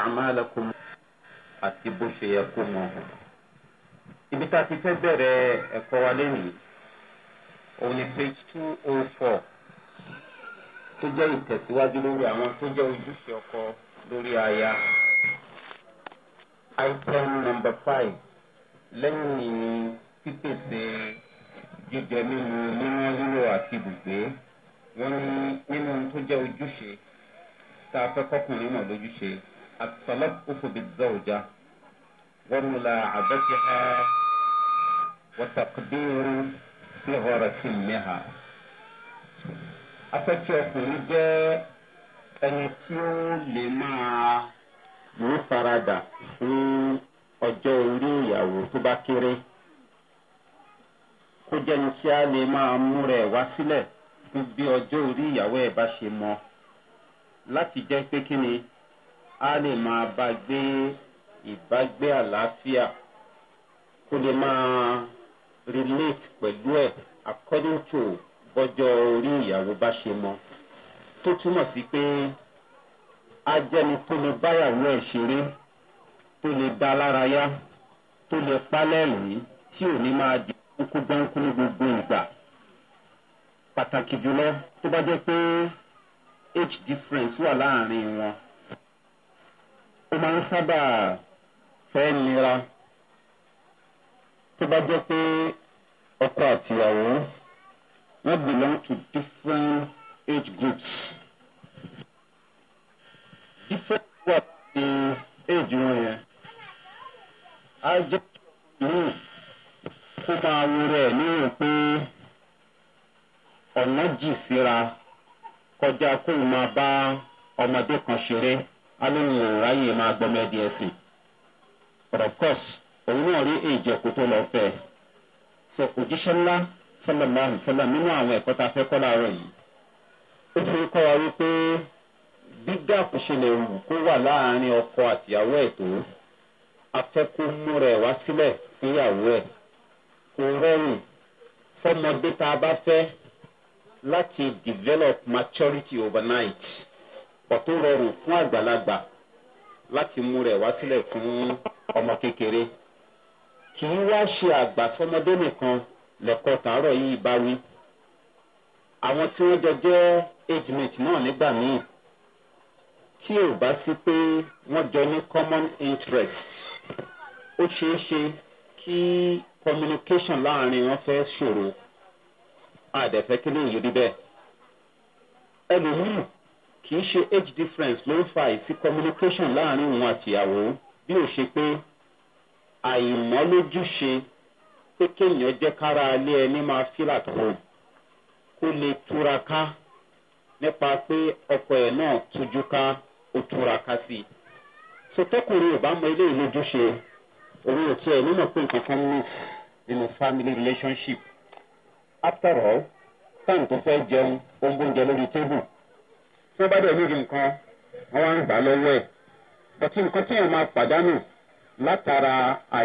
àmàlẹ́kùn àti bó ṣe yẹ kó mọ̀ ọ́. ibi tá a ti fẹ́ bẹ̀rẹ̀ ẹ̀kọ́ wa lẹ́yìn òun ni page two oh four tó jẹ́ ìtẹ̀síwájú lórí àwọn tó jẹ́ ojúṣe ọkọ lórí aya item number five lẹ́yìn pípèsè jíjẹ mímu mímọ́ lílo àti ibùgbé wọ́n ní nínú tó jẹ́ ojúṣe tá a fẹ́ kọ́kùnrin náà lójúṣe. التلطف بالزوجة وملاعبتها وتقدير صغر سنها afẹ́fẹ́ ọkùnrin jẹ́ ẹni tí ó lè máa mú faradà fún ọjọ́ orí ìyàwó tó bá kéré kó jẹ́ni tí a lè máa mú rẹ̀ wá sílẹ̀ fún bí ọjọ́ orí ìyàwó ẹ̀ bá ṣe mọ láti jẹ́ pé kí ni á lè máa bá gbé ìbágbé àlàáfíà kó lè máa relate pẹ̀lú ẹ̀ according to bọ́jọ́ orí ìyàwó bá ṣe mọ́ tó túmọ̀ sí pé ajẹ́ni tó lè báyàwó ẹ̀ ṣeré tó lè dá lára tó lè pálẹ̀rìn tí ò ní máa di kúkú dánkú ní gbogbo ìgbà pàtàkì jùlọ tó bá jẹ́ pé age difference wà láàrin wọn ó máa ń sábà fẹ́ nira tó bá jẹ́ pé ọkọ àtìyàwó wọ́n belong to different age groups. different wà ní age wọn yẹn. á jẹ́ ìlú kó máa wo rẹ̀ nírò pé ọ̀nà jì síra kọjá kóun máa bá ọmọdé kan ṣeré. alóyún ráyè máa gbọmọ ẹdí ẹsìn but of course òun náà rí èjì ẹ̀kú tó fẹ́ so òjíṣẹ́ ńlá sọlọ́láhùn sọlọ́ nínú àwọn ẹ̀kọ́ tá a fẹ́ kọ́ láàárọ̀ yìí ó fi kọ́ wa wípé ṣe lè kó wà láàárín ọkọ àtìyàwó ẹ̀ tó afẹ́kú múra ẹ̀ wá sílẹ̀ fúnyàwó ẹ̀ kò fọmọdé tá a bá develop maturity overnight. ọ̀pọ̀ tó rọrùn fún àgbàlagbà láti mú rẹ̀ wá sílẹ̀ fún ọmọ kékeré kì í wá ṣe àgbà fọmọdé nìkan lẹ́kọ̀ọ́ tàárọ̀ yìí bá wí àwọn tí wọ́n jọ jẹ́ age mate náà nígbà míì tí ò bá sí pé wọ́n jọ ní common interest ó ṣeé ṣe kí communication láàrin wọn fẹ́ ṣòro àdẹ̀fẹ́ kí ló yìí bẹ́ẹ̀ ẹlòmíràn kì í ṣe age difference ló ń fa ìfi communication láàrin òun àtìyàwó bí ó ṣe pé àìmọ́lójúṣe pé kéèyàn jẹ́ kára alé ẹni máa feel at home kó lè túraká nípa pé ọkọ ẹ̀ náà tójú ká ó túraká sí i. sọtọkùnrin ò bá mọ eléyìí lójúṣe òun ò tiẹ̀ nínú pé nǹkan kan ní nínú family relationship after all táwọn tó fẹ́ jẹun ó ń lórí tébù. tí wọ́n bá dẹ̀ níbi nǹkan wọ́n wá ń gbà lọ́wọ́ ẹ̀ ọtí nǹkan tí máa pàdánù látara wá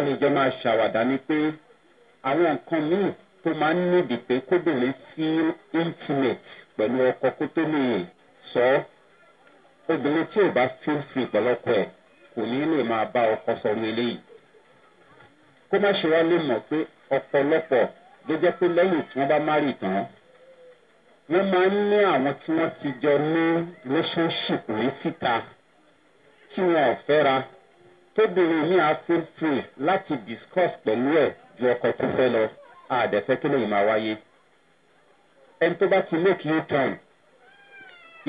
ẹni máa ṣàwàdà ni pé àwọn nǹkan míì tó máa ń níbi ọkọ kó tó sọ obìnrin tí ò bá kò ọkọ eléyìí kó má ṣe jẹjẹ pé lẹ́yìn tí wọ́n bá márì tán wọ́n máa ń ní àwọn tí wọ́n ti jọ ní relationship rí síta tí wọn ò fẹ́ra tóbìnrin ní afin free láti discuss pẹ̀lú ẹ̀ ju ọkọ tó fẹ́ lọ àdẹ̀fẹ́ kí lóyún máa wáyé ẹni tó bá ti make u turn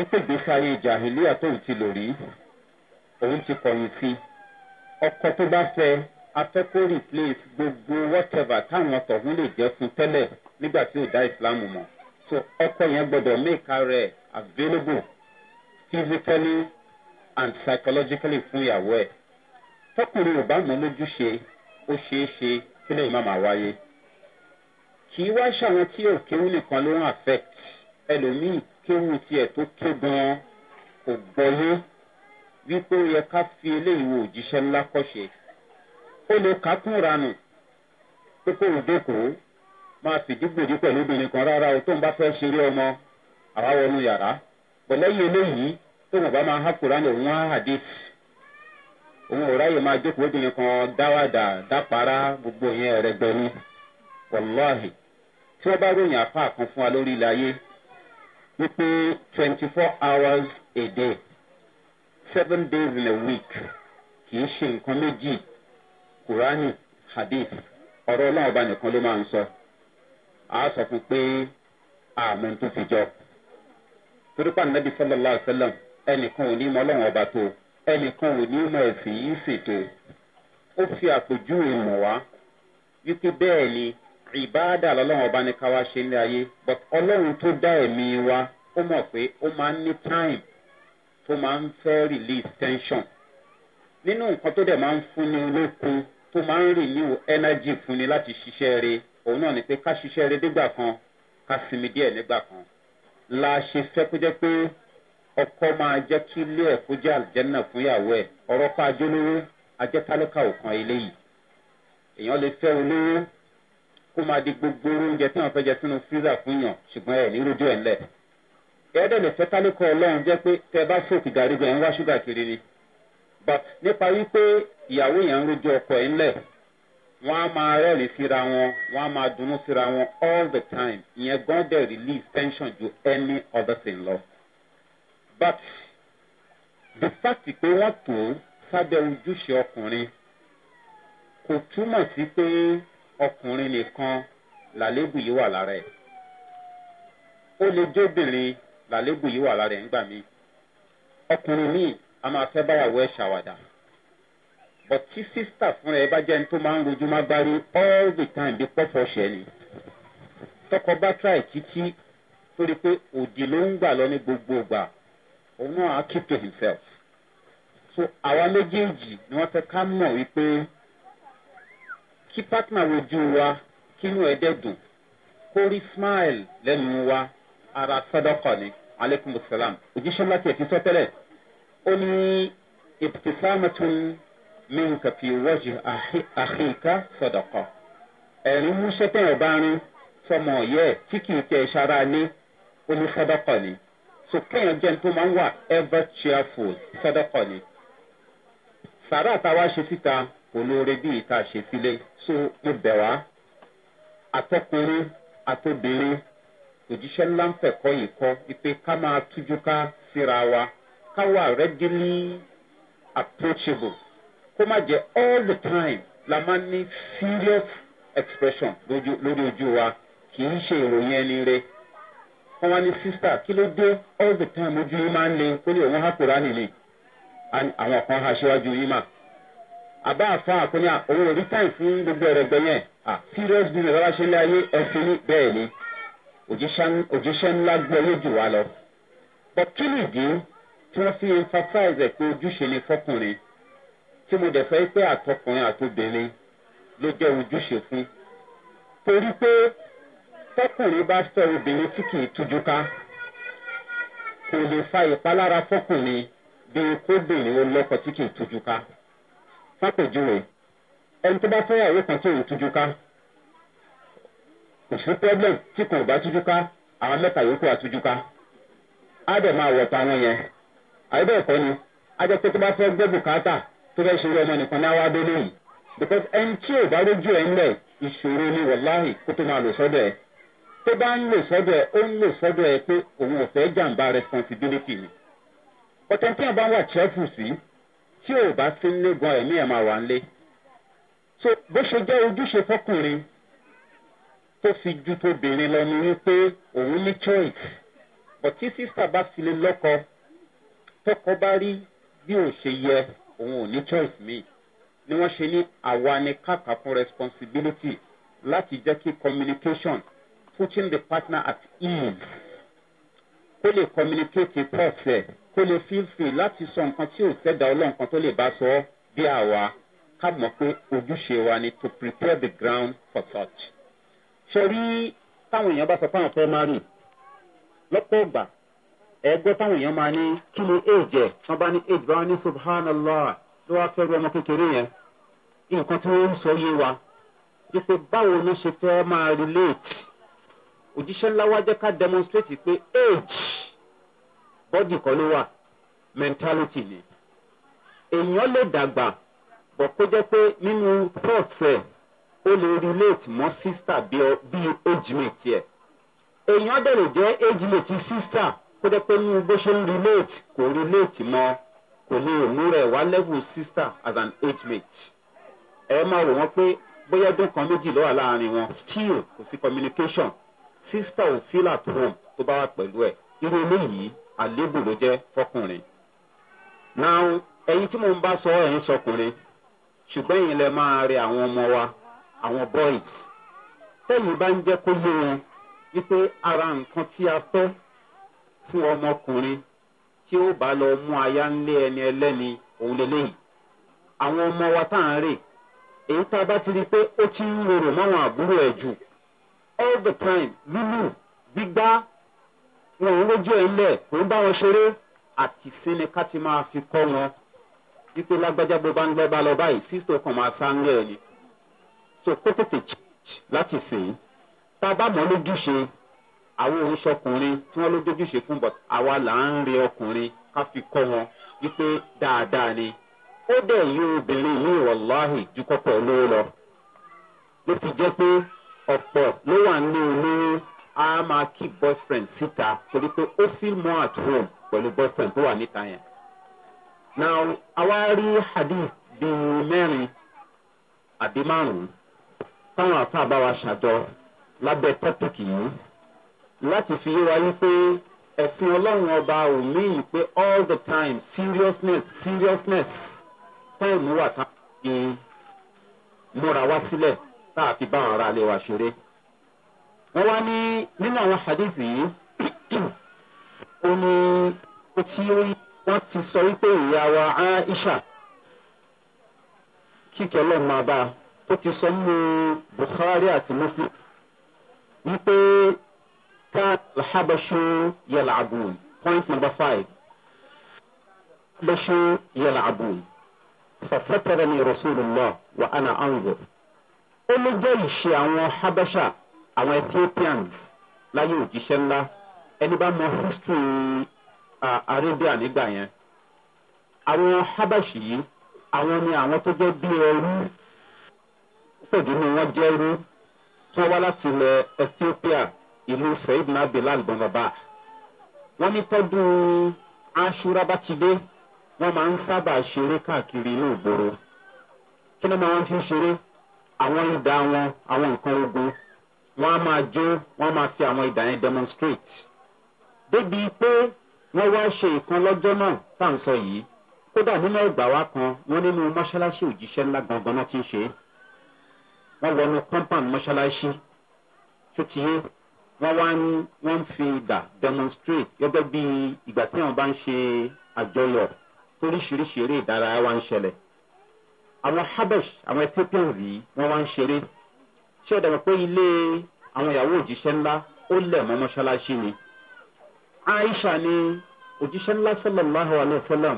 ìpègbèsè ayé jàhìlíà tóun ti lò rí òun ti kọ̀yìn sí ọkọ tó bá fẹ́ afẹ́kọ́ replace gbogbo whatever táwọn tọ̀hún lè jẹ́ fún tẹ́lẹ̀ nígbà tí ò dá ìsìláàmù mọ̀ so ọkọ yẹn gbọdọ̀ make her available physically and psychologically fún ìyàwó ẹ̀ tọkùnrin ò bá mọ lójúṣe ó ṣeé ṣe kí lè má máa wáyé kì í wá ṣàwọn tí ò kéwú nìkan ló ń affect ẹlòmíì kéwú tiẹ̀ tó ké gan-an kò gbọ́yé wípé ó yẹ ká fi eléyìí wo òjíṣẹ́ ńlá kọ́ ṣe. ó lè kà kún ranù pé kó òdòkòó máa fìdígbòdì pẹ̀lú obìnrin kan rárá o tó ń bá fẹ́ ṣeré ọmọ àwa wọnú yàrá pẹ̀lẹ́yìn eléyìí tó wọn bá máa há kúránì òun á hadith òun ò ráyè obìnrin kan gbogbo yẹn wàláhì tí bá ròyìn apá kan fún wa twenty four hours a day seven days in a week kì í ṣe nǹkan kùránì hadith ọ̀rọ̀ ọlọ́run nìkan ló máa ń sọ a sọ fún pé àmọ́ tó fi jọ torípa nàbí sọlọ́lá àṣẹlẹ̀m ẹnìkan ò ní mọ ọlọ́run ọba tó ẹnìkan ò ní mọ ẹ̀sìn yìí ó fi àpèjúwe mọ̀ wá wípé bẹ́ẹ̀ ni ìbáàdà lọ́lọ́run ọba ní ṣe ní but ọlọ́run tó dá ẹ̀mí wa ó mọ̀ pé ó máa ń time tó máa ń fẹ́ release nínú nǹkan tó dẹ̀ máa ń fúnni lókun tó máa ń rìn ní ẹnẹ́jì fúnni láti ṣiṣẹ́ re òun náà ni pé ká ṣiṣẹ́ re nígbà kan ká sinmi díẹ̀ nígbà kan la ṣe fẹ́ kó jẹ́ pé ọkọ máa jẹ́ kí ilé ẹ̀ kó jẹ́ àlùjẹ́nà fún ìyàwó ẹ̀ ọ̀rọ̀ pa ajólówó ajẹ́tálọ́kà òkan ilé yìí èèyàn lè fẹ́ olówó kó máa di gbogbo oúnjẹ tí wọ́n fẹ́ jẹ sínú freezer fún yàn ṣùgbọ́n ẹ̀ ní rojú ẹ̀ ńlẹ̀ ẹ̀ẹ́dẹ̀ lè fẹ́ tálíkọ̀ ọlọ́run jẹ́ pé tẹ bá fòkì gàrí ẹ̀ ń wá ṣúgà kiri ni but nípa wípé ìyàwó yẹn ń rojú ọkọ ẹ̀ ńlẹ̀ wọ́n á máa rẹ́rìn síra wọn wọ́n á máa dunnú síra wọn all the time ìyẹn gan dẹ̀ relieve tension ju any other thing lọ but the fact pé wọ́n tó sábẹ́ ojúṣe ọkùnrin kò túmọ̀ sí pé ọkùnrin nìkan làlébù yìí wà lára ẹ̀ ó lè jóbìnrin làlébù yìí wà lára ẹ̀ ńgbà míì ọkùnrin míì a máa fẹ́ báyàwó ẹ̀ ṣàwàdà but tí sísítà fúnra ẹ bá jẹ́ ní tó máa ń rojú má bá all the time bí pọ́fọ́ ṣẹ ni tọkọ bá tíráì títí torí pé òdì ló ń gbà lọ ní gbogbo ìgbà òun náà á keep to himself so àwa méjèèjì ni wọ́n fẹ́ ká mọ̀ wípé kí partner rojú wa kínú ẹ̀ dẹ́dùn kó rí smile lẹ́nu wa ara sọ́dọ̀kọ̀ ni aleykum salam òjíṣẹ́ láti ẹ̀ fi sọ tẹ́lẹ̀ ó ní ìtìsámẹ́tún mẹ́ǹkà وجه أخيك àhìnká sọ̀dọ̀kọ̀ ẹ̀rín múṣẹ́ tẹ̀yìn bá rín sọmọ ọ̀yẹ́ tí kì í tẹ ṣara ní ó ní sọ̀dọ̀kọ̀ ni so kẹ́yìn jẹ́ tó máa ń wà ever cheerful sọ̀dọ̀kọ̀ ni sàrà táwa ṣe síta olóore bí ìta ṣe sílé so mo bẹ̀ wá atọ́kùnrin atóbìnrin òjíṣẹ́ ńlá ń fẹ̀kọ́ yìí kọ́ wípé ká máa tújú ká síra wa ká wà readily approachable kó má jẹ all the time la máa ní serious expression lórí ojú wa kì í ṣe ìròyìn ẹni rẹ wọn wá ní sísítà kí ló dé all the time ojú yín máa ń le kó ní òun hàpòrá nìyí àwọn kan ha síwájú yín mà àbá àfa àkóní òun ò rí táì fún gbogbo ẹ̀rẹ̀gbẹ́ yẹn à serious business wàá ṣe lé ayé ẹ̀sìn ní bẹ́ẹ̀ ni òjíṣẹ́ ńlá gbọ́ yóò jù wá lọ but kí nìdí tí wọ́n fi emphasize ẹ̀ pé ojúṣe ni fọkùnrin tí mo dẹ̀ fẹ́ pé àtọkùnrin àtobìnrin ló jẹ́ ojúṣe fún torí pé tọkùnrin bá fẹ́ obìnrin tí kì í tújú ká kò lè fa ìpalára fọkùnrin bí kóbìnrin ó lọ́kọ̀ tí kì í tújú ká fápèjúwe ẹni tó bá fẹ́ ìyàwó kan tí ò ń tújú ká kò sí problem tí kò bá tújú ká àwọn mẹ́ta yòókù àtújú ká á dẹ̀ máa wọ̀ wọn yẹn àyẹ̀bẹ̀ ẹ̀kọ́ ni ajẹ́ pé tó bá fẹ́ gbé bùkátà tó fẹ́ ṣeré ọmọ nìkan ní àwa dé lóhùn because ẹni tí ò bá rójú ẹ̀ ńlẹ̀ ìṣòro ni wàláhì kó tó máa lò sọ́dọ̀ ẹ̀ tó bá ń lò sọ́dọ̀ ẹ̀ ó ń lò sọ́dọ̀ ẹ̀ pé òun ò fẹ́ jàǹbá responsibility ni ọ̀tàn tí a bá wà cheerful sí tí ò bá sí nílé gan ẹ̀mí ẹ̀ máa wà ń lé so bó ṣe jẹ́ ojúṣe fọkùnrin tó fi ju tóbìnrin lọ ni wípé òun ní choice but tí sísà bá fi lè lọ́kọ̀ọ́ tọkọ bá rí bí ò ṣe yẹ òun ò ní choice mi ni wọ́n ṣe ní àwa ni kàkà fún responsibility láti jẹ́ kí communication putting the partner at ease kó lè communicate thoughts ẹ̀ kó lè feel free láti sọ nǹkan tí ò sẹ́dá ọlọ́run kan tó lè bá sọ ọ́ bí àwa ká mọ̀ pé ojúṣe wa ni to prepare the ground for such. ṣe rí táwọn èèyàn bá sọ fún àwọn fẹ́ máa rìn lọ́pọ̀ ìgbà e fáwọn èèyàn máa ní kí ni éèjì ẹ̀ wọ́n bá ní age bá wọn ní subhanallah ló wá fẹ́ ru ọmọ kékeré yẹn nǹkan tí wọ́n ń sọ yé wa wípé báwo ló ṣe fẹ́ máa relate òjíṣẹ́ ńlá wa jẹ́ ká demonstrate pé age body kan ló wà mentality ni èèyàn lè dàgbà bọ̀ kó jẹ́ pé nínú thought rẹ̀ ó lè relate mọ́ sister bí age mate tiẹ̀ èèyàn dẹ̀ lè age mate sister. kó jẹ́ pé ní bó ṣe ń relate kò relate mọ́ kò lè mú rẹ̀ wá level sister as an age mate ẹ máa rò wọ́n pé bóyá ọdún kan méjì ló wà láàrin wọn still kò sí communication sister ò feel at home tó bá wà pẹ̀lú ẹ̀ irú eléyìí àlébù ló jẹ́ fọkùnrin. now ẹyin tí mo ń bá sọ ẹ̀yin sọkùnrin ṣùgbọ́n ẹ̀yin lẹ máa rẹ àwọn ọmọ wa àwọn boys tẹ́yìn bá ń jẹ́ kó yé wọn wípé ara nǹkan tí a fẹ́ fún ọmọkùnrin tí ó bá lọ mú aya ńlé ẹni ẹlẹ́ni òun lélẹ́yìí àwọn ọmọ wa tá à ń rè èyí tá a bá ti rí pé ó ti ń rorò máwọn àbúrò ẹ̀ jù all the time lulu gbígbá wọn ò lójú ẹ̀ ńlẹ̀ kò ń bá wọn ṣeré àti sinmi ká ti máa fi kọ́ wọn wípé lágbájá bó bá ń gbẹ́ bá lọ báyìí sísè kan máa sá ń lẹ̀ ni so kó tètè láti sìn tá a bá mọ̀ lójúṣe àwọn oníṣọkùnrin tí wọn ló dójúṣe fún bọ àwa là ń rin ọkùnrin ká fi kọ wọn wípé dáadáa ni ó dẹ̀ yí obìnrin yìí wàláhì ju kọ́kọ́ olówó lọ ló fi jẹ́ pé ọ̀pọ̀ ló wà ní olówó máa boyfriend síta torí pé ó feel more at home pẹ̀lú boyfriend tó wà níta yẹn. now àwa rí hadith bíi mẹ́rin àbí márùn-ún táwọn àfa láti fi yé wa wípé ẹ̀sìn ọlọ́run ọba ò léyìn pé all the time seriousness seriousness time wà tá a fi múra wá sílẹ̀ tá a fi bá àwọn ará ilé wa ṣeré. wọ́n wá ní nínú àwọn hadith yìí ó ní ó tí wọ́n ti sọ wípé ìyá aisha kíkẹ́ ọlọ́run máa bá a ó ti sọ nínú buhari àti muslim wípé. كان الحبش يلعبون point number five الحبش يلعبون ففترني رسول الله وأنا أنظر olùjẹ́yìṣe àwọn habasha àwọn ethiopians láyé òjíṣẹ́ ńlá ẹni bá mọ history arabia nígbà yẹn àwọn habashi yìí àwọn ni àwọn tó jẹ́ bí ẹrú pẹ̀lú ni wọ́n jẹ́ ẹrú tí wọ́n wá láti ilẹ̀ ethiopia ìlú saheed nabilal bọ̀nàbà wọ́n ní tọ́dún aṣúra bá ti dé wọ́n máa ń sábà ṣeré káàkiri inú ìgboro kí ni wọ́n fi ń ṣeré àwọn ìdá wọn àwọn nǹkan ogun wọ́n á máa jó wọ́n máa fi àwọn ìdá yẹn demonstrate débi pé wọ́n wá ṣe ìkan lọ́jọ́ náà tá à ń sọ yìí kódà nínú ìgbà wa kan wọ́n nínú mọ́ṣáláṣí òjíṣẹ́ ńlá gangan náà ti ń ṣe wọ́n wọnú compound mọ́ṣáláṣí tó ti yé wọ́n wá ń wọ́n ń fi ìgbà demonstrate gẹ́gẹ́ bí ìgbà tí wọ́n bá ń ṣe àjọyọ̀ oríṣiríṣi eré ìdárayá wá ń ṣẹlẹ̀. àwọn habesh àwọn ethiopians yìí wọ́n wá ń ṣeré ṣé ẹ̀dá pé ilé àwọn ìyàwó òjíṣẹ́ ńlá ó lẹ̀ mọ́ mọ́ṣáláṣí ni. aisha ni òjíṣẹ́ ńlá sallallahu alayhi wa sallam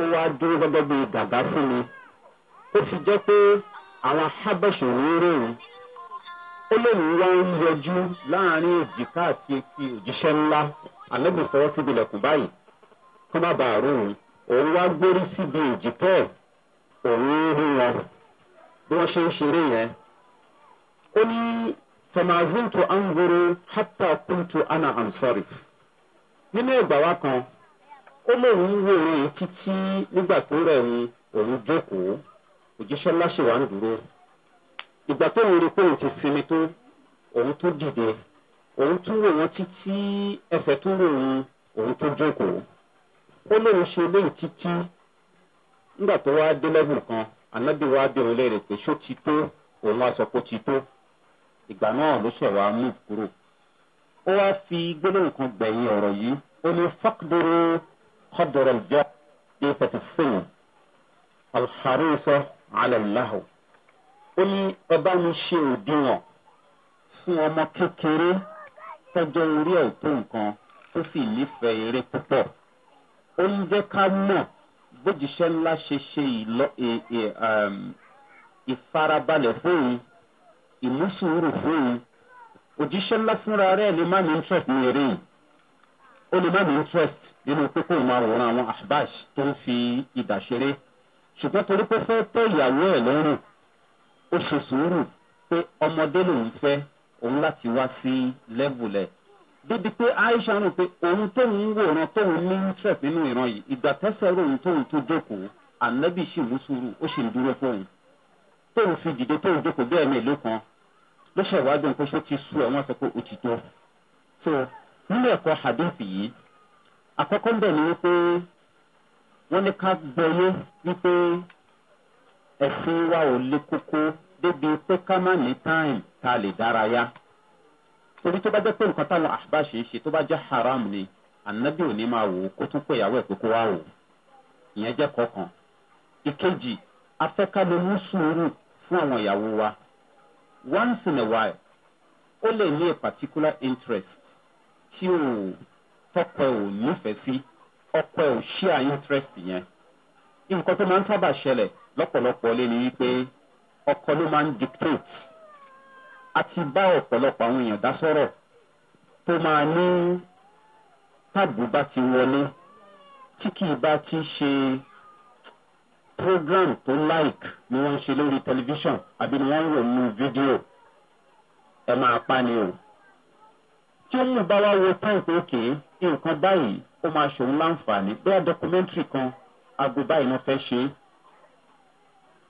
ó wá dúró gẹ́gẹ́ bí gàgá fún mi ó fi jẹ́ pé àwọn habesh òun rò ó lóun wá ń yọjú láàrin èjìká àti etí òjíṣẹ́ ńlá àlẹ́bù fọwọ́ síbi ilẹ̀kùn báyìí kó má bàa rún òun wá gbórí síbi èjìká ẹ̀ òun ń rún wọn bí wọ́n ṣe ń ṣeré yẹn. ó kuntu ana nínú ìgbà wa kan ó lóun wo òun títí nígbà tó rẹ̀ òun jókòó òjíṣẹ́ ńlá ìgbà tó ń rí pé òun ti sinmi tó òun tó dìde òun tún rò wọn títí ẹsẹ̀ tún rò wọn òun tó jókòó ó lóun ṣe léyìí títí nígbà tó wá dé lẹ́gùn kan anábì wá bí òun léèrè pé ṣó ti tó òun wá sọ pé ó ti tó ìgbà náà ló ṣẹ̀ wá mú kúrò ó wá fi gbólóhùn kan gbẹ̀yìn ọ̀rọ̀ yìí ó ní fọ́kùdúró kọ́dọ̀rọ̀ jẹ́ ní pẹ̀tẹ́fẹ́yìn alḥàrúṣọ́ alẹ́ láhùn ó ní ẹ bá mi ṣe òdiwọ̀n fún ọmọ kékeré tọjọ́ orí ẹ̀ tó nǹkan tó sì nífẹ̀ẹ́ eré púpọ̀ ó ń jẹ́ ká mọ̀ bójúṣe ńlá ṣe ṣe e, e, um, ìfarabalẹ̀ fóun ìmúsùúrù fóun òjíṣẹ́ ńlá fúnra rẹ̀ lè má ní interest ní eré yìí ó lè má ní interest nínú pípé òun àwòrán àwọn ahbash tó ń fi ìdà ṣeré ṣùgbọ́n torí pé fẹ́ tẹ́ ìyàwó ẹ̀ lọ́rùn ó ṣe sùúrù pé ọmọdé lòun fẹ́ òun láti wá sí lẹ́vùlẹ̀ débi pé aisha rò pé òun tóun ń wòran tóun ní interest nínú ìran yìí ìgbà tẹ́sẹ̀ ròun tóun tó jókòó ànábì sì mú sùúrù ó sì ń dúró fóun tóun fi dìde tóun jókòó bẹ́ẹ̀ ní ìlú kan ló ṣèwádìí nǹkan ṣó ti sú ẹ̀ wọ́n pé ó ti tó so nínú ẹ̀kọ́ hadith yìí àkọ́kọ́ ń bẹ̀ ni wípé wọ́n ní ká gbọ́yé wípé ẹ̀sìn wa ò le koko débi pé ká má ní táìm ta lè dárayá. torí tó bá jẹ́ pé nǹkan táwọn àṣìbá ṣe é ṣe tó bá jẹ́ haram ni ànábì ò ní máa wò ó kó tún pé ìyàwó ẹ̀ pé kó wá wò ó. ìyẹn jẹ́ kọ̀ọ̀kan. ìkejì afẹ́ká ló mú sùúrù fún àwọn ìyàwó wa. once in a while ó lè ní a particular interest tí ò tọpẹ ò nífẹ̀ẹ́ sí ọpẹ ò ṣíà interest yẹn. nǹkan tó máa ń sábà ṣẹlẹ̀ lọ́pọ̀lọpọ̀ lé ni wípé ọkọ ló máa ń dictate a ti bá ọ̀pọ̀lọpọ̀ àwọn èèyàn dá sọ́rọ̀ tó máa ní tábù bá ti wọlé tí kì í bá ti ṣe program tó like ni wọ́n ń ṣe lórí tẹlifíṣàn àbí ni wọ́n ń wò nínú fídíò ẹ máa pa ni o. tí ó mú bá wá wo táìpì òkè nǹkan báyìí ó máa ṣòun láǹfààní bóyá documentary kan aago báyìí ló fẹ́ ṣe é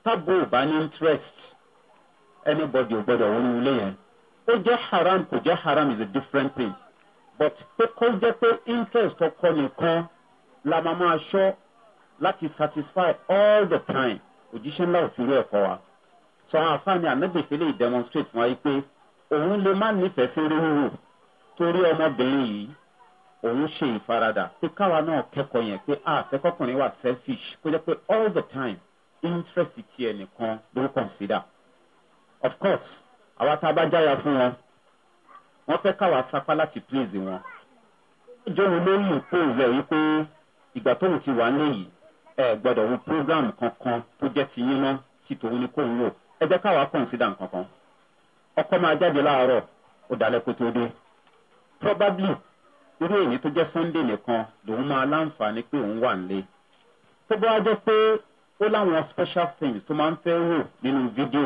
tábò bá ní interest anybody ò gbọdọ̀ wọnú ilé yẹn ó jẹ́ haram kò jẹ́ haram is a different thing but pé kó jẹ́ pé interest ọkọ nìkan la máa máa ṣọ́ láti satisfy all the time òjíṣẹ́ ńlá òfin rẹ̀ kọ́ wa sọ àwọn àfáàní ànágbèfẹ́lẹ́ demonstrate fún wa yìí pé òun lè má nífẹ̀ẹ́ fẹ́rẹ́ wúwo torí ọmọbìnrin yìí òun ṣe ìfaradà pé káwa náà kẹ́kọ̀ọ́ yẹn pé àfẹ́kọ́kùnrin ah, wà selfish kó jẹ́ pé all the time interest ti ẹ̀ nìkan ló ń consider of course àwa tá a bá jára fún wọn wọn fẹ́ káwa sapá láti please wọn ìjọ òun ló ń pòwé wípé ìgbà tóun ti wà níyì ẹ gbọdọ̀ wo program kankan tó jẹ́ ti yín mọ́ tí tòun ni kóun wò ẹ jẹ́ káwa consider nkankan ọkọ máa jáde láàárọ̀ ó dalẹ̀ kó tó dé probably irú èyí tó jẹ́ sunday nìkan lòun máa láǹfààní pé òun wà nílé tó bá jẹ́ pé ó láwọn special things tó máa ń fẹ́ wò nínú fídíò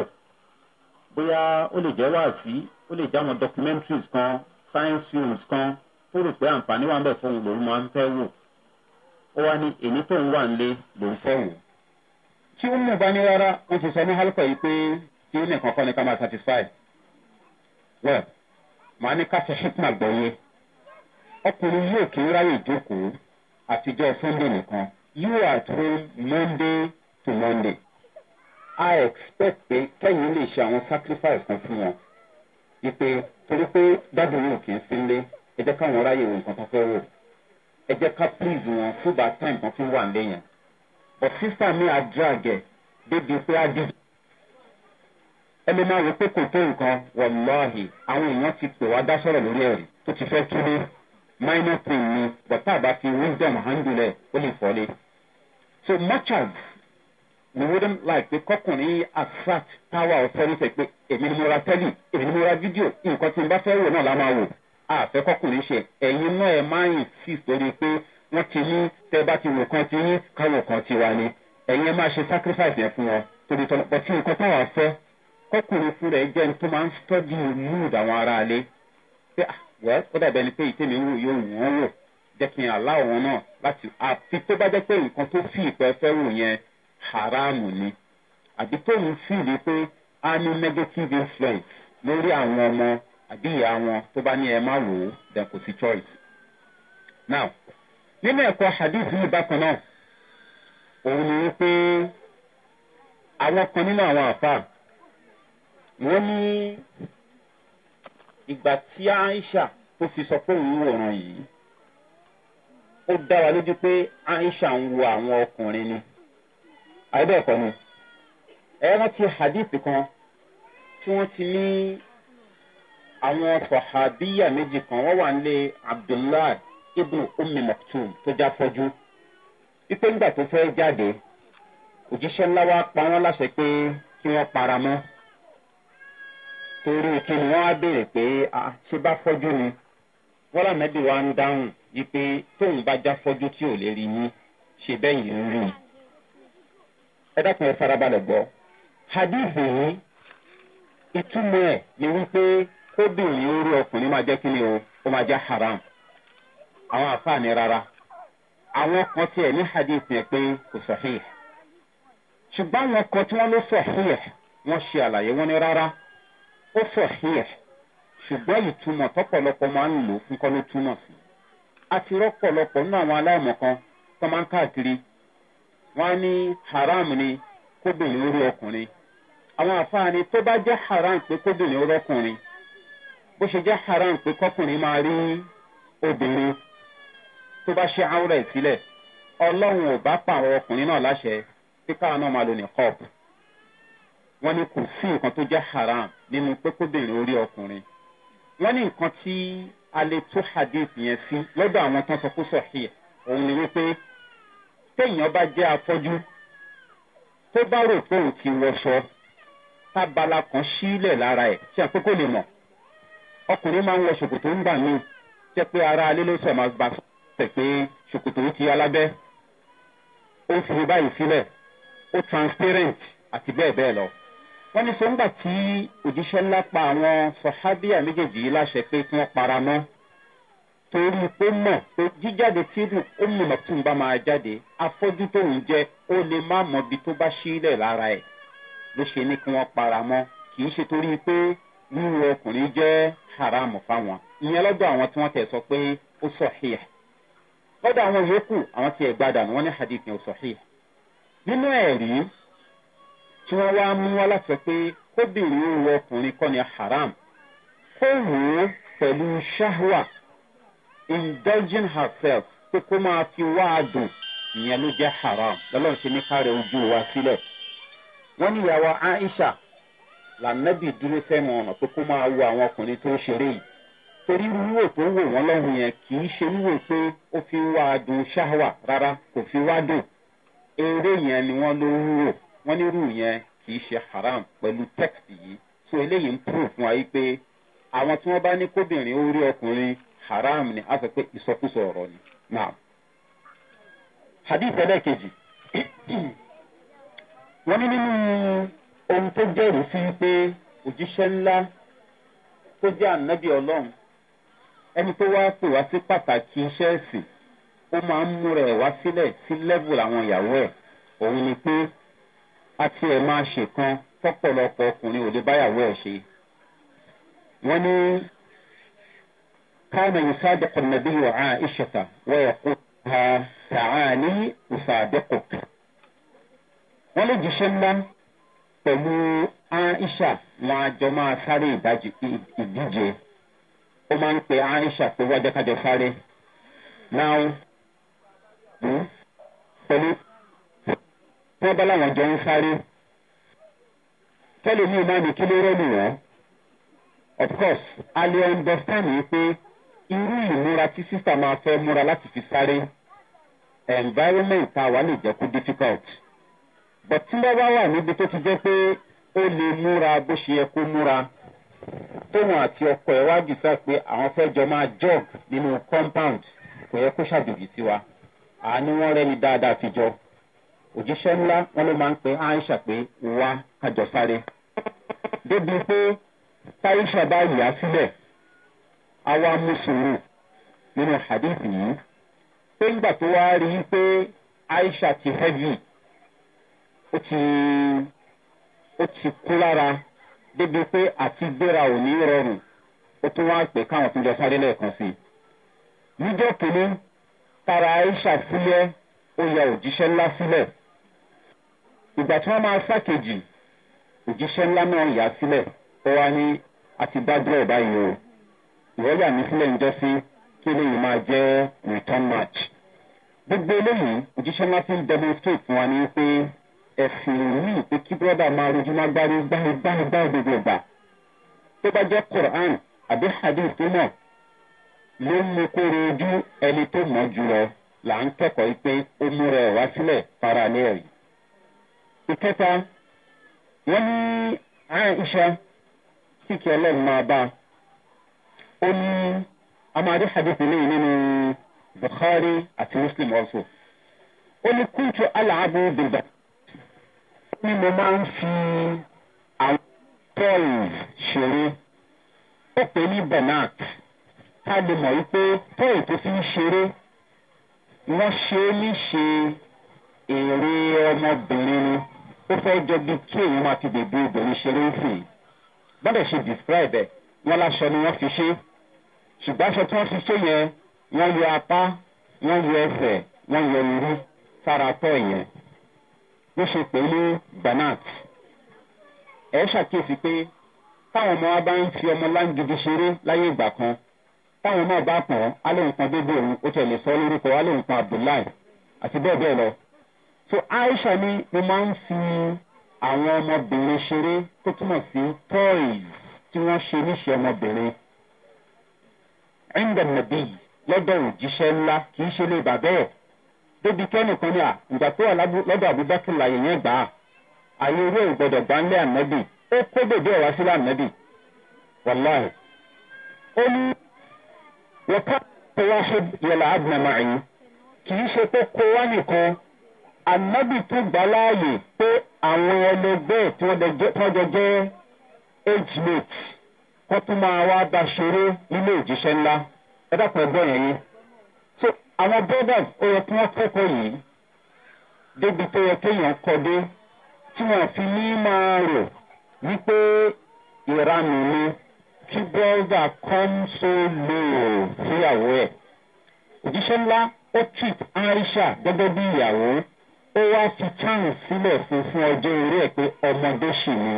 bóyá ó lè jẹ́ wáàsí ó lè jẹ́ documentaries kan science films kan tó rò pé àǹfààní wà ń bẹ̀ fóun lòun máa ń fẹ́ wò ó wá ní èmi tóun wà nílé lòun fẹ́ wò. tí ó mú bá ní rárá wọn ti sọ ní hálùkọ yìí pé kí ó nìkan kọ́ ni well màá ní ká fi hikma gbọ̀nyẹ ọkùnrin yóò kí ń ráyè sunday nìkan you are through monday. to monday I expect pé kẹ́yìn lè ṣe àwọn sacrifice kan fún wọn wípé torí pé dábò yóò kì í sílé ẹ jẹ́ káwọn ráyè wo nǹkan tó fẹ́ wò ẹ jẹ́ ká please wọn fún bá time kan fi wà lẹ́yìn but sísá mi á drag ẹ̀ débi pé á dìbò ẹni máa wò pé kò tó nǹkan wọláhì àwọn èèyàn ti pè wá dá sọ̀rọ̀ lórí ẹ̀rí tó ti fẹ́ túlé minor thing ni bọ̀tá àbá fi wisdom handle ẹ̀ ó lè fọ́lé. so much as we wouldn't like pé kọkùnrin attract power of service pé èmi ni mo ra tẹ́lì èmi ni mo ra fídíò nǹkan tí n bá fẹ́ wò náà la máa wò àfẹ́ kọkùnrin ṣe ẹ̀yin náà ẹ máa ń insist lórí pé wọ́n ti ní tẹ́ bá ti wò kan ti yín káwọ̀ kan ti wà ni ẹ̀yin máa ṣe sacrifice yẹn fún wọn torí tọ́lọ́ pọ̀ tí nǹkan táwọn afẹ́ kọkùnrin fún rẹ̀ jẹ́ tó máa ń study mood àwọn ará alẹ́ pé ah well ó dàbí ẹni pé ìtẹ́mi wò yóò wọ́n wò jẹ́ kí n àlá òun náà láti àfi tó bá jẹ́ pé nǹkan tó fi ìpẹ́ fẹ́ wò yẹn haramu ni àbí tóun sì rí pé negative influence lórí àwọn ọmọ adịghị ìyá wọn tó bá ní ẹ má wò ó then kò choice. now nínú ẹ̀kọ́ hadith yìí bákan náà òun ni wípé àwọn kan nínú àwọn àfáà wọ́n ní ìgbà tí aisha tó fi sọ pé òun wòran yìí ó dá wa lójú pé aisha ń wo àwọn ọkùnrin ni. àìbẹ́ẹ̀kọ́ ni ẹ rántí hadith kan tí wọ́n ti ní àwọn sọ̀hábíyà méjì kan wọ́n wà nílé abdullahi ibn umi maktum tó já fọ́jú wípé ńgbà tó fẹ́ jáde òjíṣẹ́ ńlá wa pa wọ́n láṣẹ pé kí wọ́n para mọ́ torí kí ni wọ́n á béèrè pé ṣé bá fọ́jú ni wọ́n làmẹ́bí wa ń dáhùn wípé tóun bá já fọ́jú tí ò lè rí yín ṣe bẹ́ẹ̀ yìí ń rí i. ẹ dákun farabalẹ̀ gbọ́ hadith yìí ìtumọ̀ ẹ̀ ni wípé kóbìnrin orí ọkùnrin máa jẹ́ kíni o ó máa jẹ́ haram àwọn àfààní rárá àwọn kan tiẹ̀ ní hadith yẹn pé kò sọ̀hìn ṣùgbọ́n àwọn kan tí wọ́n ló sọ̀hìn wọ́n ṣe àlàyé wọn ní rárá ó sọ̀hìn ṣùgbọ́n ìtumọ̀ tọ́pọ̀lọpọ̀ máa ń lò fún kọ́ ló túmọ̀ sí àti rọ́pọ̀lọpọ̀ nínú àwọn aláìmọ̀ kan tó máa ń káàkiri wọn á ní haram ni kóbìnrin orí ọkùnrin àwọn àfáàní tó bá jẹ́ haram pé kóbìnrin orí ọkùnrin bó ṣe jẹ́ haram pé kọkùnrin máa rí obìnrin tó bá ṣe àwòrán ìsílẹ̀ ọlọ́run ò bá pààrọ̀ ọkùnrin náà láṣẹ pé káwọn náà máa lò ní kọ́ọ̀bù wọn ní kò sí nǹkan tó jẹ́ haram nínú pé kóbìnrin orí ọkùnrin wọn ní nǹkan tí a lè tó hadith yẹn sí lọ́dọ̀ àwọn tó ń sọ kó sọ̀hí ẹ̀ òun ni wípé téèyàn bá jẹ́ afọ́jú tó bá rò pé òun ti wọṣọ tábala kan sílẹ̀ lára ẹ̀ tí a pé kò lè mọ̀ ọkùnrin máa ń wọ ṣòkòtò ń gbà míì jẹ́ pé ara alẹ́ ló sẹ̀ máa gbà sẹ̀ pé ṣòkòtò ó ti alábẹ́ ó fi báyìí sílẹ̀ ó transparent àti bẹ́ẹ̀ bẹ́ẹ̀ lọ. wọ́n ní sọ ńgbà tí òjíṣẹ́ ńlá pa àwọn sọ̀hábíà méjèèjì yìí láṣẹ pé kí wọ́n para mọ́ torí pé mọ̀ pé jíjáde tí ó mọ̀nà tún bá máa jáde afọ́jú tó ń jẹ ó lè má mọ ibi tó bá sílẹ̀ lára ẹ̀ ló ṣe ní kí wọ́n para mọ́ kì í ṣe torí pé wíwọ ọkùnrin jẹ́ haramu fáwọn ìyẹn lọ́dọ̀ àwọn tí wọ́n tẹ̀ sọ pé ó sọ híà lọ́dọ̀ àwọn yòókù àwọn tí ẹ̀ gbádà ni wọ́n ní hadith ni ó sọ híà nínú ẹ̀rí tí wọ́n wá mú wá láti pé kóbìnrin ó ọkùnrin kọ́ ni haram kó wò ó pẹ̀lú shahwa indulging herself pé kó máa fi wá adùn ìyẹn ló jẹ́ haram lọ́lọ́run ṣe ní kárẹ̀ ojú wa sílẹ̀. wọ́n ní ìyàwó aisha lànàbì dúró sẹ́nu ọ̀nà pé kó máa wo àwọn ọkùnrin tó ń ṣeré yìí torí wíwò tó wò wọ́n lọ́hùn yẹn kì í ṣe wíwò pé ó fi wá adùn ṣáwà rárá kò fi wá dùn eré yẹn ni wọ́n ló wúwo wọ́n nírú yẹn kì í ṣe haram pẹ̀lú text yìí so eléyìí ń prove fún wa yìí pé àwọn tí wọ́n bá ní kóbìnrin ó rí ọkùnrin haram ni a sọ pé ìsọkúsọ ọ̀rọ̀ ni náà hadith ẹlẹ́ẹ̀kejì wọ́n ní nínú ohun tó jẹ́rìí sí pé òjíṣẹ́ ńlá tó jẹ́ ànábì ọlọ́run ẹni tó wá pè wá sí pàtàkì iṣẹ́ ẹ̀sìn ó máa ń múra ẹ̀ wá sílẹ̀ sí level àwọn ìyàwó ẹ̀ òun ni pé a ti ẹ̀ e máa ṣèkan tọ́pọ̀lọpọ̀ ọkùnrin ò lè báyàwó ẹ̀ e ṣe wọ́n ní كان يصادق النبي عائشة ويقولها تعالي أصادقك ولجشن pẹ̀lú aisha wọn àjọ máa sáré ìdíje ó máa ń pe aisha pé wọ́n jẹ́kájọ sáré náà pẹ̀lú tí wọ́n bá láwọn jọ ń sáré tẹ́lẹ̀ ní ìmáàmù kí ló rẹ́ nìyẹn of course a lè understand yìí pé irú ìmúra tí sísà máa fẹ́ múra láti fi sáré environment tá a lè jẹ́ kó difficult but tí wọ́n bá wà níbi tó ti jẹ́ pé ó lè múra bó ṣe yẹ kó múra tóun àti ọkọ ẹ̀ wá dìsá pé àwọn fẹ́ jọ máa jog nínú compound kò yẹ kó ṣàjòjì sí wa àní wọ́n rẹ́ni dáadáa fi jọ òjíṣẹ́ ńlá wọn ló máa ń pe aisha pé wá kájọ sáré débi pé taisha bá yà á sílẹ̀ àwa mùsùlùmí nínú hadithi. yìí pé ńgbà tó wá rí i pé aisha ti heavy ó ti ó ti kú lára débi pé àti gbéra ò ní rọrùn ó tún wá pè káwọn tó jọ sáré lẹ́ẹ̀kan sí i. níjọ́ kìíní tara aisha fúyẹ́ ó ya òjíṣẹ́ ńlá sílẹ̀ ìgbà tí wọ́n máa sákejì òjíṣẹ́ ńlá náà yà sílẹ̀ ó wá ní àti dájú ẹ̀ báyìí o ìrẹ́lẹ̀ àmì sílẹ̀ ń jẹ́ sí kí eléyìí máa jẹ́ return match gbogbo eléyìí òjíṣẹ́ ńlá ti ń demonstrate fún wa ní pé ẹ̀sìn ìlú pé kí bírọ́dà máa rojú máa gbárí gbárí gbárí gbárí gbogbo ìgbà tó bá jẹ́ quran àbí hadith tó mọ̀ ló ń mú kó rojú ẹni tó mọ̀ jùlọ là ń kẹ́kọ̀ọ́ pé ó múra ẹ̀ wá sílẹ̀ fara ní ẹ̀rí. ìkẹta wọ́n ní àìṣe kíkẹ́ ọlọ́run máa bá a ó ní amadu hadith eléyìí nínú bukhari àti muslim also ó ní kúntù aláàbò bìbà ó ní mo máa ń fi àwọn twelve ṣeré ó pè ní bernard ká lè mọ̀ wípé twelve tó fi ń ṣeré wọ́n ṣe é níṣe èrè ọmọbìnrin ni ó fẹ́ jọ bí kéèyàn máa fi bèbè obìnrin ṣeré ń fì bọ́dẹ̀ ṣe describe ẹ̀ wọn láṣọ ni wọn fi ṣe ṣùgbọ́n aṣọ tí wọ́n fi ṣe yẹn wọ́n yọ apá wọ́n yọ ẹsẹ̀ wọ́n yọ irú sára tọ́ yẹn ló ṣe pẹ̀lú granat ẹ ṣàkíyèsí pé táwọn ọmọ wa bá ń fi ọmọ láǹgidi ṣeré láyé ìgbà kan táwọn náà bá pọ̀ á lè nǹkan dédé òun ó tẹ̀lé sọ lórúkọ á lè nǹkan abdullahi àti bẹ́ẹ̀ bẹ́ẹ̀ lọ. so aisha ni mo máa ń fi àwọn ọmọbìnrin ṣeré tó túmọ̀ sí toys tí wọ́n ṣe níṣẹ́ ọmọbìnrin ẹ̀ńdà nàbí lọ́dọ̀ òjíṣẹ́ ńlá kì í ṣe lè bà bẹ́ẹ̀ débi kẹ́nìkan ní à ìgbà tó wà lọ́dọ̀ àbúbákìlì àyè yẹn gbà á àyè owó ìgbọ̀dọ̀ gbà ń lé ànábì ó kó bèbè ọ̀wá sílẹ̀ ànábì wàláhì ó ní wọ́n ká tẹwàhid yẹlẹ abnamayi kì í ṣe pé kó wá nìkan ànábì tó gbà láàyè pé àwọn ẹlẹgbẹ́ tí wọ́n jọ jẹ́ age mate kó tún máa wá bá nílé òjíṣẹ́ ńlá ẹ dàpọ̀ ẹgbẹ́ yẹn yé so àwọn brothers ó yẹ kí wọ́n kẹ́kọ̀ọ́ yìí débi tó yẹ kéèyàn kọ́ dé tí wọ́n fi ní máa rò wípé ìranù ni kí brother come so low síyàwó ẹ̀ òjíṣẹ́ ńlá ó treat aisha gẹ́gẹ́ bí ìyàwó ó wá fi chance sílẹ̀ fún fún ọjọ́ orí ẹ̀ pé ọmọdé sì ni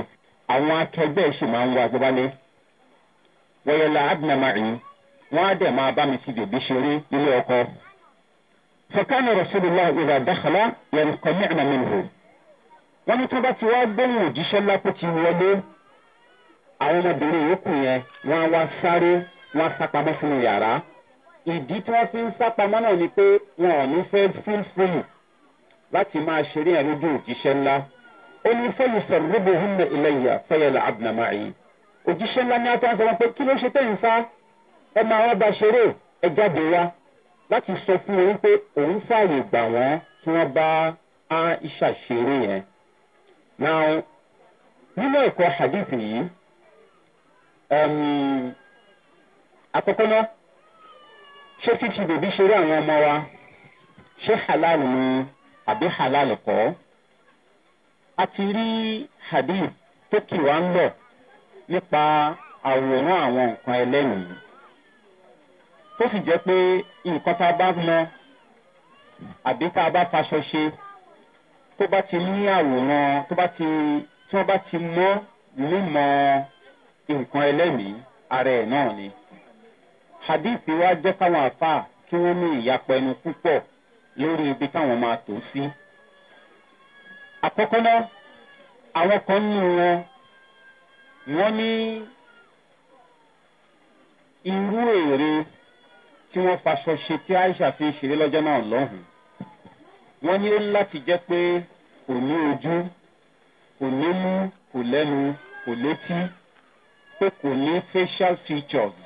àwọn akẹgbẹ́ ẹ̀ sì máa ń wá agbábálé wọ́yẹ̀lá adnamarin wọ́n á dẹ̀ máa bá mi ti bèbí ṣeré nílé ọkọ. fọkànà rasulillah ìrà dákàlá yẹn kọ́ ní ànàmínú. wọ́n ní tó bá ti wá gbóhùn òjíṣẹ́ lápò ti wọlé àwọn ọmọbìnrin yòókù yẹn wọ́n á wá sáré wọ́n á sápamọ́ sínú yàrá. ìdí tí wọ́n fi ń sápamọ́ náà ni pé wọn ò ní fẹ́ fílfìlì láti máa ṣeré ẹ̀ lójú òjíṣẹ́ ńlá ó ní fẹ́yì sọ̀rọ̀bù húnmẹ ìlẹ́yà fẹ́yẹ làbùnà máa yìí òjíṣẹ́ ńlá ní ata ń sọ wọn pé kí ló ṣe tẹ̀yìn fa ẹ máa wá bá ṣeré ẹ jáde wá láti sọ fún wọn pé òun fààyè gbà wọ́n tí wọ́n bá á ìṣàṣeré yẹn. now nínú ẹ̀kọ́ hadith yìí àkọ́kọ́ náà ṣé fífi bèbí ṣeré àwọn ọmọ wa ṣé halal ni àbí halal kọ́? a ti rí hadith tó kì wá ń lọ nípa àwòrán àwọn nǹkan ẹlẹ́yìn tó sì jẹ́ pé nǹkan tá a bá mọ àbí tá a bá faṣọ ṣe tó bá ti ní àwòrán tó bá ti tí wọ́n bá ti mọ́ mímọ́ nǹkan ẹlẹ́mìí ara ẹ̀ náà ni. hadith wa jẹ́ káwọn àfà kí wọ́n ní ìyapẹnu púpọ̀ lórí ibi táwọn máa tò sí. Si àkọ́kọ́ náà àwọn kan nínú wọn wọ́n ní irú èrè tí wọ́n faṣọ ṣe tí aisha fi ń ṣeré lọ́jọ́ náà lọ́hùn-ún wọ́n ní ó láti jẹ́ pé kò ní ojú kò ní mú kò lẹ́nu kò létí pé kò ní facial features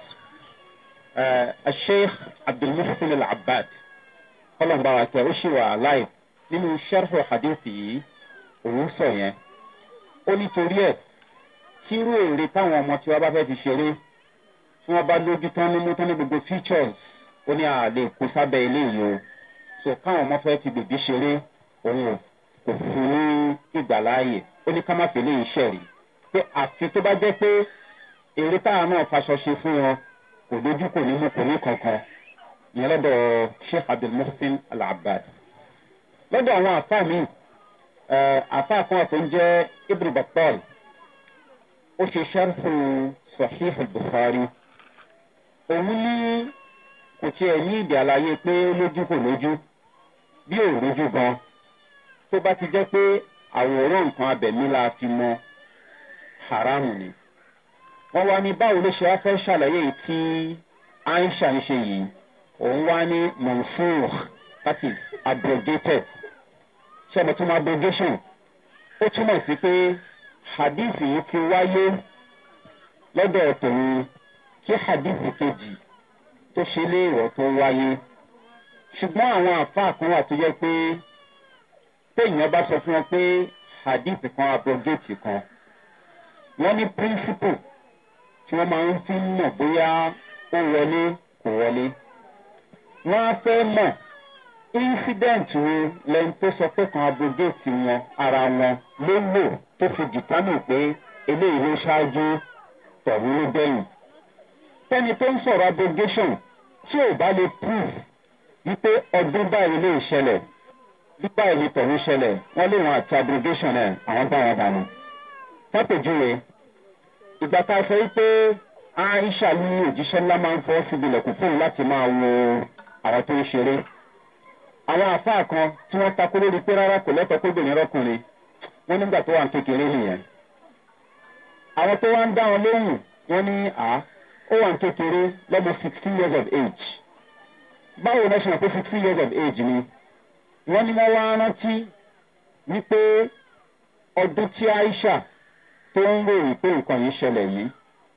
eh, sheikh abdulmuhsin al-abbad kọ́lọ̀ ń bá wa tẹ̀ ó ṣì wà láì nínú sharh hadith yìí òun sọ yẹn ó nítorí ẹ tírú èrè táwọn ọmọ tí wọn bá fẹẹ fi ṣeré tí wọn bá lójú tán ní mú tán ní gbogbo features ó ní àlè kó sábẹ eléyìí o so káwọn ọmọ fẹẹ fi bèbí ṣeré òun ò kò fún ní ìgbàláàyè ó ní ká má fi eléyìí ṣẹrí pé àfi tó bá jẹ pé èrè táwọn náà faṣọ ṣe fún wọn kò lójú kò ní mú kò ní kankan ìyẹn lọdọ sheikh abdulmuhsin alabad lọdọ àwọn àfáà míì àfáàfáà tó ń jẹ́ ibn battal ó ṣe ṣẹ́rfù sahih buhari òun ní kò tiẹ̀ ní ìdí àlàyé pé lójú kò lójú bí ò lójú gan tó bá ti jẹ́ pé àwòrán nǹkan abẹ̀mí la fi mọ haramu ni wọ́n wá ní báwo ló ṣe á fẹ́ ṣàlàyé yìí tí aisha ń ṣe yìí òun wá ní mansour that abrogated sọ̀rọ̀ tó máa derogation ó túmọ̀ sí pé hadith yìí ti wáyé lọ́dọ̀ tòun kí hadith kejì tó ṣe léèrè tó wáyé ṣùgbọ́n àwọn àfáà kan wà tó yẹ pé téèyàn bá sọ fún wọn pé hadith kan abrogate kan wọ́n ní principle tí wọ́n máa ń fi mọ̀ bóyá ó wọlé kò wọlé wọ́n á fẹ́ mọ̀ incident wo lẹ́yìn tó sọ pé kan abrogate wọn ara wọn ló lò tó fi dìtámì pé eléyìí ló ṣáájú tọ̀hún ló dẹ́yìn. tẹ́ni tó ń sọ̀rọ̀ abrogation tí ò bá lè prove wípé ọdún báyìí lè ṣẹlẹ̀ nígbà èyí tọ̀hún ṣẹlẹ̀ wọ́n lé wọn àti abrogation ẹ̀ àwọn bá wọn dànù. pápẹ́júwe ìgbà tá a sọ wípé aisha ní òjíṣẹ́ ńlá máa ń fọ́ síbi ilẹ̀kùn fóun láti máa wo àwọn tó ń ṣeré àwọn àfáà kan tí wọ́n takó lórí pé rárá kò lẹ́tọ̀ọ́ kóbìnrin rọ́kùnrin wọ́n nígbà tó wà kékeré nìyẹn. àwọn tó wá ń dá wọn lóhùn wọ́n ní à ó wà kékeré lọ́mọ sixteen years of age. báwo ni wọ́n ṣe mọ̀ pé sixteen years of age ni wọ́n ní wọ́n wá rántí wípé ọdún tí aisha tó ń ròyìn pé nǹkan yìí ṣẹlẹ̀ yìí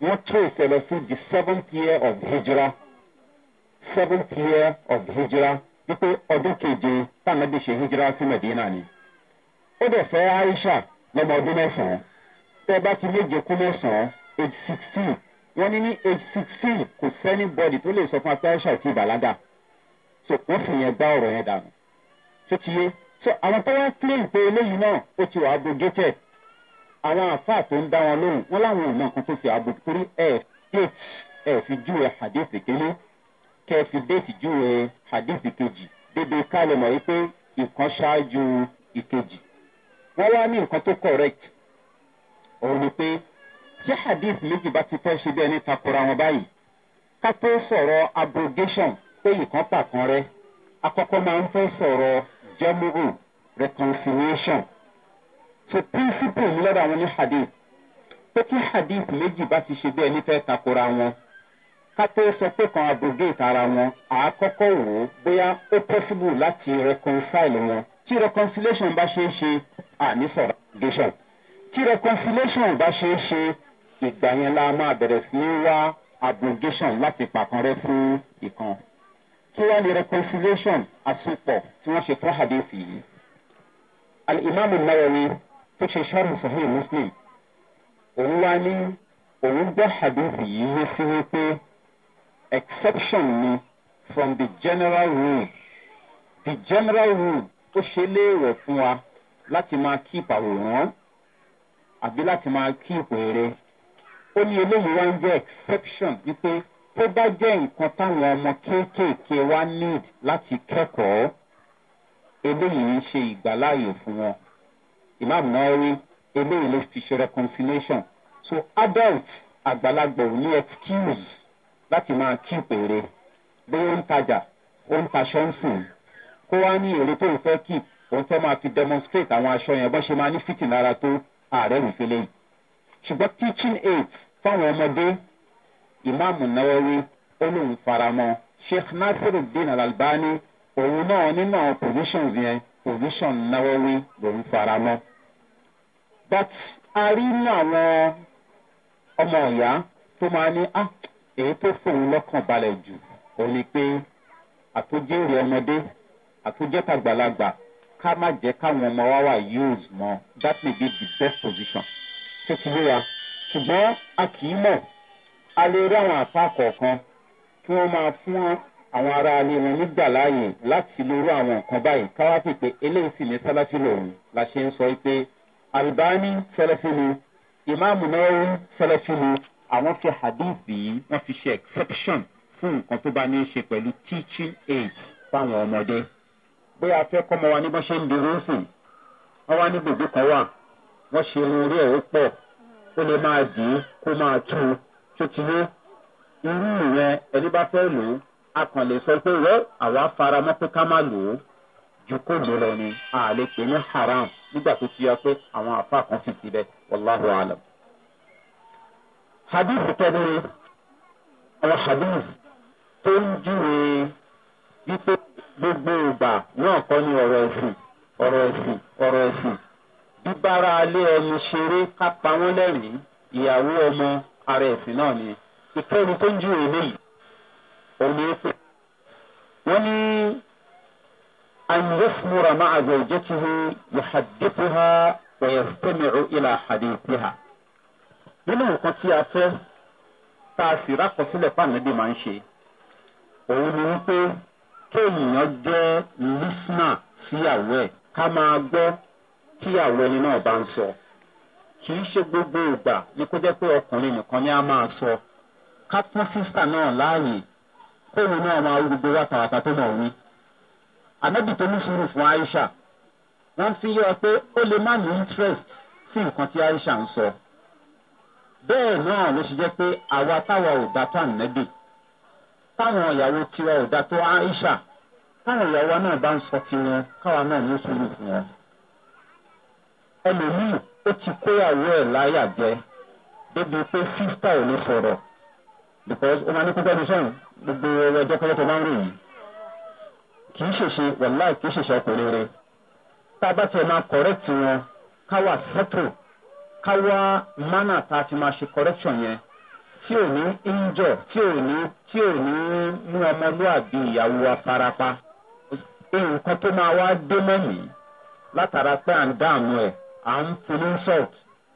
wọ́n tó ìṣẹ̀lẹ̀ sí the seventh year of hijra seventh year of hijra wípé ọdún keje tànàbí ṣe hijira sí medina ni ó dẹ̀ fẹ́ aisha lọ́mọ ọdún mẹ́sàn-án tẹ́ bá ti méje kú mẹ́sàn-án age sixteen wọ́n ní ní age sixteen kò sẹ́ni bọ́dì tó lè sọ fún apẹ́ aisha ti bàlágà so wọ́n fi yẹn gbá ọ̀rọ̀ yẹn dànù tó ti yé so àwọn tó wá claim pé eléyìí náà ó ti wà abrogated àwọn àfáà tó ń dá wọn lóhùn wọn láwọn ò mọ nǹkan tó fi abrogated torí ẹ̀ ẹ̀ fi júwe hadith kékeré kẹfì déètì júwe hadith kejì débi ká lè mọ̀ wípé ìkan ṣáájú ìkejì. wọ́n wá ní nǹkan tó correct òun ni pé tí hadith méjì bá ti fẹ́ ṣe bí ẹni takora wọn báyìí ká tó sọ̀rọ̀ abrogation pé ìkan pàkan rẹ akọ́kọ́ máa ń fẹ́ sọ̀rọ̀ jẹ́múrù reconciliation. so principle ńlọ́dọ̀ àwọn ní hadith pé kí hadith méjì bá ti ṣe bí ẹni fẹ́ takora wọn ká tó sọ pé kan abrogate ara wọn àákọ́kọ́ wò ó bóyá ó possible láti reconcile wọn tí reconciliation bá ṣeé ṣe àní sọ̀rọ̀ abrogation tí reconciliation bá ṣeé ṣe ìgbà yẹn la máa bẹ̀rẹ̀ sí í wá abrogation láti pàkànrẹ́ fún ìkan kí wọ́n ní reconciliation àsopọ̀ tí wọ́n ṣe fún àdéhùn yìí alimami nawawi tó ṣe sọ́run sahih muslim òun wá ní òun gbọ́ àdéhùn yìí wọ́n fi wípé exception ni from the general rule the general rule tó ṣe léèrè fún wa láti máa keep àwòrán àbí láti máa keep èrè ó ní eléyìí wá ń jẹ́ exception wípé tó bá jẹ́ nǹkan táwọn ọmọ kéékèèké wá need láti kẹ́kọ̀ọ́ eléyìí ń ṣe ìgbàláàyè fún wọn imam nọ́ọ́rí eléyìí ló fi ṣe reconciliation so adult àgbàlagbà ò ní excuse láti máa kí péré bí ó ń tajà ó ń taṣọ ń sìn kó wá ní èrè tó fẹ́ kí òun fẹ́ máa fi demonstrate àwọn aṣọ yẹn bọ́n ṣe máa ní fìtì lára tó ààrẹ wípé lẹ́yìn ṣùgbọ́n teaching aid fáwọn ọmọdé ìmáàmù náwọ́rí ó lóun faramọ́ sheikh nasiruddin alalbani òun náà nínú àwọn positions yẹn position náwọ́rí lòun faramọ́ but a rí ní àwọn ọmọ ọ̀yá tó máa ní ah èyí tó fòun lọ́kàn balẹ̀ jù ò ní pé àtúnjẹ́rìí ọmọdé àtúnjẹ́tàgbàlagbà ká má jẹ́ káwọn ọmọ wa wà used mọ́ that may be the best position tó ti wéra ṣùgbọ́n a kì í mọ̀ a lè rí àwọn àpá kọ̀ọ̀kan kí wọ́n máa fún àwọn ará ilé wọn nígbà láàyè láti lórú àwọn nǹkan báyìí káwá sì pé eléyìí sì ní sálásí lòun la ṣe ń sọ pé alibani fẹlẹfẹ ni ìmáàmù náà fẹlẹfẹ ni àwọn fi hadith yìí wọ́n fi ṣe exception fún nǹkan tó bá ní í ṣe pẹ̀lú teaching aid fáwọn ọmọdé bóyá a fẹ́ kọ́mọ wa ní bá ṣe ń di rúfin wọ́n wá ní gbèdé kan wà wọ́n ṣe irun orí ẹ̀ ó pọ̀ ó lè máa dì í kó máa tú u tó ti ní irú ìyẹn ẹni bá fẹ́ lò ó a kàn lè sọ pé wọ́n àwa fara mọ́ pé ká má lò ó ju kó lò lọ ni a lè pè ní haram nígbà tó ti yọ pé àwọn àfa kan fi síbẹ̀ wàláhùn àlọ́. حديث tẹ́lẹ̀ àwọn حديث tó ń júwe wípé gbogbo ìgbà náà kọ́ ní ọ̀rọ̀ ẹ̀sìn ọ̀rọ̀ ẹ̀sìn ọ̀rọ̀ ẹ̀sìn bíbára alẹ́ ẹni ṣeré ká pa wọ́n lẹ́rìn ìyàwó ọmọ ara ẹ̀sìn náà ni ìkẹrin tó ń júwe eléyìí òun ni pé wọ́n ní anyasmura máa zẹ̀ jẹ́ kí wọ́n yàhàdìpọ̀ ha wọ̀nyẹ̀ fẹ́mi ìlà hadìpọ̀ ha nínú nǹkan tí a fẹ́ tá a sì rákọsílẹ̀ fáànàbí máa ń ṣe òun ni wípé kéèyàn jẹ́ lísínà síyàwó ẹ̀ ká máa gbọ́ kíyàwó ẹni náà bá ń sọ kì í ṣe gbogbo ìgbà ni kó jẹ́ pé ọkùnrin nìkan ni a máa sọ ká tún sísà náà láàyè kóòrùn náà máa rú gbogbo wátawàta tó mọ̀ wí. ànábì tó ní sùúrù fún aisha wọ́n fi yọ pé ó lè má ní interest sí nǹkan tí aisha ń sọ. So bẹ́ẹ̀ náà ló ṣe jẹ́ pé àwa táwa ò dá tó ànábì táwọn ìyàwó tiwa ò dá tó aisha táwọn ìyàwó náà bá ń sọ tiwọn káwa náà ní sùúrù fún wọn. ẹlòmíì ó ti kóyàwó ẹ̀ láyà jẹ débi pé fífà ò ní sọ̀rọ̀ because ó máa ní pípẹ́ ní sọ́run gbogbo ẹjọ́ pẹ́lẹ́tọ̀ bá ń rìn yìí kì í ṣèṣe wàláì kì í ṣèṣe ọkùnrin rẹ tá a bá tiẹ̀ máa kọ̀rẹ́tì wọn káwa sẹ́tò ká mánà tá a ti máa ṣe correction yẹn tí ò ní injọ tí ò ní tí ò ní mú ọmọlúàbí ìyàwó farapa nǹkan tó máa wá dé mọ́mí látara pé à ń dààmú ẹ̀ à ń salt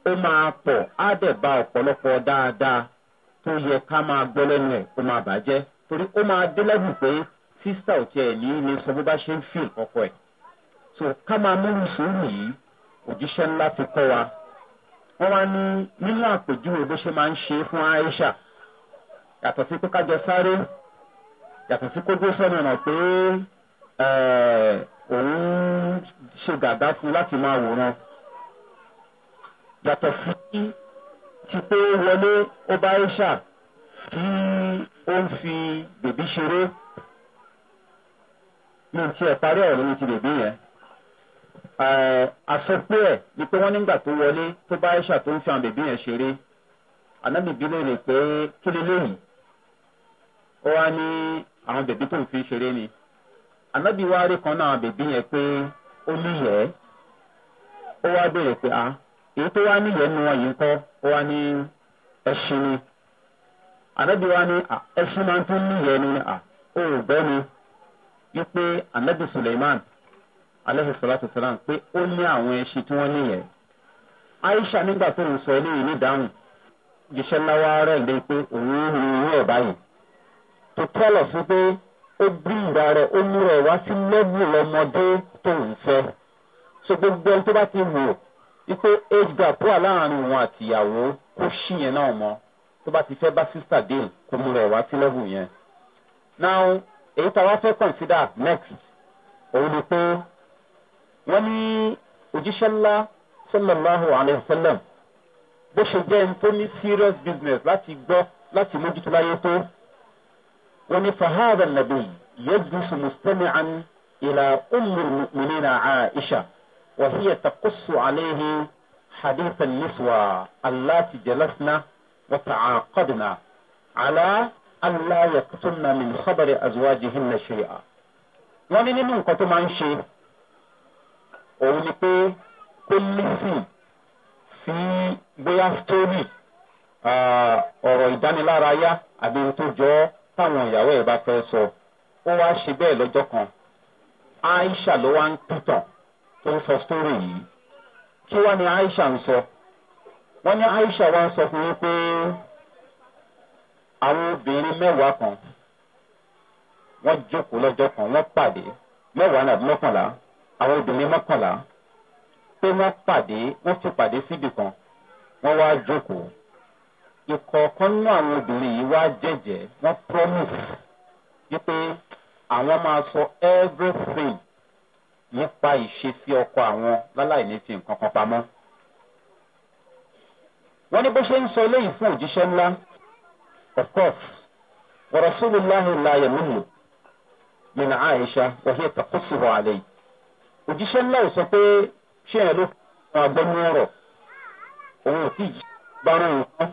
ó máa pọ̀ á ba ọ̀pọ̀lọpọ̀ dáadáa tó yẹ ká gbọ́ lẹ́nu ẹ̀ torí ó máa dé pé sísá ò tiẹ̀ ní ní sọ bó bá ṣe ń ẹ̀ so ká wọ́n wá ní nínú àpèjúwe bó ṣe máa ń ṣe fún aisha yàtọ̀ sí pé kájọ sáré yàtọ̀ sí kójú sọ́nà ọ̀nà pé eh, òun ṣe gàgá fún láti máa wòran yàtọ̀ sí ti pé wọlé ó bá aisha tí ó ń fi bèbí ṣeré ní ti ẹ̀ parí ọ̀rọ̀ ní ti bèbí yẹn. àsọpé eh, ẹ̀ ni pé wọ́n nígbà tó wọlé tó bá aisha tó ń fi àwọn bèbí yẹn ṣeré anábì lè rè pé kí lè léyìn ó fi ṣeré ni anabi wá rí kan náà àwọn bèbí yẹn pé ó níyẹ̀ẹ́ ó a èyí tó wá níyẹn nu wọn yìí ń kọ́ ó wá ní ni wa ní ẹṣin máa ń tún ni a ó gbọ́ ni wípé suleiman aláṣẹsọláṣẹ sọlá pé ó ní àwọn ẹṣin tí wọ́n níyẹn aisha nígbà tó ń sọ eléyìí ní ìdáhùn jíṣẹ́ láwa rẹ̀ lé pé òun ń hu irú ẹ̀ báyìí tó tọ́lọ̀ sí pé ó bí ìgbà rẹ̀ ó múra ẹ̀ wá sí lẹ́bù ọmọdé tó ń fẹ́ so gbogbo ẹni tó bá ti wò wípé age gap wà láàrin òun àtìyàwó kó ṣí yẹn náà mọ́ tó bá ti fẹ́ bá sísà dé kó múra ẹ̀ wá sí lẹ́bù yẹn now èyí tá a wá fẹ́ consider next òun ni pé wọ́n ní òjíṣẹ́ ńlá sọ́lọ́láhùn àlẹ́sẹ́lẹ̀m bó ṣe jẹ́ ẹni tó ní serious business láti gbọ́ láti mójútó láyé tó wọ́n ní fahad anabi yẹ́dùsù mustami'an ìlà umar mu'minina aisha وهي تقص عليه حديث النسوة اللاتي جلسنا وتعاقدنا على أن لا يكتمن من خبر أزواجهن شيئا. يعني نمكن كتمان شيء òun ni pé kó lísìn sí bóyá sítórì ọ̀rọ̀ ìdánilárayá àbí ohun tó jọ ọ́ táwọn ìyàwó ẹ̀ bá fẹ́ sọ ó wá ṣe bẹ́ẹ̀ lọ́jọ́ kan aisha ló wá ń tútàn tó ń sọ sítórì yìí kí wá ni aisha ń sọ wọ́n ní aisha wá ń sọ fún yín pé àwọn obìnrin mẹ́wàá kan wọ́n jókòó lọ́jọ́ kan wọ́n pàdé mẹ́wàá nàbí mọ́kànlá àwọn obìnrin mọ́kànlá pé wọ́n pàdé wọ́n ti pàdé síbì kan wọ́n wá jókòó ìkọ̀ọ̀kan nínú àwọn obìnrin yìí wá jẹ́jẹ́ wọ́n promise wípé àwọn máa sọ everything nípa ìṣesí ọkọ àwọn láláì ní fi nǹkan kan pamọ́. wọ́n ní bó ṣe ń sọ eléyìí fún òjíṣẹ́ ńlá of course wọ̀rọ̀ sílùú láhùn láyẹ̀ mímu min aisha wọ́n yẹ tàkùsùrọ̀ àlẹ́ yìí òjíṣẹ́ ńlá ò sọ pé ṣé ẹ ló fún agbẹnú ọ̀rọ̀ òun ò tíì gbárùn nǹkan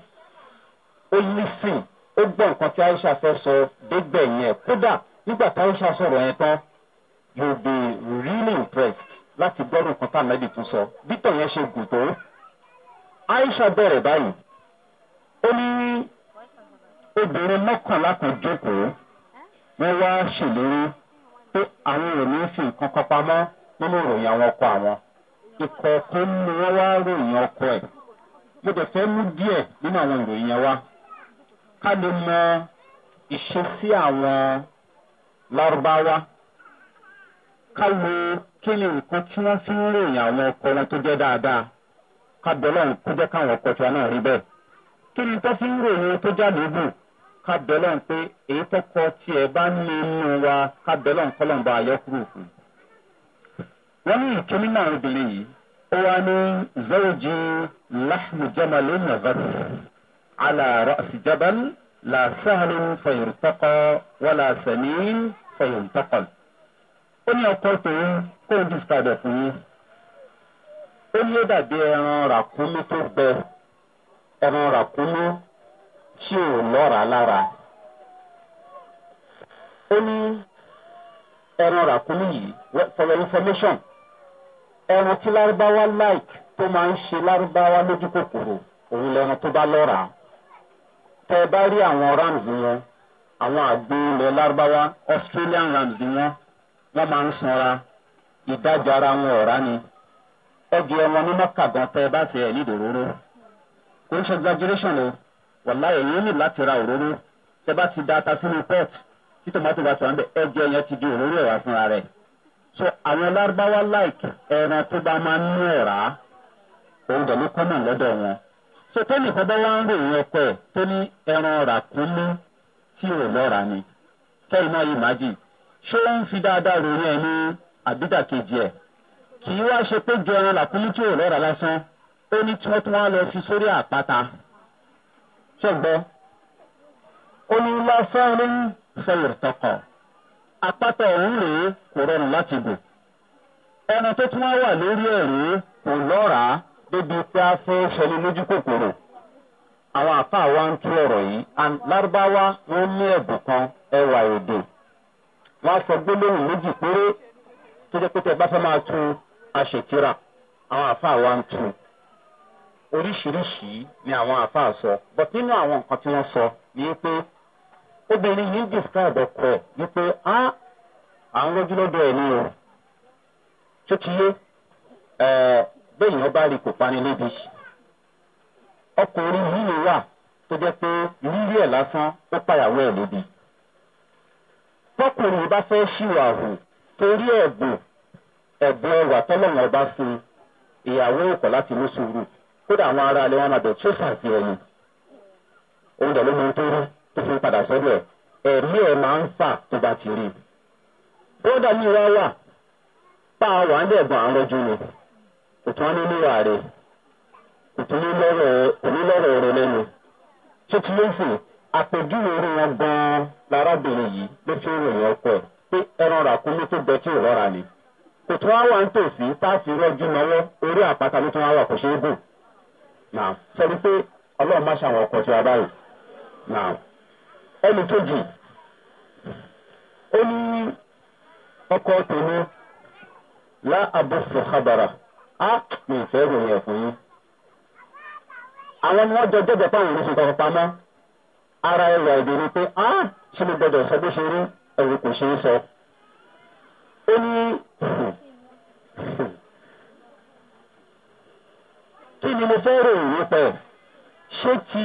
ó lísìn ó gbọ́ nǹkan tí aisha fẹ́ sọ dégbẹ̀ yẹn kódà nígbà tí aisha sọ̀rọ̀ yẹn tán you be really impressed láti gbọ́rù nǹkan tá ànábì tún sọ bítọ̀ yẹn ṣe gùn tó aisha bẹ̀rẹ̀ báyìí ó ní obìnrin mọ́kànlá kan jókòó wọ́n wá ṣèlérí pé àwọn ò ní fi nǹkan kan pamọ́ nínú ìròyìn àwọn ọkọ àwọn ìkọ̀ọ̀kan ni wọ́n wá ròyìn ọkọ ẹ̀ mo dẹ̀ fẹ́ mú díẹ̀ nínú àwọn ìròyìn yẹn wá ká lè mọ ìṣesí àwọn lárúbáwá ká lo kí ni nǹkan tí wọ́n fi ń ròyìn àwọn ọkọ wọn tó jẹ́ dáadáa ká bẹ̀rẹ̀ òun kó jẹ́ káwọn ọkọ tiwa náà rí bẹ́ẹ̀ kí ni tó fi ń ròyìn tó já lóògùn ká bẹ̀rẹ̀ òun pé èyí tọkọ tiẹ̀ bá ní inú wa ká bẹ̀rẹ̀ òun kọ́ lọ́nba àyọkúrò fún un wọ́n ní ìtún nínú àwọn obìnrin yìí ó wá ní zẹ́wọ́jì láhùn jamalé nàvàtì alàárọ̀ sí jabal làṣàlù fọyìntọ́kọ̀ wọlà sẹ̀mí fọyìntọ́kọ̀. ó ní ọkọ tòun kó o dìsítàdì fún yín. ó ní ó dàbí ẹran ràkúnmí tó gbẹ ẹran ràkúnmí tí ò lọ́ra lára. ó ní ẹran ràkúnmí yìí for your information. ẹran tí lárúbáwá like tó máa ń ṣe lárúbáwá lójú kòkòrò òun lẹran tó bá lọ́ra tẹ rí àwọn rams wọn àwọn àgbo ilẹ̀ lárúbáwá australian rams wọn wọ́n máa ń sanra ìdájọ́ ara wọn ọ̀rá ni ẹgbẹ́ ní tẹ ẹ bá kò ń ṣe ti da ata sínú tí tòmátì bá sọ̀rọ̀ ẹgbẹ́ yẹn ti di òróró ẹ̀wà so àwọn lárúbáwá láìkì ẹran tó bá máa ń ní ẹ̀rá òun dẹ̀ ló kọ́nà lọ́dọ̀ wọn so tẹ́lẹ̀ kan bá wá ń ròyìn ọkọ ẹ̀ tó ní ẹran ọ̀rà kún mú tí ò lọ́ra ni kẹ́yìn náà yìí májì ṣé ó ń fi dáadáa ròyìn ẹ̀ ní àbídàkejì ẹ̀ kì í wá ṣe pé ju ẹran làkúnmú tí ò lọ́ra lásán ó ní tí wọ́n tún wá lọ fi sórí àpáta ṣẹ́gbọ́ ó ní lọ́fẹ́rin fẹ́yìrì tọkọ̀ apáta ọ̀hún rèé kò rọrùn láti gùn ẹni tó tún wá wà lórí ẹ̀rí kò lọ́ràá débi pé a fún ṣẹlẹ̀ lójú kòkòrò àwọn àfa wa ń tú ọ̀rọ̀ yìí and lárúbáwá wọn ní ẹ̀bùn kan ẹwà èdè wọn sọ gbólóhùn méjì péré tó jẹ́ pé tẹ bá fẹ́ máa tu aṣèkira àwọn àfa wa ń tu oríṣiríṣi ni àwọn àfa sọ but àwọn nǹkan tí wọ́n sọ ni pé obìnrin yìí ń describe ọkọ wípé á à ń rọ́jú lọ́dọ̀ ẹ̀ ní o tó ti yé bẹ́ẹ̀ yẹn bá rí kò pani níbi ọkùnrin yìí ló wà tó jẹ́ pé rírí ẹ̀ lásán ó pàyàwó ẹ̀ lóbi tọkùnrin bá fẹ́ ṣìwà hù torí ẹ̀bùn ẹ̀bùn ẹwà tọ́lọ́wọ́n ọba fún ìyàwó ọkọ̀ láti mú sùúrù kódà àwọn ará alẹ́ wọn máa bẹ̀ tó fàáfin ẹ̀yìn òun dẹ̀ ló mọ ohun tó fi padà sọ́dọ̀ ẹ̀ ẹ̀mí ẹ̀ máa ń fà tó bá ti rí i. bọ́dà mi wá wà bá a wà ń dẹ̀gbọ̀n ni kò tún ní níwà rẹ̀ kò lọ́rọ̀ rẹ̀ lẹ́nu tó ló fò àpèjúwe wọn gan-an lárábìnrin yìí ló fi ń ròyìn ọkọ ẹ̀ pé ẹran ràkúnmí tó gbẹ tí ò rọra ni kò tún ń náwó orí àpáta ló tún ẹnì kejì ó ní ọkọ tèmi lá abúfò habara á mi ìfẹ́ ìròyìn ẹ̀fún yín àwọn ni wọ́n jọ jẹ́jẹ́ pàrọ̀ ìrísí kan pamọ́ ara ẹ̀rọ ìdèrè pé á ṣe lè gbọdọ̀ sọ bó ṣe rí ẹ̀rù kò ṣe é sọ ó ní kí ni mo fẹ́ ròyìn nípa ẹ̀ ṣé ti.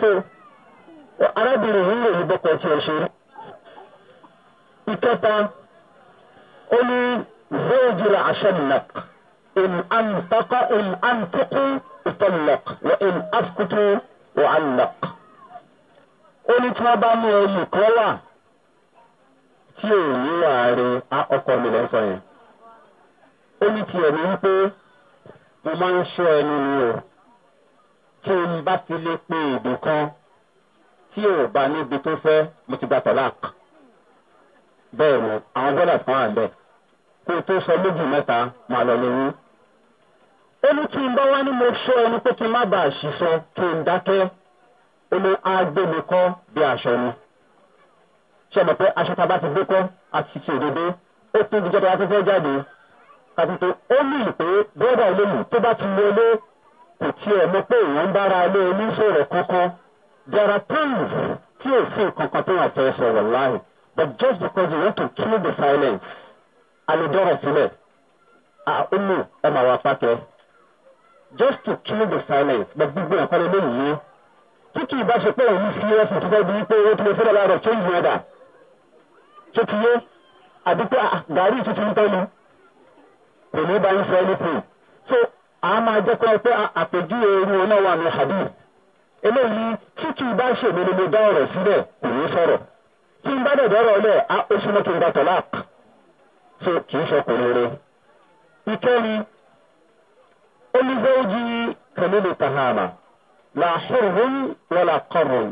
so arábìnrin yìí lè ní bọ́kọ̀ tí ẹ ṣe rí. ìkẹta ó ní zéèjìlá àṣẹmùnàk in antaka in antuku ìtọ́lọ̀k wọ in afkutu wọ alọ̀k. ó ní tí wọ́n bá mú ẹyìn kan wà tí ò ní ààrẹ ọkọ mi lọ́sọ̀ yẹn. ó ní tiẹ̀ ní wípé mo máa ń ṣọ́ ẹni ni o tí n bá ti lè pe èdè kan tí ò bá níbi tó fẹ́ mo ti gba tọ́lák bẹ́ẹ̀ ni àwọn bọ́lá kan wà bẹ́ẹ̀ kó o tó sọ lójú mẹ́ta máa lọ lóyún. ó ní kí n bá wá ní mo sọ ẹni pé kí n má bàa ṣiṣọ kí n dákẹ́ ó ní á gbé mi kọ́ bí aṣọ ni. ṣé mo pé aṣọ tá bá ti gbé kọ́ àti ti òdodo ó tún ti jẹ́ pé a ti fẹ́ jáde. kàtúntò ó ní ìpè bọ́dà olóyún tó bá ti lé olóyún kò tiẹ̀ mọ pé èèyàn ń bára ilé oníṣòro e kankan there are times tí ò sí kankan tó wà fẹ́ sọ̀rọ̀ láàyè but just because you want to kill the silence alùdọ́rọ̀ sílẹ̀ àhùnmù ẹ̀ máa wá pàtẹ́ just to kill the silence but gbogbo ẹ̀kọ́ lé yìí tí kì í bá ṣe pé òun fi ẹ̀sìn tó fẹ́ bí pé ó ti lè fẹ́ lọ́la rẹ̀ tó yìí ẹ̀dà tó ti yé àdúgbò ah, gàrí tuntun tẹ́lu kò ní bá ń sọ anything a máa jẹ́ pé pé àpèjúwe orí onáwà ní hadith eléyìí títí bá ṣèmi ni mo dá ọ̀rọ̀ sílẹ̀ kò ní sọ̀rọ̀ tí n bá dẹ̀ dọ́rọ̀ lẹ̀ á ó súnmọ́ kí n gba tọ́lák so kì í ṣọkùnrin rẹ. ìkẹrin olùgbòjì kàmílì tahama la xurhun wala qarun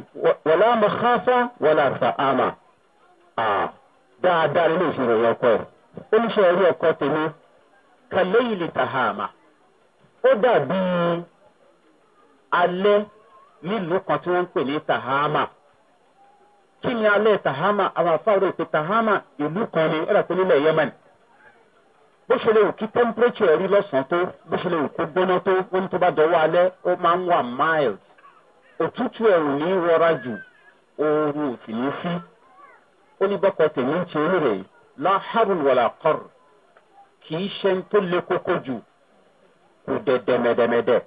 wala makhafa wala dáadáa nínú ìṣòro ọkọ ẹ olùṣọ́ orí ọkọ tèmi kàlẹ́yìn tahama ó dàbí alẹ́ nílùú kan tí wọ́n ń pè ní tahama kí ni alẹ́ tahama àwọn afárò ìpè tahama ìlú kan ni ẹ̀rọ pé nílẹ̀ yemen bó ṣe lè kí temperature rí lọ́sàn-án tó bó ṣe lè kó gbóná tó wọ́n ní tó bá dọ̀wọ́ alẹ́ ó máa ń wà mild òtútù ẹ̀rù ní rọra jù ooru ò ní sí ó ní bọ́kọ̀ tèmi ń ṣe é rè láhàrùn wàlà kì í ṣe ń tó le kókó jù kò dẹdẹ mẹdẹmẹdẹ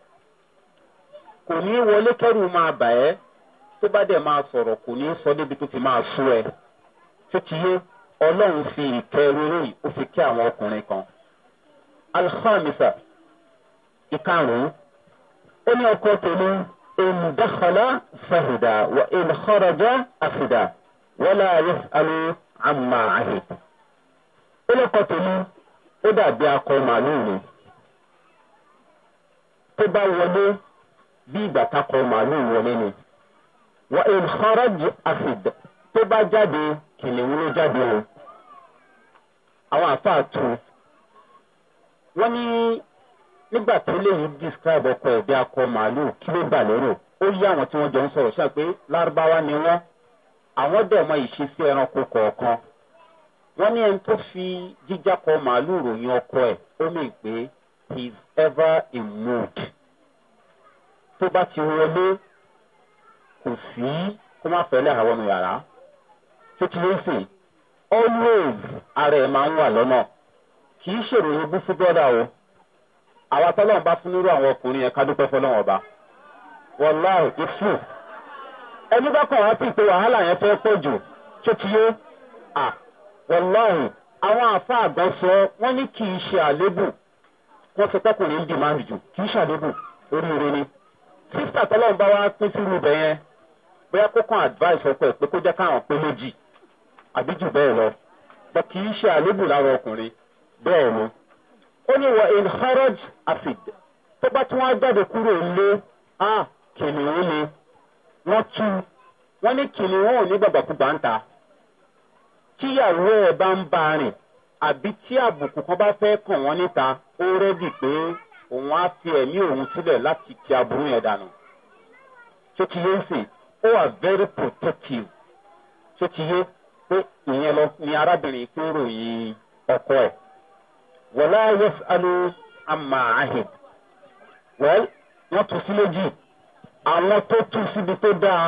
kò ní wọlé kẹrù máa bà ẹ́ tó bá dẹ̀ máa sọ̀rọ̀ kò ní sọ débi tó ti máa sú ẹ tó ti yé ọlọ́run fi ìkẹrù rẹ̀ ó fi kí àwọn ọkùnrin kan alhamisa ìkarùn ó ní ọkọ tèmi ìmùdákọlá fẹhùdà wà ìmùkọrọjọ àfùdà wọlé ayé alu àmà ó lọkọ tèmi ó dàbí akọ màlúù ni tó bá wọlé bí ìgbà takọ màálùú wọlé ni wà in kharaj acid tó bá jáde kìnìún ló jáde o àwọn àfáà tu wọn ní nígbà tó léyìn describe ọkọ ẹ̀dẹ́ akọ màálùú kí ló gbà lérò ó yí àwọn tí wọ́n jọ ń sọ̀rọ̀ ṣáà pé lárúbáwá ni wọ́n àwọn dẹ̀ mọ ìṣesí ẹranko kọ̀ọ̀kan wọ́n ní ẹni tó fi jíjákọ màálùú ròyìn ọkọ ẹ̀ ó mì pé he is ever in mood tó bá ti wọlé kò sí kó má fẹ́ lẹ́hà wọnú yàrá tó ti lè sè always ara ẹ̀ máa ń wà lọ́nà kì í ṣèròyìn bú sí bọ́dà o àwa tọ́lọ́run bá fún nírú àwọn ọkùnrin yẹn ká dúpẹ́ fọlọ́run ọba wọláì ìfù ẹni bá kọ̀ wá sí pé wàhálà yẹn fẹ́ pọ̀ jù tó ti yé à àwọn àfa àgbọ̀nsọ wọn ní kì í ṣe àlébù wọ́n sọ pọ́kùnrin ń dìmáà jù kì í ṣàdébù oríire ni. sísà tọ́lọ́run bá wá pín sínú ibẹ̀ yẹn bóyá kó kàn advice ọkọ ẹ̀ pé kó jẹ́ káwọn pé méjì àbí jù bẹ́ẹ̀ lọ bọ́ kì í ṣe àlébù lára ọkùnrin bẹ́ẹ̀ ni. ó ní wọ in harrod acid tó bá tí wọ́n jáde kúrò lé a kìnìún ni wọ́n tú wọ́n ní kìnìún ò ní gbàgbàkúgbà ń ta tíyàwó ẹ̀ bá ń bá rìn àbí tí àbùkù kan bá fẹ́ kàn wọ́n níta ó rẹ́dì pé òun á fi ẹ̀mí òun sílẹ̀ láti ti aburú yẹn dànù. tó ti yé sìn ó wà very protective tó ti yé pé ìyẹn lọ ni arábìnrin tó ròyìn ọkọ ẹ̀. wọ́lá yẹ́s alu àmà àhìn. wẹ́l wọ́n tu sí méjì àwọn tó tu síbi tó dáa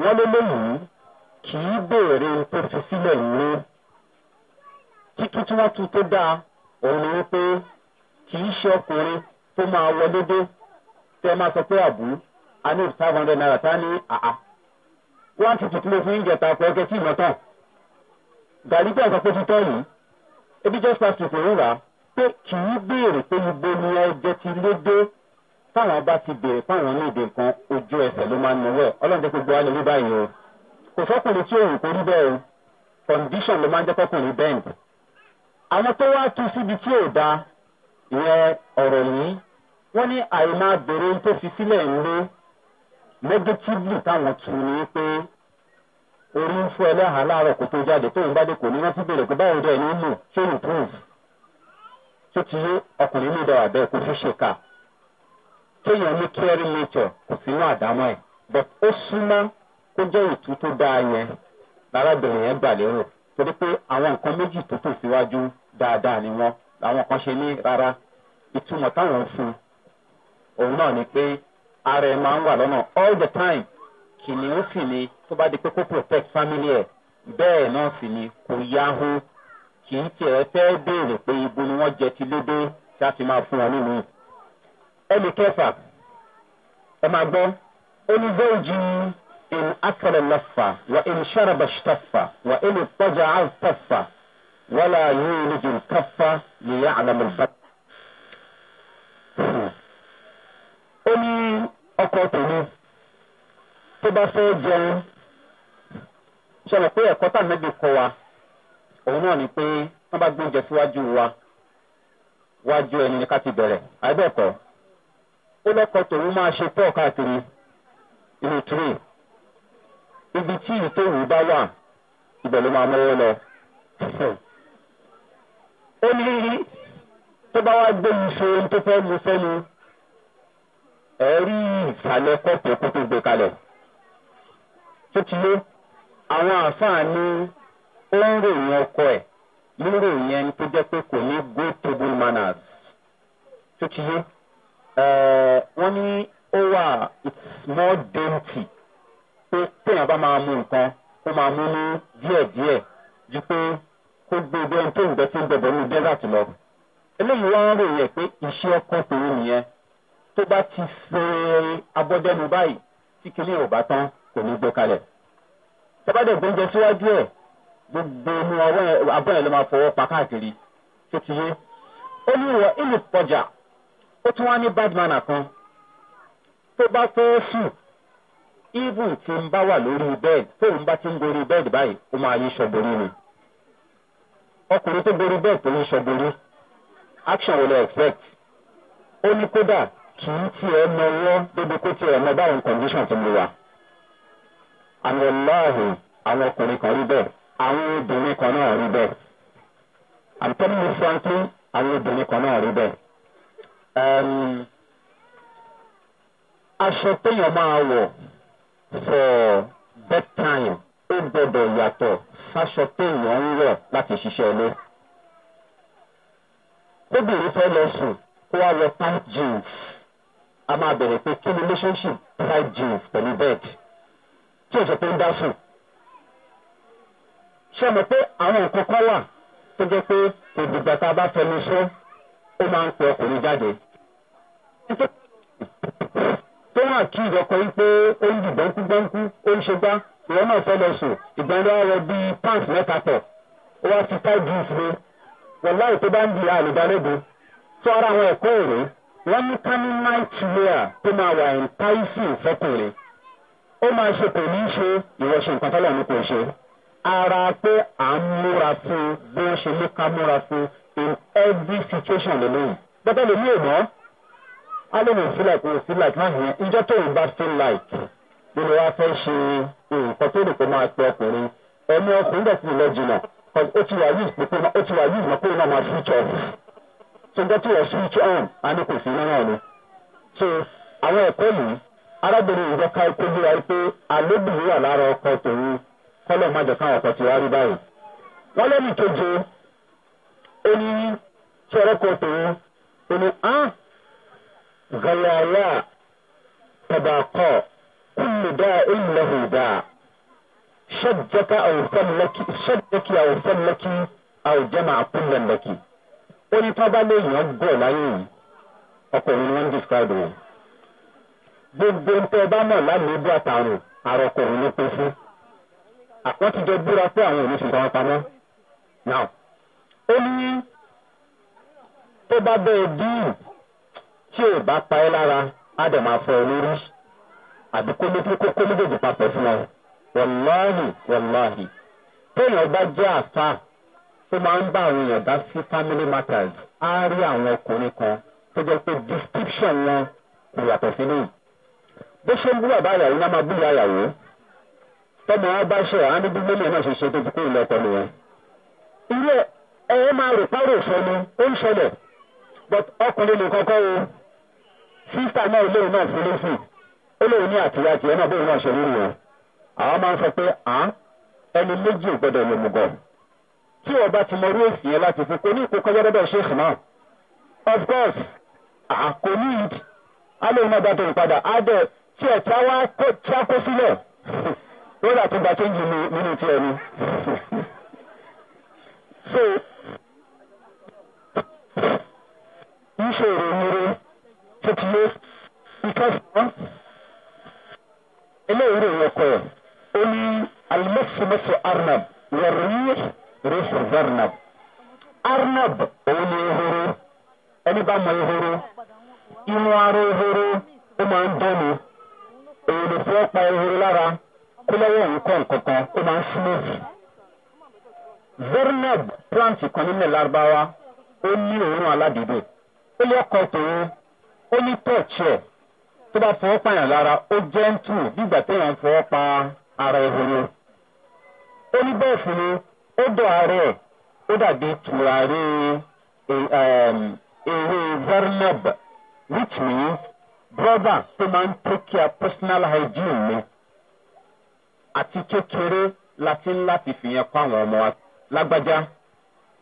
wọ́n lé léyìí kì í béèrè tó fi sílẹ̀ wúrú títí tí wọ́n tu tó dáa òun ni wípé kì í ṣe ọkùnrin tó máa wọ dédé tẹ́ máa sọ pé àbú a ní five hundred naira tá ní àá one fifty tí mo fi ń jẹta pé ọkẹ tí ìmọ̀tàn gàrí tẹ̀ sọ pé títọ́ yìí ebi just pass to fòrò rà pé kì í béèrè pé ibo ni ẹjẹ ti lédè táwọn bá ti béèrè fáwọn ní èdè nǹkan ojú ẹsẹ̀ ló máa ń nawọ́ ẹ̀ ọlọ́run gbogbo alẹ́ ní báyìí o kò sọ́kùnrin tí òòrùn kò rí bẹ́ẹ̀ o condition ló máa ń jẹ́ kọ́kùnrin bẹ́ẹ̀ àwọn tó wá tu síbi tí ò da ìyẹn ọ̀rọ̀ yìí wọ́n ní àìmọ́ abèrè tó fi sílẹ̀ ń lé negatively táwọn tù ní pé orí ń fún ẹlẹ́hà láàárọ̀ kò tó jáde tóun bá dé kò ní rántí bèrè pé báwo mú ṣé tó ti yé ọkùnrin ní bẹ́ẹ̀ ṣe dáadáa ni wọn làwọn kan ṣe ní rárá ìtumọ̀ táwọn fún òun náà ni pé ara ẹ máa ń wà lọ́nà all the time kìnìún sì ni tó bá di pé kó protect family ẹ̀ bẹ́ẹ̀ náà sì ni kò yáhó kì í tiẹ̀ fẹ́ béèrè pé ibo ni wọ́n jẹ ti lódó tí a ti máa fún wọn nínú. ẹnì kẹfà ẹ máa gbọ́ ó in akẹlẹ lọfà wà in sẹ́rẹ̀bà wà in ìtọ́jà àìsẹ́fà. ولا يولج الكف ليعلم الفتح ó ní ọkọ tèmi tó bá fẹ́ jẹun ṣẹlẹ̀ pé kọ wa òun náà ni pé wọ́n bá gbóúnjẹ síwájú wa wájú ẹni ní ká ti bẹ̀rẹ̀ àìbẹ̀kọ́ ó lọ́kọ tòun máa ṣe pọ̀ káàkiri inú ibi tí ìtòwú bá wà ibẹ̀ ló máa mọ́wọ́ lọ. ó ní tó bá wá gbé iṣẹ́ ohun tó fẹ́ lu sẹ́nu ẹ̀rí ìsàlẹ̀ kọ́ọ̀pù kó tó gbé kalẹ̀ tó ti lé àwọn àáfàá ní ó ń ròyìn ọkọ ẹ̀ lérò yẹn ni tó jẹ́ pé kò ní go table manners tó ti yé wọ́n ní ó wà it's more dainty pé téèyàn bá máa mú nǹkan ó máa mú ní díẹ̀díẹ̀ ju pé kó gbé ibi ẹni tó ń bẹ tí ń bẹbẹ ní desert lọ eléyìí wá ń ròyìn ẹ pé iṣẹ ọkọ tòun nìyẹn tó bá ti ṣe abọdẹnu báyìí tí kìnìún ò bá tán kò ní gbé kalẹ tọ́bádé gbóúnjẹ síwájú ẹ̀ gbogbo inú abọ́ ẹ̀ ló máa fọwọ́ pa káàkiri tó ti yé ó ní ìwọ ìlú pọjà ó tún wá ní badmana kan tó bá fẹ́ sùn even tí ń bá wà lórí bẹ́ẹ̀d tóun bá ti ń gorí bẹ́ẹ̀d báyìí ó máa yí sọ borí ọkùnrin tó borí bẹ́ẹ̀ tó ń ṣọ̀gbìnrin action will expect ó ní kódà kì í tiẹ̀ mọ wọ́n débi kó tiẹ̀ mọ báwọn condition tó ń wà. àmì ọlọ́ọ̀hún àwọn ọkùnrin kan rí bẹ́ẹ̀ àwọn obìnrin kan náà rí bẹ́ẹ̀ i'm telling you frankly àwọn obìnrin kan náà rí bẹ́ẹ̀. aṣọ téèyàn máa wọ̀ for bedtime ó gbọ́dọ̀ yàtọ̀ sáṣọ tó wọ́n ń wọ̀ láti ṣiṣẹ́ ilé. Bébìrì fẹ́ lọ sùn kó wá lọ tight jeans. A máa bẹ̀rẹ̀ pé kí ni relationship tight jeans pẹ̀lú bed tí òṣèlú tó ń dá sùn. Ṣé mo pé àwọn nǹkan kan wà tó jẹ́ pé ìdìgbà tá a bá fẹnu sọ ó máa ń pẹ ọkùnrin jáde. Tó wà kí ìjọkọ̀ yín pé ó ń dìgbọ́nkú gbọ́nkú ó ń ṣe gbá ìyẹn náà fẹ́ lọ sùn ìgbà ńlá rẹ bíi pants mẹ́ta pọ̀ ó wá ti tight jeans lé wọ́n láì tó bá ń di àlùdálẹ́gbẹ́ tó ara àwọn ẹ̀kọ́ èrè wọ́n ní kánú night wear tó máa wà enticing fọkùnrin ó máa ṣe kò ní í ṣe ìwọ̀ṣẹ̀ nǹkan tọ́lọ̀ ní kò ṣe ara pé à ń múra fún bí wọ́n ṣe ní ká múra fún in every situation lélẹ́yìn gbọ́dọ̀ lè ní èèmọ́ á lè mọ̀ sí like mọ̀ sí like náà yẹn ìjọ tó ń bá feel like. nínú wa fẹ́ ṣe nǹkan tó lè kó máa pe ọkùnrin ẹni ọkùnrin dẹ̀ ti lọ jìnnà ó ti wà yìí pé náà máa switch off so n switch on a ní kò sí náírà ni so àwọn ẹ̀kọ́ yìí arábìnrin ìjọ ká ikú bí wa pé àlébìnrin wà lára ọkọ tòun kọ́lọ̀ má jẹ́ káwọn ọkọ ti wá keje ó ní tí tòun ó ní إن داء له داء شجك أو سلك شجك أو سلك أو جمع كل لك orí tábà lèèyàn gbọ̀ láyé yìí ọkùnrin ni wọ́n ń describe wọn gbogbo ń tẹ́ bá mọ̀ lálébù àtàrùn àrò ọkùnrin ló pé fún àwọn ti jọ búra pé àwọn òní fìfọwọ́ pamọ́ now ó ní tó bá bẹ́ẹ̀ díì tí ò bá pa ẹ́ lára á dẹ̀ máa fọ àbí kó ló fún kókó méjèèjì papọ̀ fún wọn wọláhì wọláhì téèyàn bá jẹ́ àfa tó máa ń bá àwọn èèyàn dá sí family matters á rí àwọn ọkùnrin kan tó jẹ́ pé description wọn kò yàtọ̀ sí ní. bó ṣe ń bú bàbá àyàwó náà máa bú ìyá àyàwó tọmọ wọn bá ṣe àwọn níbi mọ́lẹ̀ náà ṣe ṣe tó ti kó ìlú ọkọ nìyẹn. ilé ẹ ẹ máa rò párò sọnù ó ń ṣẹlẹ̀ but ọkùnrin nìkan kọ́ o sísà náà ilé náà fún lóṣù ó lóun ní àtìyá tiẹ̀ náà bóun náà ṣe rí rẹ̀ àwọn máa ń sọ pé à ẹni méjì ò gbọdọ̀ lò mùgọ̀ tí wọ́n bá ti mọ orí èsì yẹn láti fi pé ní ìkókó yọ́dọ̀dọ̀ ṣe ìsìn náà of course àkóní yìí alóun náà dátò ìpadà á dẹ̀ tí ẹ̀ tá wá kó sílẹ̀ lórí àtúgbà tó ń jù nínú tiẹ̀ ni so ń ṣe tó ti yé ìkẹsàn-án eléyìí rè wọ́n kọ́ ẹ̀ ó ní alimẹ́sìmẹ́sì arnab wọ́n rí ríṣù zarnab arnab òun ni ehoro ẹni bá mọ ehoro inú ara ehoro ó máa ń dọ́nu èyí lè fọ́ pa ehoro lára kó lọ́wọ́ nǹkan kankan ó smooth zarnab plant kan nílẹ̀ lárúbáwá ó ní òórùn aládìídò ó lé ọkọ̀ tó bá fọwọ́ pààyàn lára ó jẹ́ǹtù nígbà téèyàn fọwọ́ pa ara ehoro ó ní bẹ́ẹ̀ fún ni ó dọ̀ ara ẹ̀ ó dàbí tùràrí ehm, ewé vernab which means brother tó máa ń take care personal hygiene mi àti kékeré láti láti fìyẹn pa àwọn ọmọ wa lágbájá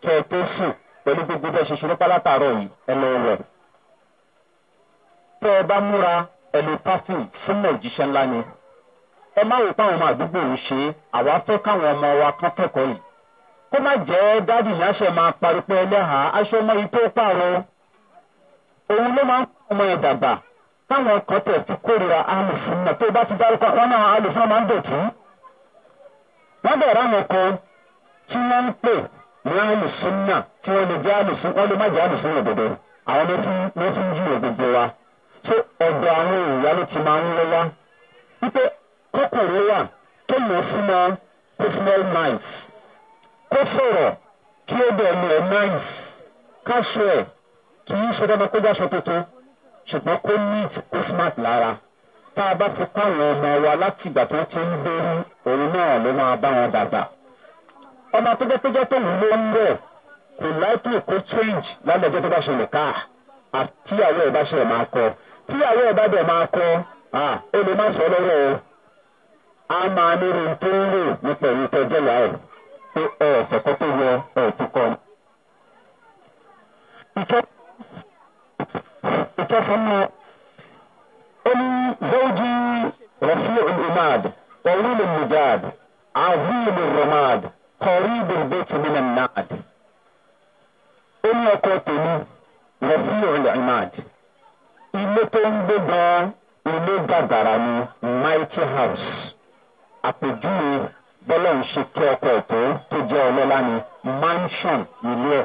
kẹ ẹ tó sùn pẹ̀lú gbogbo bẹ́ẹ̀ ṣe ṣe ló pa látàárọ̀ yìí ẹ lọ́wọ́ tẹ́ ẹ bá múra ẹnu perfume súnmọ́ òjíṣẹ́ ńlá ni ẹ má wò páwọn ọmọ àdúgbò ń ṣe àwa fẹ́ káwọn ọmọ wa kán kẹ́kọ̀ọ́ yìí kó má jẹ́ dádì yáṣẹ́ máa paripẹ́ ẹlẹ́hà aṣọ ọmọ yìí tó pààrọ̀ òun ló máa ń kọ́ ọmọ ẹ̀ dàgbà táwọn kan tẹ̀ fi kórira alùfún náà tó bá ti dárúkọ wọn náà alùfún máa ń dọ̀tí. wọ́n bẹ̀rẹ̀ àwọn kan tí wọ́n ń pè ní alùfún tí wọ́n lè jẹ́ alùfún wọ́n lè má jẹ́ alùfún òdòdó àwọn ló fi ń yí òdòdó wa tó ọ̀dọ̀ àwọn èèyàn ló ti máa ń lọ́wọ́ wípé kókòrò wà tó lò fún ọ personal minds kó sọ̀rọ̀ kí ó bẹ̀ lọ minds káṣọ ẹ̀ kì í ṣe dandan kó jáṣọ tuntun ṣùgbọ́n kó neat kó smart lára tá a bá fi kọ́ àwọn ọmọ wa láti ìgbà tó ti ń bẹ́rù òun náà ló máa bá wọn dàgbà ọmọ tó jẹ́ pé ń bọ̀ kò láìpẹ́ kó change lálẹ́ ọjọ́ tó bá ṣẹlẹ̀ káà àti àwọn ìbáṣẹ̀rẹ̀ máa kọ́ ọ tíyàwó ẹ̀ bá dẹ̀ máa kọ́ ó lè má sọ lọ́rọ̀ o a máa nírú tó ń rò nípa ẹ̀yìn tẹ́jọ́ ìyá ẹ̀ pé ẹ ọ̀sẹ̀ kan tó yẹ ẹ̀ tó kọ́. ìkẹfọ́ mu ó ní zéjì rafi olùmad ọ̀rùn olùmùjád azim olùmad nínú nàd ó tèmi rafi olùmad. ileta ndị bụ ilé dàdàrà ní mighty house àpèjúwe bọ́lá ń ṣe kí ọkọ̀ tó tó jẹ́ ọlọ́lá mansion e.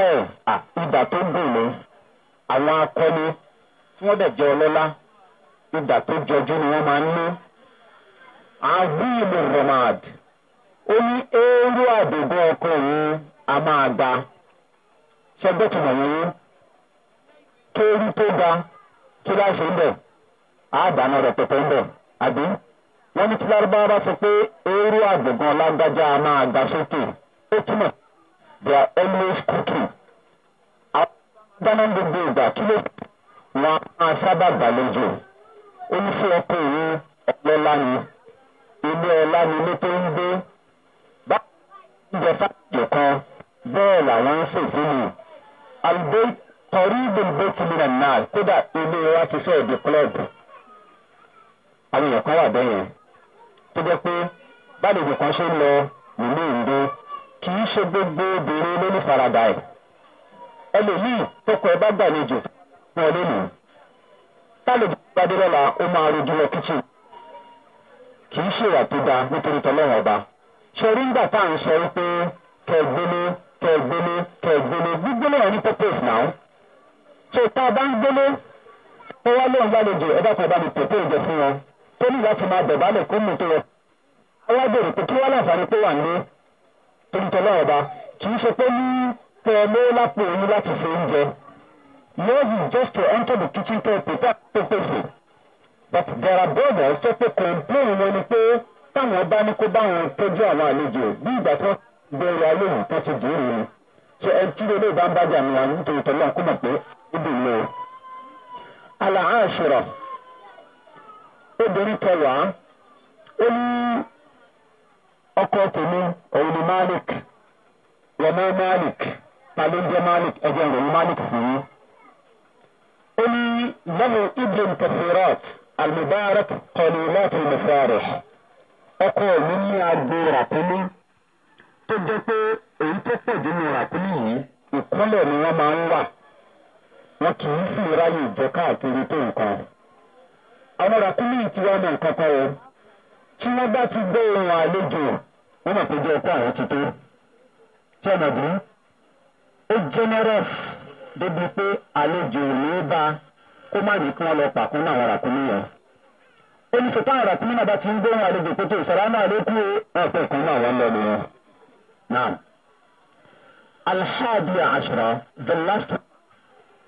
E, akọni tí wọ́n dẹ̀ jẹ́ ọlọ́lá tó jọjú ni wọ́n máa ń ní. àbúrò romad ó ní eérú àdògbò ọkọ yìí a máa yìí. tó rí tó da kí láì ṣe ń bẹ̀ àbáná rẹpẹtẹ ń bẹ̀ àbí wọ́n ní kí lárúbáwá bá sọ pé eré àgbẹ̀gàn lágbájá máa ga sókè ó túmọ̀ they are always cooking àwọn dáná gbogbo ìgbà kí ló wọn máa sábà gbàlejò ó ní fún ọkọ òun ọlọ́lá ni ilé ọlá ni ilé tó ń gbé báwo ni ìjọba ìjọ kan bẹ́ẹ̀ làwọn ń ṣèṣinú àlùbẹ́ẹ̀tì. kọ̀ríbù bẹ́tì mi náà náà kódà ilé wa di kílọ̀bù. àwọn èèyàn kan pé lọ nínú ìdó kì í gbogbo tọkọ gbàlejò wọn lé nù. tálejò gbadé lọ́la ó máa rojú lọ kì í ṣèwà tó ọba. ṣe ńgbà tá à ń sọ wípé purpose náà. tó tá a bá ń gbélé tó wá lóun gbàlejò ẹ̀dá kan bá mi pèpè ìjẹ fún wọn tó ní láti máa dọ̀bálẹ̀ kó mú tó yẹ. àwọn agbèrò pé kí wọ́n láǹfààní pé wà ní torítọ́ náà ọba kì í ṣe pé ní pẹ́ ló lápò oyún láti fi oúnjẹ. yours is just to enter the kitchen to prepare pepper soup. but there are brothers pé complain wọn ni pé táwọn bá ní kó báwọn tọ́jú àwọn àlejò bí ìgbà tó gbẹ̀rẹ̀ alóhùn tó ti dùn ún ni. so ẹ kí ló bá ń bájà mi wá nítorí tọ́lá kó mọ̀ pé ìdùnnú. àlàáṣọ̀rọ̀ obìnrin kẹwàá ó ní ọkọ tèmi òun ni malik rọmọ malik palonjẹ malik ẹjẹ ìròyìn malik fún yín. ó ní lẹ́nu ibrahim tafirat almubarak kọlu láti mufari ọkọ mi ní agbo ràpẹ́lú tó jẹ́ pé èyí tó pọ̀ jù ní ràpẹ́lú yìí ìkúnlẹ̀ ni wọ́n máa ń wà wọn kì í sì ráyè jẹ káàkiri tó nǹkan. àwọn ràkúnmí ti wá mọ nǹkan kan o tí wọn bá ti gbé ohun àlejò wọn mọ pé jẹ ọkọ àwọn ti tó. tí ọ̀nà bí ó generous débi pé àlejò ló bá kó má rí kí wọn lọ pàkún náà àwọn ràkúnmí yẹn. olùsọ táwọn ràkúnmí náà bá ti ń gbé ohun àlejò pé tó ìsọ̀rọ̀ náà ló kú ọ̀pẹ̀ kan náà wọn lọ nìyẹn. naam alhaadi ashra the last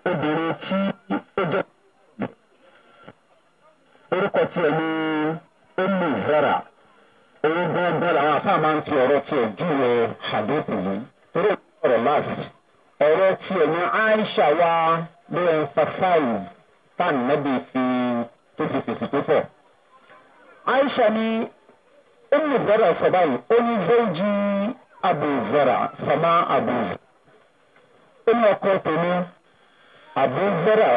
obìnrin tí ó jẹ́ orúkọ tiẹ̀ ní olu vera òun gbọ́ngbọ́n làwọn afá máa ń fi ọ̀rọ̀ tiẹ̀ júwe hadith yìí torí ọ̀rọ̀ láti ọ̀rọ̀ tiẹ̀ ní aisha wa ló ń fasáì tán nábì fi tó fi fèsì tó pọ̀ aisha ní olu vera sọ báyìí ó ní zéjì abu vera sọmá abu ó ní ọkọ tèmi àbúzọ́rà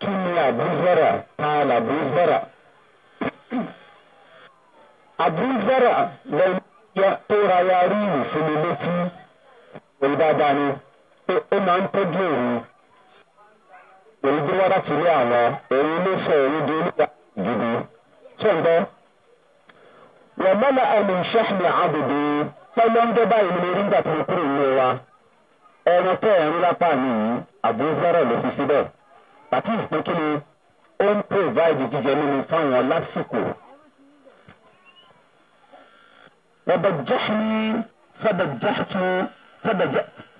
kí ni àbúzọ́rà tá a là àbúzọ́rà. àbúzọ́rà lẹ́yìn tó ra ya rí ìsinmi létí òun dáadáa ni pé ó máa ń tọ́jú òun èyí bí wọ́n bá ti rí àwọn èyí ló sọ èyí di onígbà gidi ṣọ̀ǹdọ́. wọ́n mọ́lá ẹnu iṣẹ́ mi àbùdí pẹ́lú ń dé báyìí tó kúrò nínú wa ẹran tẹ́ ẹ̀rú lápá mi yìí àbúrúfẹ́rẹ́ ló fi síbẹ̀ pàtó ìpínkínni ó ń provide jíjẹ nínú fáwọn lásìkò. وبجحني فبجحت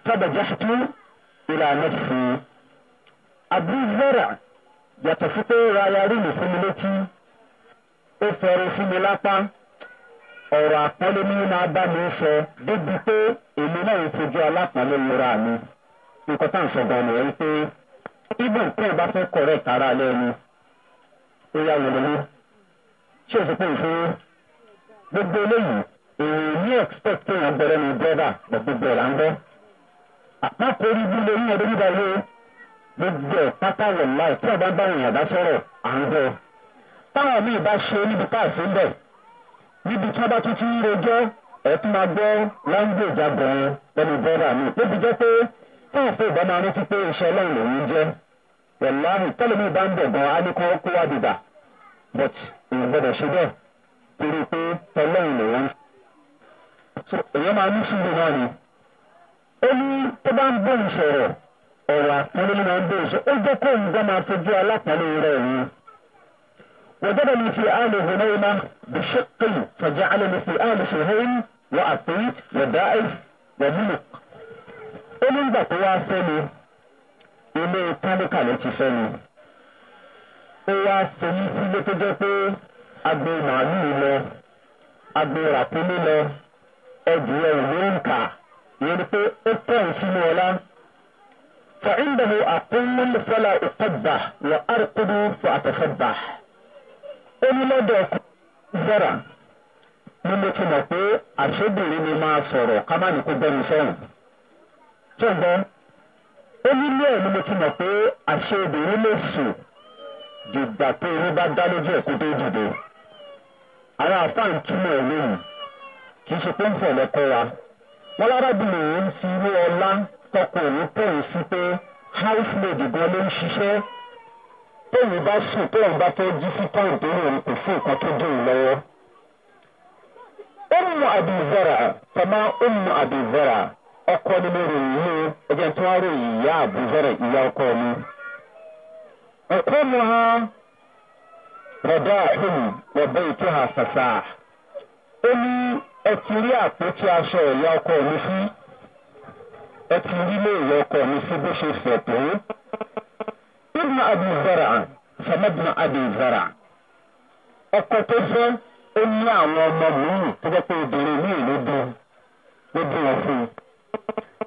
فبجحت إلى نفسي أبو الزرع يتفقه على رمي في ملتي أفر في ملتي ọ̀rọ̀ àpọ́nlé ní máa bá mi sọ débi pé èmi náà ń fojú alápàlẹ́ lura mi nǹkan tá à ń sọ gan nìyẹn pé even tí ẹ bá fẹ́ kọ̀rẹ́ ìtara alẹ́ ẹni ó yá wọlé ní ṣé o sì pé ìṣòro gbogbo eléyìí èèyàn ní expect kí èèyàn gbẹrẹ ní brọ́dà gbogbo ẹ̀ là ń gbọ́ àpapọ̀ orí bí lórí ẹ̀rọ bíbá yìí gbogbo ẹ̀ pátá wọ̀ láì tí ọba bá èèyàn dá sọ̀rọ̀ à ń gbọ́ táwọn míì bá ṣe níbi káàsì ń níbi tí wọ́n bá tún ti ń rojọ́ ẹ̀tún máa gbọ́ láńgbèjà gan-an lẹ́nu bọ́ọ̀rà mi tó fi jẹ́ pé fún ìfẹ́ ìbá máa rántí pé iṣẹ́ ọlọ́run lòún jẹ́ wẹ̀láhùn tẹ́lẹ̀mí bá ń bọ̀ gan á ní kó kó wá dìgbà but èèyàn gbọ́dọ̀ ṣe bẹ́ẹ̀ torí pé tọ́lọ́run lòún. so èèyàn máa ní sùúrù náà ni ó ní tó bá ń bóun sọ̀rọ̀ ọ̀rọ̀ àpọ́nlé ló وضربني في آل هنيمة بشق فجعلني في آل شهيم وأطيت ودائف وملق ومن ذا قواسني إنه تلك الاتفاني قواسني في جتجتي أبي معلومة أبي رقمنا أجيو ولنكا ينفي أطول سنولا فعنده أقوم فلا أقبح وأرقد فأتخبح ó ní lọ́dọ̀ zara ni mo ti mọ̀ pé àṣebìnrin ni máa sọ̀rọ̀ ká má ní kó bẹ́ni sọ̀rọ̀ tó ń bọ́ ó ní lẹ́ẹ̀ ni mo ti mọ̀ pé àṣebìnrin lè sùn dìgbà tó irú bá dá lójú ẹ̀kú tó dìde àwọn àfáàn túmọ̀ ẹ̀ lóyún kì í ṣe pé ń fọ̀ lọ́kọ́ wa wọn lárábìnrin yìí ń fi irú ọlá tọkọ òun pòun sí pé housemaid gan ló ń ṣiṣẹ́ tóun bá sùn tóun bá fẹ́ jí sí táwọn tó rìn kò sí nǹkan tó dùn lọ́wọ́. ọmọ ọmọ ọkọ ni mo ròyìn ní tó wá ròyìn ìyá ìyá ọkọ mi. ọkọ mu ha rọ̀dá àhùn lọ́bẹ̀ ètò ha sàṣà. ó ní ẹ àpótí aṣọ ìyá ọkọ mi sí ẹ ìyá ابن ابي زرع فمبن ابي زرع ọkọ tó fẹ́ ó ní àwọn ọmọ mìíràn tó jẹ́ pé obìnrin míì ló bí ló bí wọn fún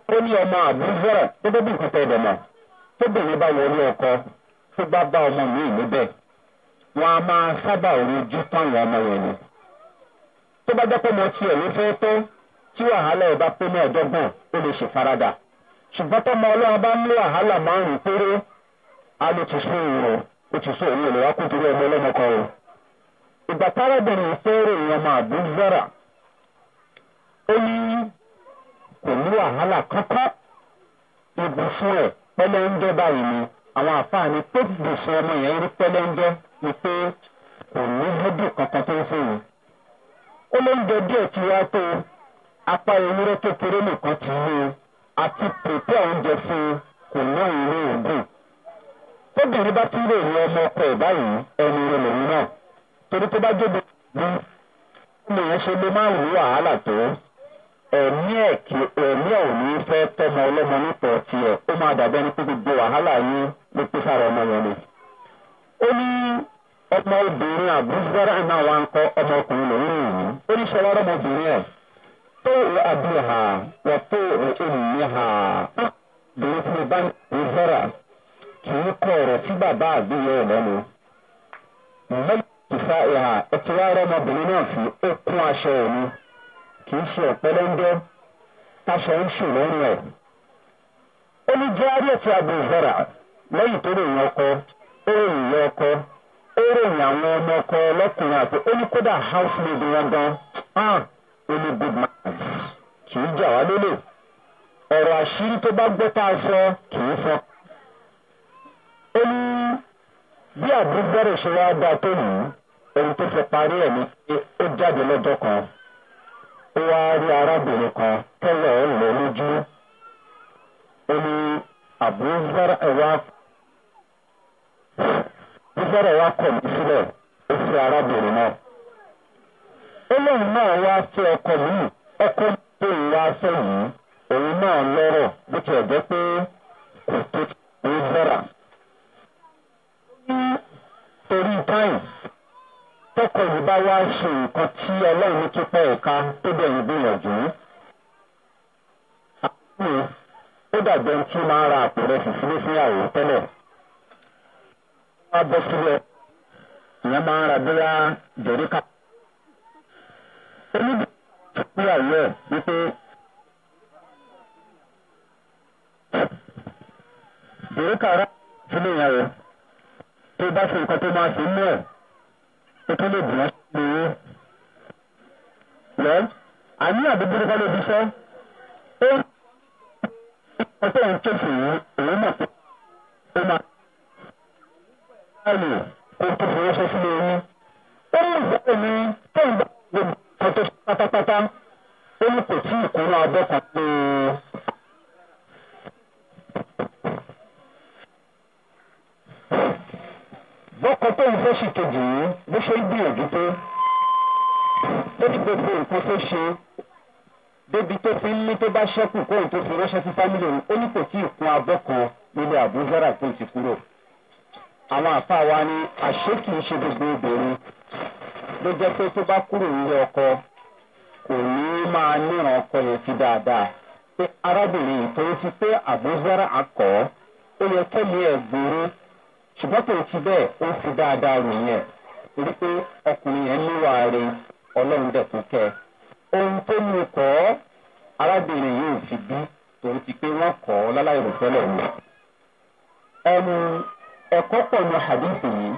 un ó ní ọmọ àbúzọ́rọ̀ gẹ́gẹ́ bí nǹkan tẹ̀lé mọ̀ tóbìnrin bá wọlé ọkọ tó bá bá ọmọ míì níbẹ̀ wọn a máa sábà rojú táwọn ọmọ yẹn ni tó bá jẹ́ pé mo tiẹ̀ ló fẹ́ tó tí wàhálà ẹ̀ pé ní ọ̀dọ́gbọ̀n ó lè ṣèfaradà ṣùgbọ́n tọ́mọ ọlọ́run bá ń lé wàhálà márùn-ún péré a ló ti sún òun o ó ti sún òun ìlera kó torí ọmọ ọlọ́mọ kan o. ìgbà tárábìnrin fẹ́rẹ̀ èèyàn máa bú zara ó ní kò ní wàhálà kankan ibùsùn ẹ̀ pẹ́lẹ́ńjẹ́ báyìí ni àwọn àfààní tó bùsùn ọmọ yẹn rí pẹ́lẹ́ńjẹ́ ni pé kò ní hẹ́dù kankan tó ń fún yìí. ó ló ń jẹ díẹ̀ tí wá tó apá ewúrẹ́ kékeré nìkan ti mú un àti pèpè oúnjẹ fún un kò ní òun ní òògùn tóbìnrin bá tún lè wọ ọmọ ọkọ ẹ̀ báyìí ẹni rẹ lòun náà torí tó bá jóbi ní lèyìn ṣe ló máa wù wàhálà tó ẹ̀mí ẹ̀ kí ẹ̀mí ẹ̀ ò ní fẹ́ tọmọ ọlọ́mọ nípa tiẹ̀ ó máa dàbẹ́ ní gbogbo wàhálà yín ló pé sára ọmọ yẹn ni. ó ní ọmọ obìnrin àbúzárà náà wá ń kọ́ ọmọkùnrin lòun rìn yìí ó ní sọ ọmọbìnrin ẹ̀ tó rẹ àbí ha wọ́n tó rẹ ènìyàn ha ó bèrè fún mi bá ń rẹ kì í kọ ọ̀rọ̀ tí bàbá àgbéyẹ ẹ̀ lẹ́nu. lẹ́yìn ìfà ìhà ẹtí wá rọmọbìnrin náà sí ó kún aṣọ ẹ̀ ni kì í ṣe ọ̀pẹ́lẹ́ńdẹ́ táṣọ ń ṣù lọ́rùn ẹ̀. ó ní jáde ti abùzọ́rà lẹ́yìn tó ròyìn ọkọ ó ròyìn ọkọ ó ròyìn àwọn ọmọ ọkọ ọlọ́kùnrin àti ó ní kódà housemaid wọn gan án ah, ó ní good man kì jà wá lólè ọ̀rọ̀ àṣírí tó bá gbọ́ tá a sọ kì fọ́n bí àbúgbẹ́rẹ̀ ṣe wá dá tó yìí ohun tó fi parí ẹ̀ ni pé ó jáde lọ́jọ́ kan ó wá rí arábìnrin kan tẹ́lẹ̀ ń lọ lójú ó ní àbúgbẹ́rẹ̀ wá búgbẹ́rẹ̀ wá kọ̀ mí sílẹ̀ ó fi arábìnrin náà ó lóun náà wá fẹ́ ọkọ mi ọkọ tó ń wá fẹ́ yìí òun náà lọ́rọ̀ bó tilẹ̀ jẹ́ pé kò tó ti ń torí times tọkọ yìí bá wá ṣe nǹkan tí ọlọ́run ní kíkọ́ ẹ̀ka tó bẹ̀ ń gbìyànjú. àwọn ó dàbí ẹni tí ó máa ń ra àpẹẹrẹ fìfúnni fún ìyàwó tẹ́lẹ̀. wọ́n á bọ́ sílẹ̀ ìyẹn máa ń ra bíra jẹ̀ríkà. onídìrí ìyàwó ẹ̀ jẹ̀ríkà rà sílẹ̀ yẹn tó bá ṣe nǹkan tó máa ṣe mú ẹ̀ ó tó lè bùn ọ́ sí owó. lọ àní àdúgbò nípa ló fi sọ ó ń tó ń ké fún òun òun mọ̀ pé ó máa báyìí kó tó fowó sọ fún mi. ó mú ìgbàlè mi tó ń bá gbogbo ọ̀tọ̀ pátápátá ó ní kò tí ì kúrò abẹ́ pé. lọ́kọ̀ tó ń fẹ́ sì kejì yìí bó ṣe ń gbìyànjú pé tó ní gbogbo nǹkan tó ṣe débi tó fi ń ní tó bá ṣẹ́kù kóhun tó fi ránṣẹ́ sí fámìlì òun ó ní kò tí ì kun abọ́ kan nílé àbúzárà tó ti kúrò. àwọn àfa wa ni àṣé kì í ṣe gbogbo obìnrin ló jẹ́ pé tó bá kúrò nílé ọkọ kò ní máa níran ọkọ yẹn sí dáadáa pé arábìnrin ìtọ́jú ti pé àbúzárà akọ̀ ó yẹ kẹ́mi ẹ̀ gbòòrò ṣùgbọ́n tó ti bẹ́ẹ̀ ó fi dáadáa rò yẹn torí pé ọkùnrin yẹn níwà re ọlọ́run dẹ̀ tó ohun tó mú kọ́ arábìnrin yìí fi bí torí ti pé wọ́n kọ́ láláì rò mi ẹnu ẹ̀kọ́ pọ̀ ní àdéhùn yìí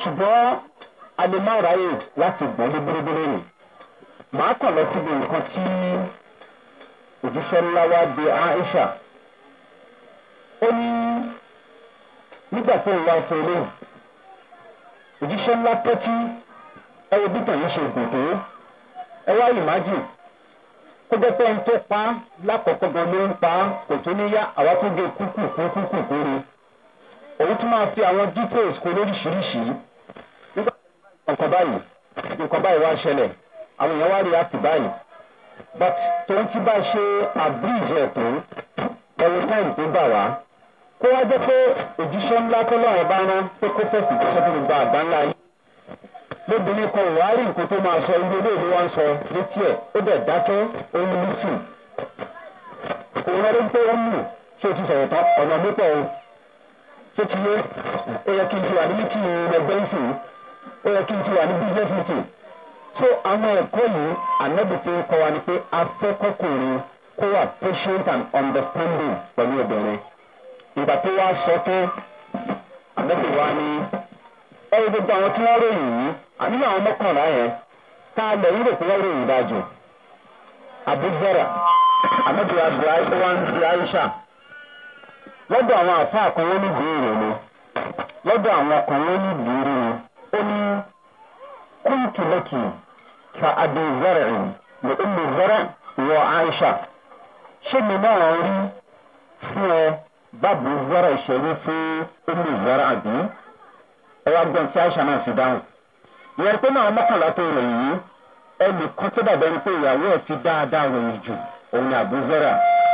ṣùgbọ́n a lè má ráyè láti gbọ́n ní bérébéré màá lọ wa di aisha ó ní. nígbà tí ìwà ọ̀sẹ̀ olóhùn òjíṣẹ́ ńlá tẹ́tí ẹwọ bí tẹ̀yìn ṣe gùn tó ẹ wá ìmájì kó jẹ́ pé ẹni tó pa á lákọ̀ọ́kọ́ gan ló ń pa á kò tó ní yá àwa tó gé kúkù fún kúkù kúre òun tún máa fi àwọn details kó lóríṣiríṣi nígbà nǹkan báyìí nǹkan báyìí wá ṣẹlẹ̀ àwọn èèyàn wá rí àpò báyìí but tó ń ti bá ṣe àbúrò ìjẹ́ tó ẹ̀rọ táìmù tó gbà wá kó wá jẹ́ pé òjíṣẹ́ ńlá tó lọ́wọ́ bá rán pé kó fẹ̀sì tó ṣe gbogbo àgbá ńlá yìí. lóbìnrin kan ò wá rí nǹkan tó máa sọ irú ilé ìlú wọn sọ létí ẹ̀ ó dẹ̀ dákẹ́ òun ní sùn. òun rẹ́ pé ó mú ṣé o ti sọ̀rọ̀ tán ọ̀nà mípọ̀ o ṣé ti yé ó yẹ kí n ti wà ní mítì ẹgbẹ́ ìsìn ó yẹ kí n ti wà ní business meeting. so àwọn ẹ̀kọ́ yìí ànábìtì kọ wa ni pé afẹ́kọ̀kùnrin kó wà patient and understanding pẹ̀lú obìnrin ìgbà tó wá sọ tán àbẹ́sẹ̀ wa ni ẹ̀rọ gbogbo àwọn tí wọ́n ròyìn yìí àbílẹ̀ àwọn mọ́kànlá yẹn tá a lẹ̀ yúrò pé wọ́n ròyìn dájú àbúzọ́rà àmọ́tòrò àbúrò àìsà lọ́dọ̀ àwọn àfa àkànwọ́ ní bèèrè ni lọ́dọ̀ àwọn àkànwọ́ ní bèèrè ni ó ní kúntùlọ́kì ka àbúzọ́rà yìí ní ọmọ zọ́rà wọ àìsà ṣé mi náà rí fún ọ. Babu zara ìṣòro fún omi zara àbí ẹwà gbọ́n tí aisha náà fi dáhùn. ìyẹn pé náà mọ́kànlá tó rẹ̀ yìí ẹnì kan tó dàbẹ̀ ni pé ìyàwó ẹ̀ fi dáadáa rẹ̀ yìí jù òun ni àbú zara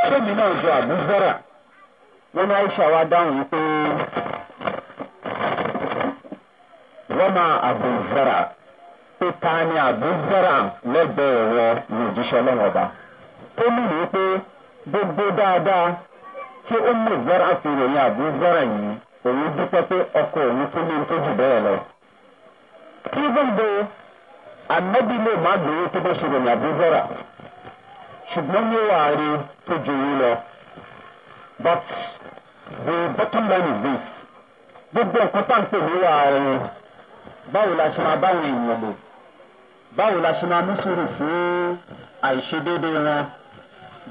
sẹ́mi náà jọ àbú zara wọn ní aisha wa dáhùn pé wọ́n àbú zara pé ni àbú zara lẹ́gbẹ̀ẹ́ rẹ̀ lòjíṣẹ́ lọ́wọ́ ọba tó mú mi pé gbogbo dáadáa tí ó mú zara fi ròyìn àbú zara yìí òun dúpẹ́ pé ọkọ òun tó lé tó jù bẹ́ẹ̀ lọ. even though anabi lè má lówó tó bá ṣe ròyìn àbú zara ṣùgbọ́n ní wàárí tó ju yín lọ. but the bottom line is this gbogbo nǹkan tá à ń pè ní wàárí báwo la ṣe máa báwọn èèyàn lò báwo la ṣe máa mú sùúrù fún àìṣedéédéé wọn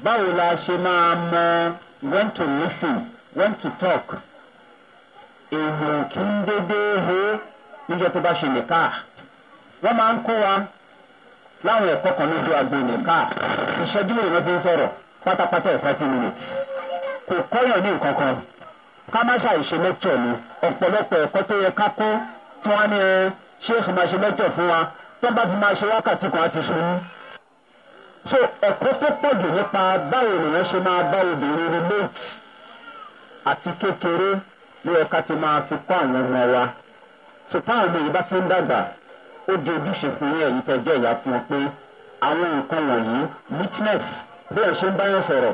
báwo la ṣe máa mọ when to lis ten when to talk èèyàn kì í dédé he níjọ́ tó bá ṣe nìka wọ́n máa ń kó wa láwọn ẹ̀kọ́ kan lójú agbo nìka ìṣẹ́jú èèyàn fi ń sọ̀rọ̀ pátápátá ẹ̀fọ́ sí mi kò kọ́yàn ní nǹkan kan ká má ṣàìṣe lẹ́tọ̀ ni ọ̀pọ̀lọpọ̀ ẹ̀kọ́ tó yẹ ká kó tí wọ́n á ní ṣéèkì máa ṣe lẹ́tọ̀ fún wa tó bá fi máa ṣe wákàtí kan á ti ṣe ní so ẹ̀kọ́ tó pọ̀ jù nípa báwo ènìyàn ṣe máa bá obìnrin rí lé àti kékeré ní ẹ̀ka ti máa fi kọ́ àwọn ọmọ wa so táwọn ọmọ yìí bá fi ń dàgbà ó di ojúṣe fún yín ẹ̀yìn tẹ́jọ́ ìyá fún ọ pé àwọn nǹkan wọ̀nyí witness bí ẹ̀ ṣe ń bá yẹn sọ̀rọ̀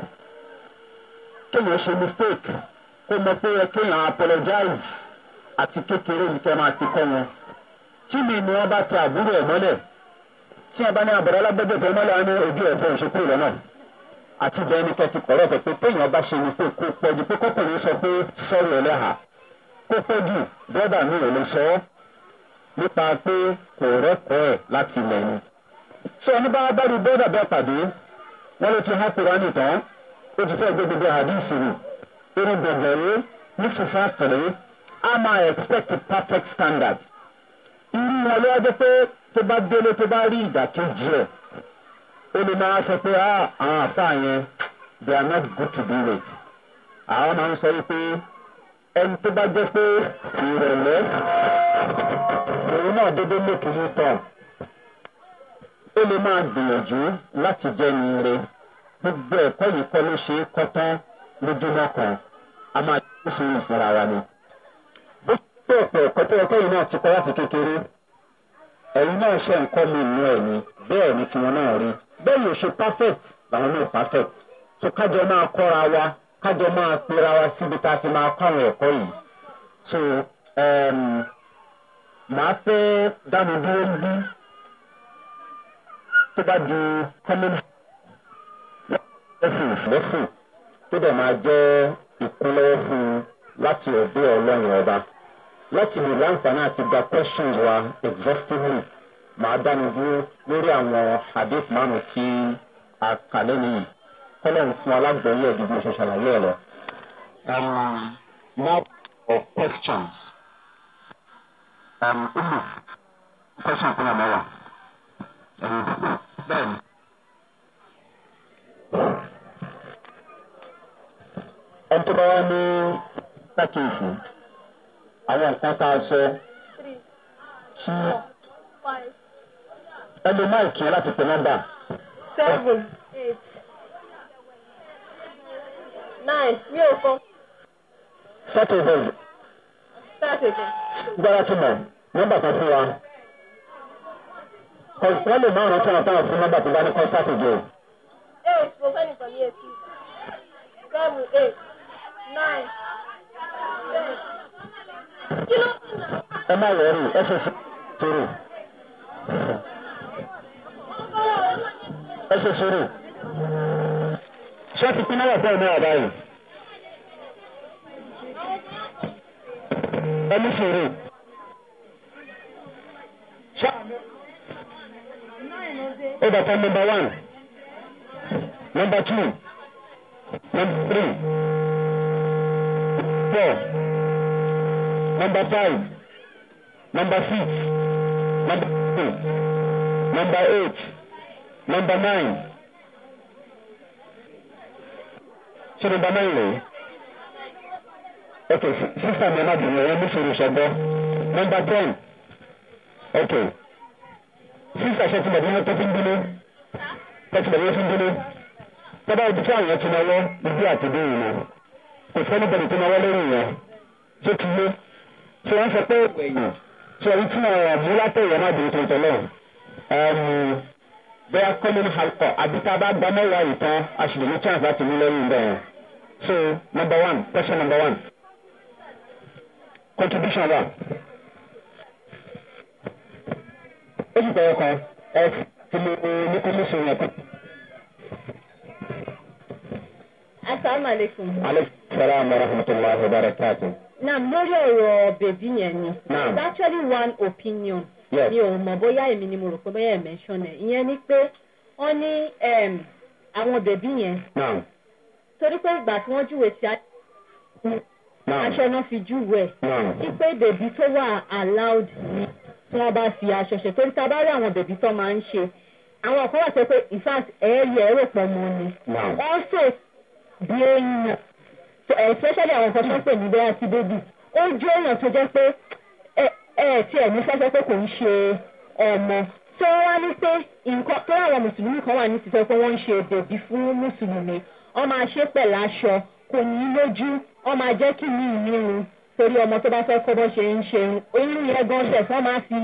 kéèyàn ṣe mistake kó mọ pé ẹ kéèyàn apologize àti kékeré ní kẹ́ máa ti kọ́ wọn kí ni ni wọ́n bá ti àbúrò ẹ̀ mọ́lẹ̀ tí a bá ní abọ̀rọ̀ alágbẹ́gbẹ́ tó mọ́lá ní ojú ẹ̀fọ́ ìṣekú rẹ̀ náà àti bẹ́ẹ̀ ni kẹ́tì kọ̀rọ̀ pé pé téèyàn bá ṣe ni pé kó pọ̀ ju pé kọ́kùnrin sọ pé sọ́ọ̀rọ̀ ẹlẹ́hà kó pọ̀ jù bọ́dà mi ò lè sọ ọ́ nípa pé kò rẹ́kọ̀ọ́ ẹ̀ láti ilẹ̀ ni. sọ ní bá bá rí bọ́dà bẹ́ẹ̀ pàdé wọ́n ló ti há kúránì tán ó ti fẹ́ gbé gbogbo àdìsí rù irun gbẹ̀gbẹ̀rẹ́ ní fífa tẹ̀lé a máa expect tó bá délé tó bá rí ìdàkejì ẹ̀ ó lè máa sọ pé ah, àwọn àfa yẹn they are not good to do it. àwọn máa ń sọ wípé ẹni tó bá jẹ́ pé ìrẹ̀lẹ́ òun náà dédé lókè ní tán ó lè máa gbìyànjú láti jẹ́ ní ire gbogbo ẹ̀kọ́ yìí kọ́ ló ṣe é kọ́ tán lójúmọ́ kan a máa jẹ́ kó ṣe ìfúnra wa ni. bó ṣe pé ọ̀pọ̀ ẹ̀kọ́ tó yẹ kẹ́yìn náà ti kọ́ láti kékeré. ẹ̀yin náà ṣe nǹkan mi nù ẹ̀ ni bẹ́ẹ̀ ni kí wọ́n náà rí bẹ́ẹ̀ yóò ṣe perfect làwọn náà perfect tó kájọ máa kọ́ra wa kájọ máa pera wa síbi tá a ti máa kọ́ àwọn ẹ̀kọ́ yìí so um, màá fẹ́ dánu dúró bí tó bá di kọ́mẹ́lì lẹ́sìn lẹ́sìn tó dẹ̀ máa jẹ́ ìkúnlẹ́wọ́ fún un láti ọ̀dọ́ ọlọ́run ọba. láti lè láǹfààní àti gba questions wa exhaustively màá dánu dúró lórí àwọn hadith márùn tí a kà lónìí kọ́lọ̀ ń fún alágbèéyé ìdìbò ṣe ṣàlàyé ẹ̀ lọ. more of questions. Um, Umu, question kúrò mọ́wà. Bẹ́ẹ̀ni. Ẹni tó bá wá ní pákéjì àwọn nǹkan tá a sọ tí ẹni máìkì láti pè nọ́mbà. seven eight nine mi ò kọ. sọ́tò ìbẹ̀rù. sọ́tò ìbẹ̀rù. gbára tó mọ̀ nọ́mbà kan fún wa wọ́n lè máa rántí àwọn táwọn fún nọ́mbà tó bá ní kọ́ńtàtì jẹ́. eight mo fẹ́ nìkan ní eight seven eight nine ten ẹ má lọ rí ẹ ṣẹṣẹ sòrò ẹ ṣe sòrò ṣé ti pín náírà fún ẹ náírà báyìí ẹ ní sòrò ṣá ó bàtà nọmba one nọmba two nọmba three four number five number six number seven number eight number nine So number nine rèé eh? ok sísè mi náà dùn ẹ̀yẹ́ mi sọ̀rọ̀ sọ̀gbọ́ number ten ok sísè ṣe ti bàbá yẹn tó fi ń dúró tó ti bàbá yẹn fi ń dúró tọ́ba ibi tí àwọn yẹn ti náwó ibi àti bí ìlú kò sẹ́ni bẹ̀rẹ̀ tó náwó lórí yẹn tó ti lé tí wọ́n sọ pé èèyàn tí ọ̀rí tí wọ́n mú látẹ̀yẹ̀ má dé tuntun náà bóyá common halkọ àbí a bá gba mẹ́wàá yìí tán a sì lè ní chance láti mú lẹ́yìn bẹ́ẹ̀ so number one question number one contribution wa oṣù tọ̀wọ̀ kan ẹ ti lè ní kó mú sóun ẹ̀kọ́. asalaamualeykum. aleykum salaam wa rahmatulahi wa barakatuh na lórí ọ̀rọ̀ bèbí yẹn ni it's actually one opinion mi ò mọ̀ bóyá èmi ni mo rò pé bóyá ẹ̀ mẹ́sàn-án ẹ̀ ìyẹn ni pé wọ́n ní àwọn bèbí yẹn torí pé ìgbà tí wọ́n júwe ti aṣọ náà fi júwe sí pé bèbí tó wà allowed ni wọ́n bá fi aṣọ ṣe torí tá bá rí àwọn bèbí tó máa ń ṣe àwọn kan wà sọ pé in fact ẹ̀rọ pọ̀ mọ́ ni also bí èèyàn especially àwọn nǹkan tó ń pè ní bẹ́ẹ̀ àti bébì ó jẹ́ èèyàn tó jẹ́ pé ẹ ẹ tí ẹ̀mí fẹ́fẹ́ pé kò ń ṣe ọmọ tó wá ní pé nǹkan tó àwọn mùsùlùmí kan wà ní ti sọ pé wọ́n ń ṣe bèbí fún mùsùlùmí wọ́n máa ṣe pẹ̀lú aṣọ kò ní í lójú wọ́n máa jẹ́ kí ní ìní irun torí ọmọ tó bá fẹ́ kọ́ bọ́ ṣe ń ṣe irun yẹn gan ṣẹ̀ wọ́n máa fi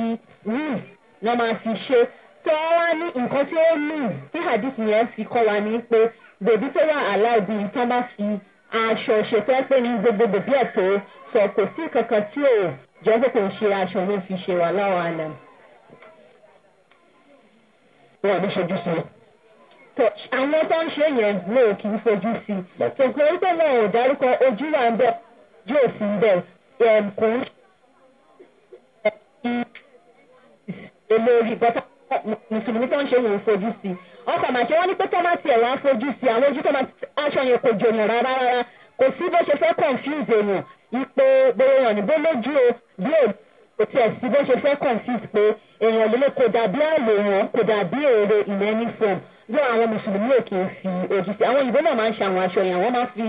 rúùs wọ́n máa fi ṣe tó wá ní nǹkan tí ó lù tí hadith yẹn fi kọ́ wa ní pé bèbí tó wà aláìbí tán bá fi aṣọ ìṣètò pé ní gbogbo bèbí ẹ̀ tó sọ kò sí kankan tí ò jẹ́ pé kò ń ṣe aṣọ ló fi ṣe wà láwọn àná. wọn ò ní ṣojú sí i. àwọn tó ń ṣe yẹn ló kì í fojú sí i. òkè orílẹ̀ náà ò dárúkọ ojú wa ń bẹ̀ yóò sí ń bẹ̀ kò ń ṣe olórí bọ́tà mùsùlùmí tó ń ṣe yẹn ò fojú sí i ọkọ̀ bàjẹ́ wọn ní pé tọ́ tiẹ̀ wá fojú sí àwọn ojú tó aṣọ yẹn kò jòyàn rárá rárá kò sí bó ṣe fẹ́ confuse èèyàn ipò bóyá ọ̀nì bó lójú o bí o kò tiẹ̀ sí bó ṣe fẹ́ confuse pé èèyàn líle kò dàbí àlè wọn kò dàbí èrè in any form yóò àwọn mùsùlùmí ò fi ojú sí àwọn ìbọn náà máa ń ṣe àwọn aṣọ yẹn àwọn máa fi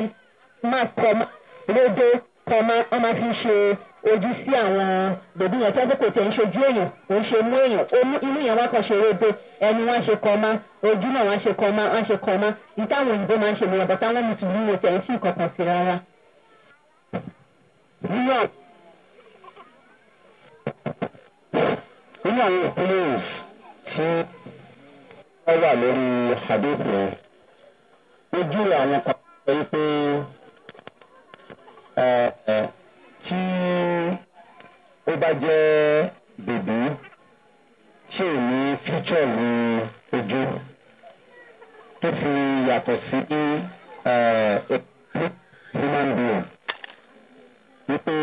máa kọ́ lóde kọ́ máa fi ṣe ojú sí àwọn bèbí yẹn tẹ́ pé kò tẹ̀ ń ṣojú èèyàn ò ń ṣe mú èèyàn omú inú yẹn wá kàn ṣe rédè ẹni wá ṣe kọ́ ma ojú náà wá ṣe kọ́ ma wá ṣe kọ́ ma ìtàwọn òyìnbó máa ń ṣe nìyẹn bọ̀tá wọn mùsùlùmí wo tẹ̀ ń sí ìkọ̀kàn sí rárá. nínú àwọn ìpínlẹ̀ tí wọ́n wà lórí hadith ojú àwọn kan sọ pé tí ó bá jẹ́ bèbí tí ò ní fíjọ́ ní ojú tó fi yàtọ̀ sí human being wípé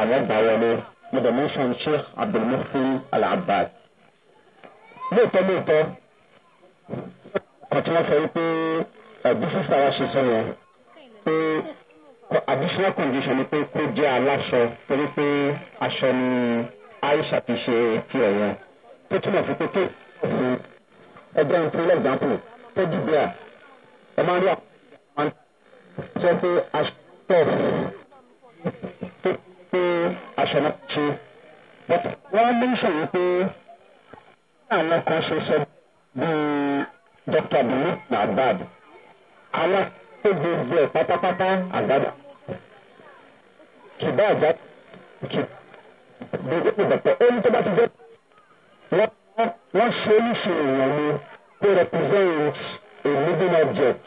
àwọn gbà wọlé mọ̀dọ̀mọ́sán sheikh abdulmuhsin al-abbas lóòótọ́ lóòótọ́ kan tí wọ́n sọ wípé ẹ̀gbọ́n sísá wa ṣe sọ yẹn pé additional condition ni pé kó jẹ́ aláṣọ torí pé aṣọ ni aisha ti ṣe tiẹ̀ yẹn tó túmọ̀ sí pé kí ẹgbẹ́ ń fún lẹ́gbàpọ̀ tó dìbò à ẹ máa ń rí àwọn sọ pé aṣọ pọ̀ tó pé aṣọ náà ṣe wọ́n mẹ́ṣọ̀ wípé àwọn kan ṣe sọ bíi dr abdulmuk nabab aláṣọ pé gbogbo ẹ̀ pátápátá àgádà kìbá àgá kì gbogbo ìgbàpọ̀ ó ní tó bá ti jẹ́ wọ́n ṣe oníṣe èèyàn ni to represent a living object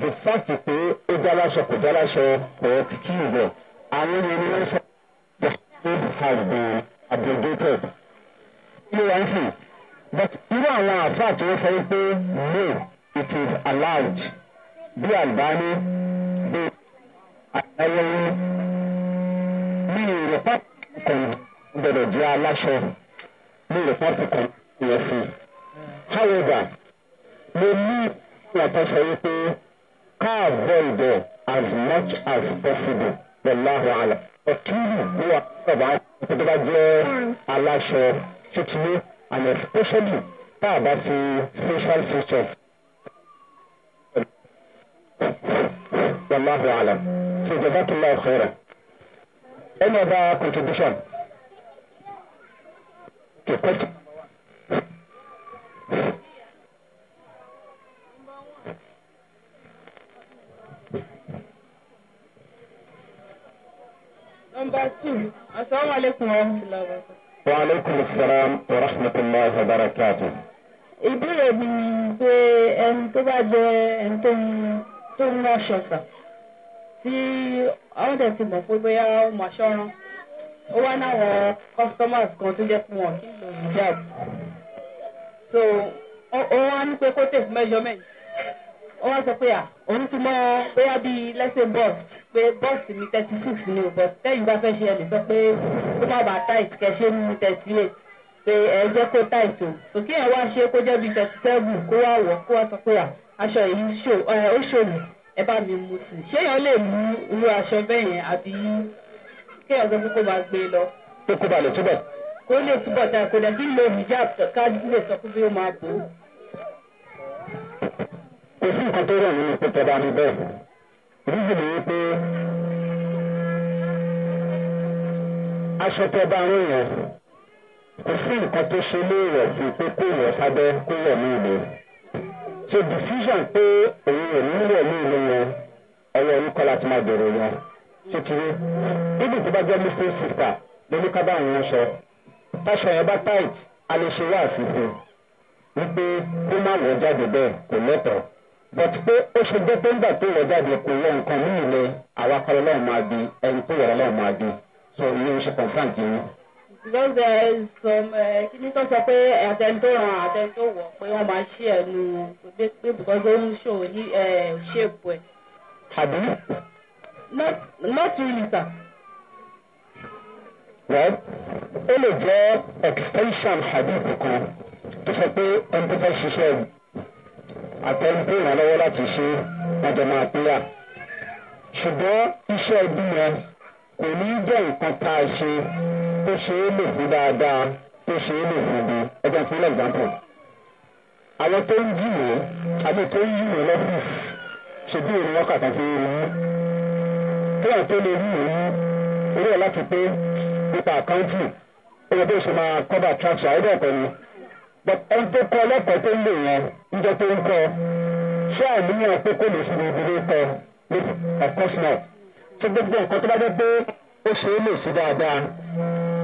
the fact pé ó jáláṣọ kò jáláṣọ kò kí ìwọ̀ àwọn ẹni wọ́n sọ the food has been abrogated. ilé wa ń sìn but irú àwọn àfáà tó ń sọ wípé no it is allowed bí àlùbáni bí ayẹyẹ ní ìrọ̀pá kan gbọdọ̀ jẹ́ aláṣọ ní ìrọ̀pá kan yẹn fún un. however mo ní ìyàtọ̀ sọ wípé ká avoid as much as possible lọ́láhùn àlà ọ̀túnú bí wà ọ̀bá tó bá jẹ́ aláṣọ tuntun and especially tá a bá fi facial features. والله اعلم فجزاك الله خيرا any other contribution to question Number two. Assalamu alaikum wa rahmatullahi wa barakatuh. Wa alaikum assalam wa rahmatullahi wa barakatuh. Ìbéèrè mi ni pé ẹni tó bá jẹ ẹni tó ń tó ń rán ṣọ̀pọ̀ tí àwọn dẹ̀ ti mọ̀ pé bóyá ó máa ṣọ́rán ó wá láwọn customers kan tó jẹ́ fún wọn kí ló ń jà bù. so ó wá ní pé kó take measurement ó wá sọ pé à òun ti mọ bóyá bíi lẹ́sẹ̀ bus pé bọ́ọ̀sì mi thirty six ni o but tẹ́yìn bá fẹ́ ṣe ẹ lè sọ pé ó má bàa tight kẹ́ ṣe ní thirty eight pé ẹ jẹ́ kó táìtò òkè ẹ̀ wá ṣe kó jẹ́ bíi thirty seven kó wá wọ̀ kó wá sọ pé à aṣọ yìí ṣò ó ṣòlù ẹ bá mi mu sí i ṣéyàn lè mú irú aṣọ bẹ́ẹ̀ yẹn àbí kí ẹ̀ sọ pé kó máa gbé e lọ. pé kó ba lè túbọ̀. kó lè túbọ̀ tá a kò dẹ̀ kí lo hijab ká lè sọ pé ó máa bò ó. kò sí nǹkan tó rọ̀ nínú pípẹ́ bá mi bẹ́ẹ̀ rízì ni wípé aṣọ tẹ bá rún yẹn kò sí nǹkan tó ṣe léèwọ̀ ju pé kó wọ̀ sábẹ́ kó wọ̀ ní ìlú. so decision pé òun ò ní wọ̀ ní ìlú wọn ọwọ́ oníkọ́ láti máa bèrè wọn títúrú. ibi tó bá jẹ́ muslim sister lórí kábà wọn sọ táṣọ yẹn bá tight a lè ṣe wá àfihàn wípé kó má wọ jáde bẹ́ẹ̀ kò lẹ́tọ̀ọ́ but pé ó ṣe jẹ́ pé nígbà tó wọ jáde kò wọ nǹkan ní ìlú àwọn akọ́lọ́lọ́ọ̀ máa di ẹni tó wọ̀ ọlọ́ọ̀ máa di so ìyẹn ń ṣe confront yìí lọ́rẹ̀ uh, kíní tó sọ pé àtẹni tó ràn àtẹni tó wọ̀ pé wọ́n máa ṣí ẹnu pé because ó ń ṣòwò ní ṣéèpù uh, ẹ̀. tàbí. not really sir. well ó lè jẹ́ extension hadith kan tó sọ pé ẹni tó fẹ́ ṣiṣẹ́ àtẹni tó ràn lọ́wọ́ láti ṣe wọ́n jọ máa pínyà ṣùgbọ́n iṣẹ́ ẹbí yẹn kò ní í jẹ́ nǹkan tá a ṣe tó ṣe é lò fún dáadáa tó ṣe é lò fún bí ẹgbẹ́ fún example. àwọn tó ń jìwọ́ àbí tó ń yìwọ́ lọ́fíìsì ṣe bí èrè wákàtí fi rí yín. kíláà tó lè yìwọ́ yín orí ẹ̀ láti pé nípa àkáǹtì ó yẹ bí ó ṣe máa cover tax àìdọ̀ ọ̀pọ̀ ni. but ẹni tó kọ́ ọlọ́pàá tó ń lò yẹn ń jẹ́ pé ń kọ́ ṣé àníyàn pé kò lè sinmi ìdílé kọ́ of course not. ṣé gbogbo nǹkan tó bá jẹ́ pé ó ṣe é lè ṣe dáadáa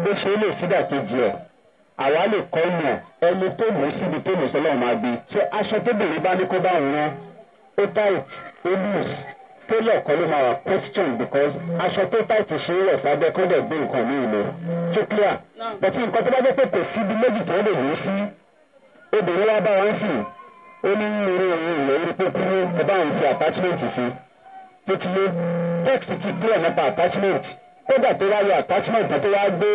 bó ṣe lè sídà kejì ẹ̀ àwa lè kọ́ ìmọ̀ ẹni tó mú síbi tó mú sọlọ́run máa gbé ṣé aṣọ tóbìnrin bá ní kó bá òun ó tight ó loose tailor kan ló máa wà question because aṣọ tó tight ṣe é rẹ̀ sábẹ́ kó dẹ̀ gbé nǹkan míì lọ tó clear but nǹkan tó bá jẹ́ pé kò síbi méjì tó lè lù sí obìnrin wa bá wọn sìn ó ní irú òun ìwé orí pé kúrú ẹ bá òun fi attachment sí tó ti lé text ti clear nípa attachment kódà tó wáyé attachment tó wá gbé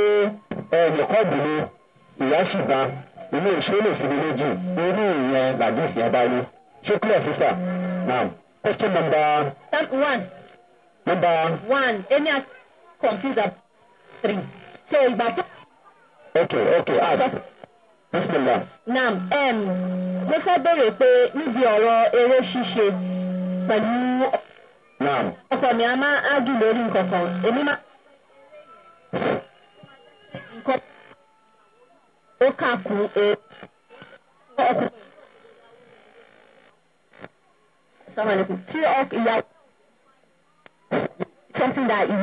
ẹnìkọ́ọ̀bù ni ìyá ṣùgbọ́n ilé iṣẹ́ lè fi méjì irú ìyẹn làdíìsì yẹn bá rí ṣé question number. one. number. one any computer three. so ìgbà tó. okay okay ask. naam um, mo fẹ́ bèrè pé níbi ọ̀rọ̀ eré ṣíṣe pẹ̀lú. naam. mi a máa ń ágì lórí nǹkan kan èmi máa nǹkan ó something that is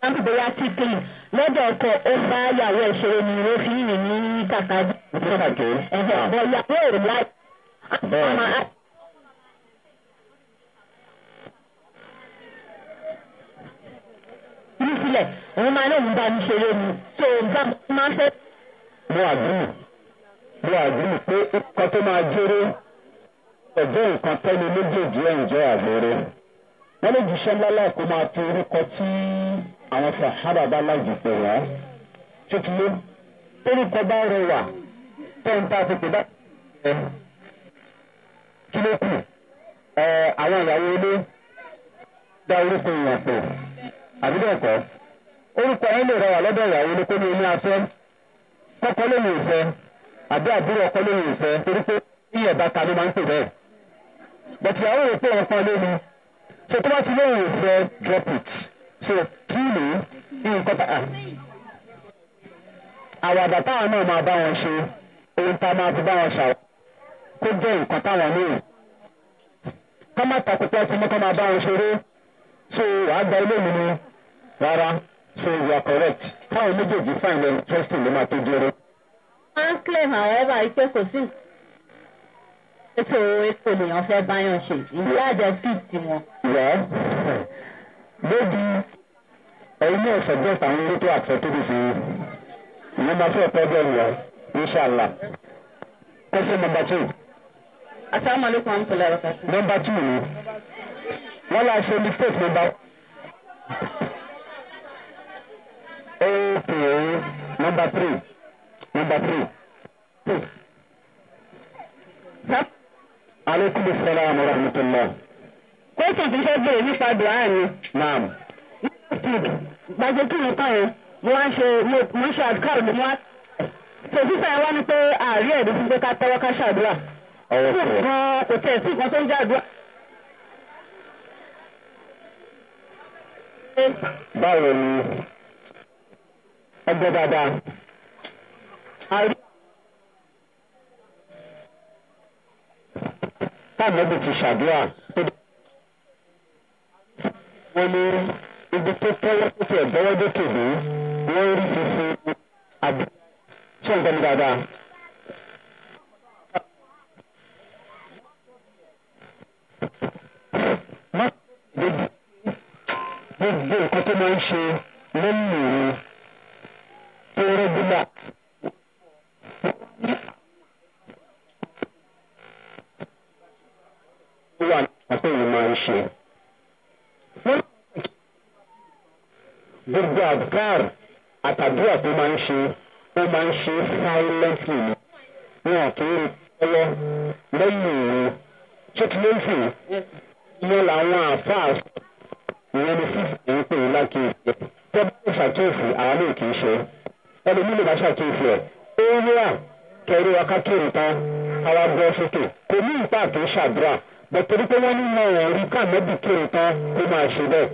something bóyá títí lọ́dọ̀ ọkọ ó bá yàwó ìṣòro ni ó fi ń rìn ní kàkà. yí sílẹ̀ òun máa náà ń bá mi ṣeré ni tó ń bá mi máa ń fẹ́. mo àdúrà mo àdúrà pé nǹkan tó máa jẹ́rẹ́ ọ̀jọ́ nǹkan tẹ́ni méjèèjì ẹ̀ ń jẹ́ àgbèrè wọ́n lè jíṣẹ́ lálẹ́ kó máa fi orúkọ tí àwọn sàhábà bá lájù pè wá tuntun orúkọ bá rẹwà tẹ́ǹtà ti pè bá ẹ̀ kí ló kù àwọn ìyàwó ilé dá orúkọ ìyàn àbí bẹ́ẹ̀ kọ́ orúkọ yẹn lè rẹwà lọ́dọ̀ ìyàwó ni pé ní ilé afẹ́ kọ́kọ́ ló ní ìfẹ́ àbí àbúrò ọkọ ló ní ìfẹ́ torí pé ìyẹ̀ bàtà ló máa ń pè bẹ́ẹ̀ bọ̀tù ìyàwó rẹ̀ pé wọ́n pọn lé mi so tó bá ti lóun ìfẹ́ drop it so kí ni nǹkan bá àwàdà táwọn náà máa bá wọn ṣe ohun tá a máa fi bá wọn ṣàwọ kó jẹ́ nǹkan táwọn náà kọ́ má takò pé ọtí mọ́tò máa bá wọn ṣeré so wàá gba ilé mi ni rárá so you are correct táwọn méjèèjì fáìlì interesting ló máa tó jẹrọ. wọ́n claim however ipe kò sí ètò ètò ènìyàn fẹ́ báyọ̀ ṣe ìyá àjọ fit tiwọn. well lóbi ẹ̀yin náà subject àwọn elétò acceptable sí number four problem yẹn inshallah question number two. asalaamualeykum amtulayi wa rahmatulahi. number two ni wọ́n lọ ṣe mistake number pé mm-hmm. nọmba three nọmba three two. aleykum salaam wa rahmatulah. kóòtù ti fẹ́ bèrè nípa dùhán ni. naam. gbàgbé kí ni tán yẹn mo wá ń ṣe mo ń ṣe àdúkàrò mo wá. tòṣìṣẹ́ ẹ wá ní pé àárẹ̀ ẹ̀dùn fún pé ká tẹ́wọ́ ká ṣàdúrà. ọwọ́ sọ. kò tẹ̀ sí nǹkan tó ń jẹ́ àdúrà. báwo ni ẹgbẹ́ dáadáa. táàmù ti ṣàdúrà tó dé. ibi tó tẹ́wọ́ tó fi ẹ̀gbọ́wọ́ dé tòbí wọ́n rí fífi àbí ṣé nǹkan dáadáa. gbogbo nǹkan tó máa ń ṣe lẹ́yìn fẹ́rẹ́ bílà. ó wà nípa yìí máa ń ṣe. gbogbo àbúrò àtàdúrà tó máa ń ṣe ó máa ń ṣe silently ni wọn kì í lọ́wọ́ lẹ́yìn òun ẹlòmíì lè bá ṣàkíyèsí ẹ̀ eré à kẹrù akákẹ́rù tán ara bọ́ sókè kò ní ìpa àti ṣàdúrà bẹ̀tẹ̀rí pé wọ́n ní wọn ò rí kàmẹ́bì kẹrù tán kó máa ṣe bẹ́ẹ̀.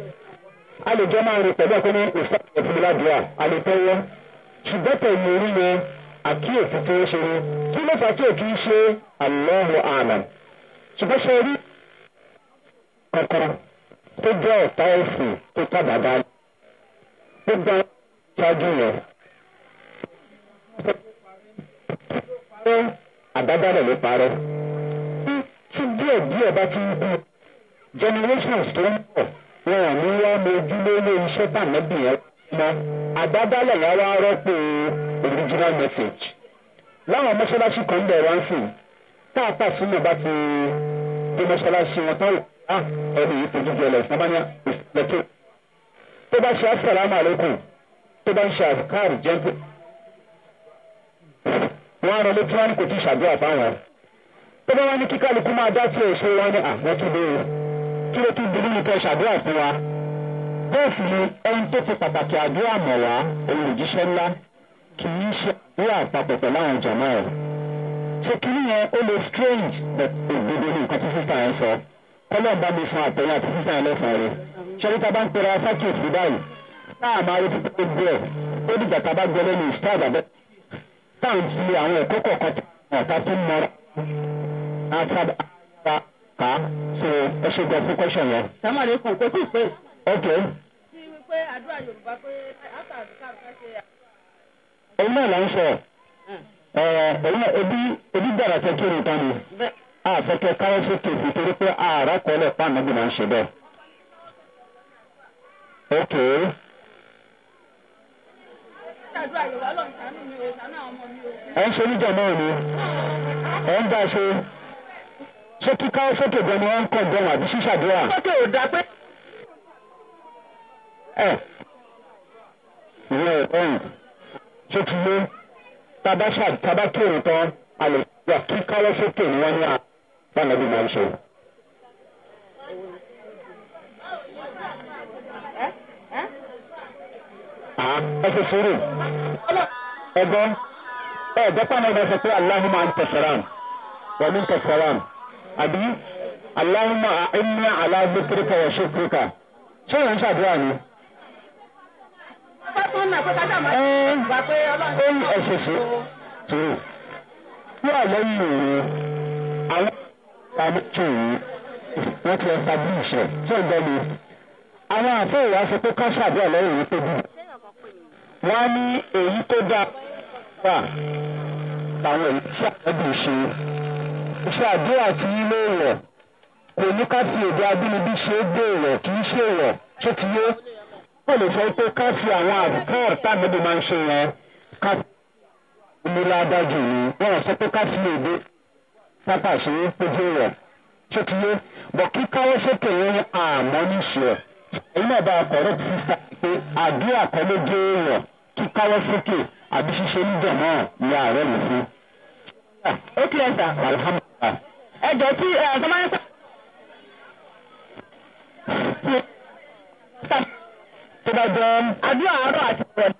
a lè jọ máa rí pẹ̀lú ẹ̀kọ́ ní ìfọ̀tẹ̀ fún mi ládùúrà a lè tẹ́wọ́ ṣùgbọ́n tẹ̀lé orí yẹn àkíyèsí tó ń ṣe ni kí ló fà kí èkì ṣe àlọ́hùn àmà ṣùgbọ́n ṣe rí kankan tó jẹ́ ọ̀tá ẹ̀sìn tó tábàdá gbogbo ṣáájú yẹn pé àbábádà ló parọ́ tí díẹ̀ díẹ̀ bá ti ń bí generations tó ń bọ̀ wọn ò ní wá mojú lórí iṣẹ́ tànàbìyàn mọ́ àbádálẹ̀ yà wá rọ́pò original message láwọn mọ́ṣáláṣí kan bẹ̀ wá ń sìn pàápàá sínú bá ti dé mọ́ṣáláṣí wọn táwọn á ah, ẹni yìí fojú jẹlẹ̀ sábàáyà ìsìlẹ̀ tó tó bá ṣe àṣàlámà lókun tó bá ń ṣe àkàrì jẹ́ńpé wọn rẹ lójú wọn kò tí ì ṣàdúrà fáwọn tó bá wọn ní kíkálukú máa dá sí èso wọn ní àmọ́túndé o kí ló tún dúró nípa ṣàdúrà fún wa bẹ́ẹ̀ sì ni ẹni tó fi pàtàkì àdúrà mọ̀ wá òun òjíṣẹ́ ńlá kì í ṣe àdúrà àpapọ̀ pẹ̀lú àwọn jàmọ́ ẹ̀ ṣe kìíní yẹn ó lè strange but òdodo ní nǹkan tí sísá yẹn sọ kọ́lọ́ bá mi fún àtẹ̀yìn àti sísá yẹn lẹ́sàn-án rẹ̀ ṣé níta bá ń pera sákìyèsí báyìí táà máa retí pé ó gbẹ ó dìgbà tá a bá gbẹ lẹ́nu ìsítá àgbàdo táwọn ti àwọn ẹ̀kọ́ kọ̀ọ̀kan ọ̀tá tó mọ àtàbà ká so ẹ ṣe gbọ́ fún kọ́ṣọ̀ yẹn. sàmàlì kan kò tí ì pé. ok. ti wípé àdúrà yorùbá pé àtà àdúrà ká ṣe. òun náà là ń sọ hmm. ebi ebi dára tẹ kí ni tani a fẹ kẹ káyọ sókè nítorí pé ààrẹ kọlẹ pa ànágbè máa ń ṣe bẹẹ. okay ṣàdúrà yìí wà lọ́nà sànú mi o sànú àwọn ọmọ mi o. ẹ ń ṣe oníjà náà ni ẹ ń bá a ṣe ṣé kíká sókè gan ni wọn ń kọ gan àbí ṣíṣàdúrà. sókè ò dá pé. ẹ ìwé ọ̀hún ṣé ti lé tabata tabata òótọ́ àlè kíká lọ́sọ̀kè ni wọ́n ní àbánabí máa ń ṣe. ẹ ṣe sùúrù ẹgbọ́ ẹ dọ́pọ̀ náà bá sọ pé aláhùnmá ń tẹ̀sán wọ́n ń tẹ̀sán àbí aláhùnmá ẹ̀mí aláhùnmá wọ́n ṣe kúrúkà ṣé ìyẹn ń ṣàdúrà ni. ó ń ẹ̀ṣẹ̀ sí sùúrù ní àlẹ́yìn òru àwọn ìpamọ́ tó yìí wọ́n ti ẹ̀ sábú ìṣẹ̀ tí ò ń gbọ́ mi. àwọn àfẹ́ ìyá sọ pé ká ṣàdúrà lẹ́yìn òru tó bù wọ́n ní èyí tó dáa wà táwọn èyí tí àtẹ́bí ṣe iṣẹ́ àdúrà tí ilé rẹ̀ kò ní ká fi èdè abínibí ṣe é dé rẹ̀ kì í ṣe rẹ̀ tó ti yé wọ́n lè sọ pé ká fi àwọn àbùkọ́ ọ̀tá níbi máa ń ṣe yẹn ká nílé adájú ni wọ́n sọ pé ká fi èdè pápá ṣe é péjú rẹ̀ tó ti yé bọ̀ kíkáwọ́ sókè yẹn àmọ́ níṣẹ́ ẹ̀yin náà bá a kọ̀rọ̀ ti sísá pé àdúrà kan ló gé èèyàn kí káwọ́ sókè àbí ṣíṣe níjà náà ní ààrẹ mi fún. ó kí ẹ sà. alhamdulilayi. ẹ jọ tí ẹ ọ̀sán máa ń sá. tó bá jẹ́ àdúrà àárọ̀ àti ìrọ̀lẹ́.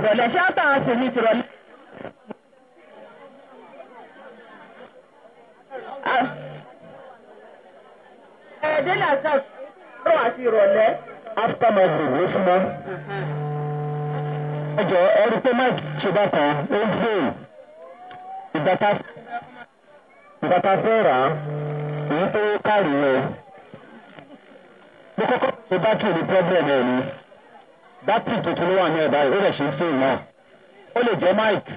ìrọ̀lẹ́ ṣáàtà sì ní tìrọ̀lẹ́ ẹ̀ẹ́dẹ́ làásà rọ̀ àti ìrọ̀lẹ́. after my food ló súnmọ́. ẹjọ ẹni pé mike ṣe bàtà ó ń fò ìgbà tá a fẹ́ rà á èyí tó kárì rẹ̀ mo kọ́kọ́ ṣe bátìrì ní problem ẹ̀ ni bátìrì tuntun ló wà ní ẹ̀dá yìí ó rẹ̀ ṣe ń fèrè náà ó lè jẹ́ mike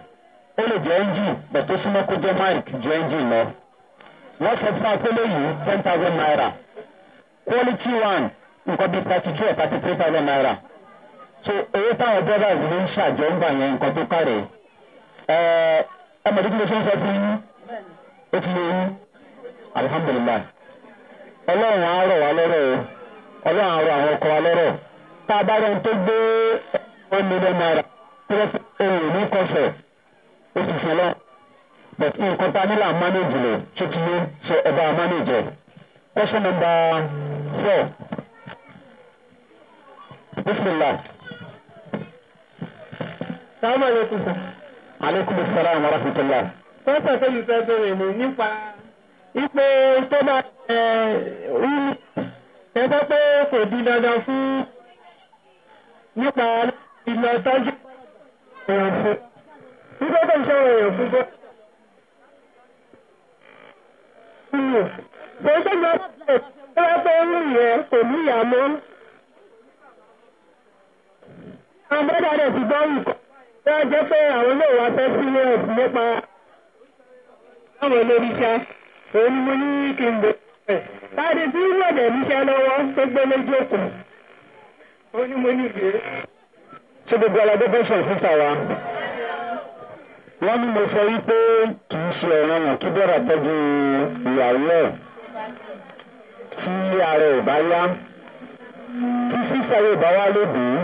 ó lè jẹ́ engine bẹ̀ tó súnmọ́ kó jẹ́ mike ju engine lọ wọ́n sọ fún akóló yìí ten thousand naira quality one nǹkan bíi thirty two or thirty three thousand naira so owó táwọn brothers ló ń ṣàjọ ń gbà yẹn nǹkan tó kárẹ̀ ẹ ẹ mọ̀ dídí ló ṣe ń sọ fún yín ó ti lè yín alihamudulilayi ọlọ́run á rọ̀ wá lọ́rọ̀ o ọlọ́run á rọ àwọn ọkọ̀ wa lọ́rọ̀ tá a bá rẹ̀ ń tó gbé one million naira tẹ́lẹ̀tẹ́ èrò ní kọfẹ̀ ó ti fún ọ lọ but nǹkan tá a nílò à manage rẹ̀ tó ti yé so ẹ bá a manage rẹ̀. Question number four. Bismillah. Sàmà aleykum sà. Aleykum salaam wa rahmatulah. Sọ́sà sẹ́yìn fẹ́ bẹ̀rẹ̀ mi nípa ipe tó bá eh, rí ẹgbẹ́ pé kò di dandan fún nípa ìlọ tọ́jú èèyàn fún. Nígbà tó ń sọ̀rọ̀ èèyàn fún bọ́ọ̀lù gbèsè ló pè tó bá pé ń yẹn kò ní ìyàmú. àwọn bọ́dà rẹ̀ ti gbọ́ ìkọ́ tó a jẹ́ pé àwọn náà wá fẹ́ sílé ẹ̀sìn nípa àwọn olórí iṣẹ́ òun ni mo ní kí n bò ẹ̀. láti tí wọ́n dẹ̀ níṣẹ́ lọ́wọ́ tó gbé lójú òkú òun ni mo ní ìgbé. ṣé gbogbo aládé fẹ́ sọ̀rọ̀ fún tàwa? wọ́n ní mo sọ wípé kì í ṣe ọ̀ràn kí bẹ́ẹ̀ rà tọ́jú ìyàwó ẹ̀ tí ara ò bá yá tí sísáré ò bá wá lóbìí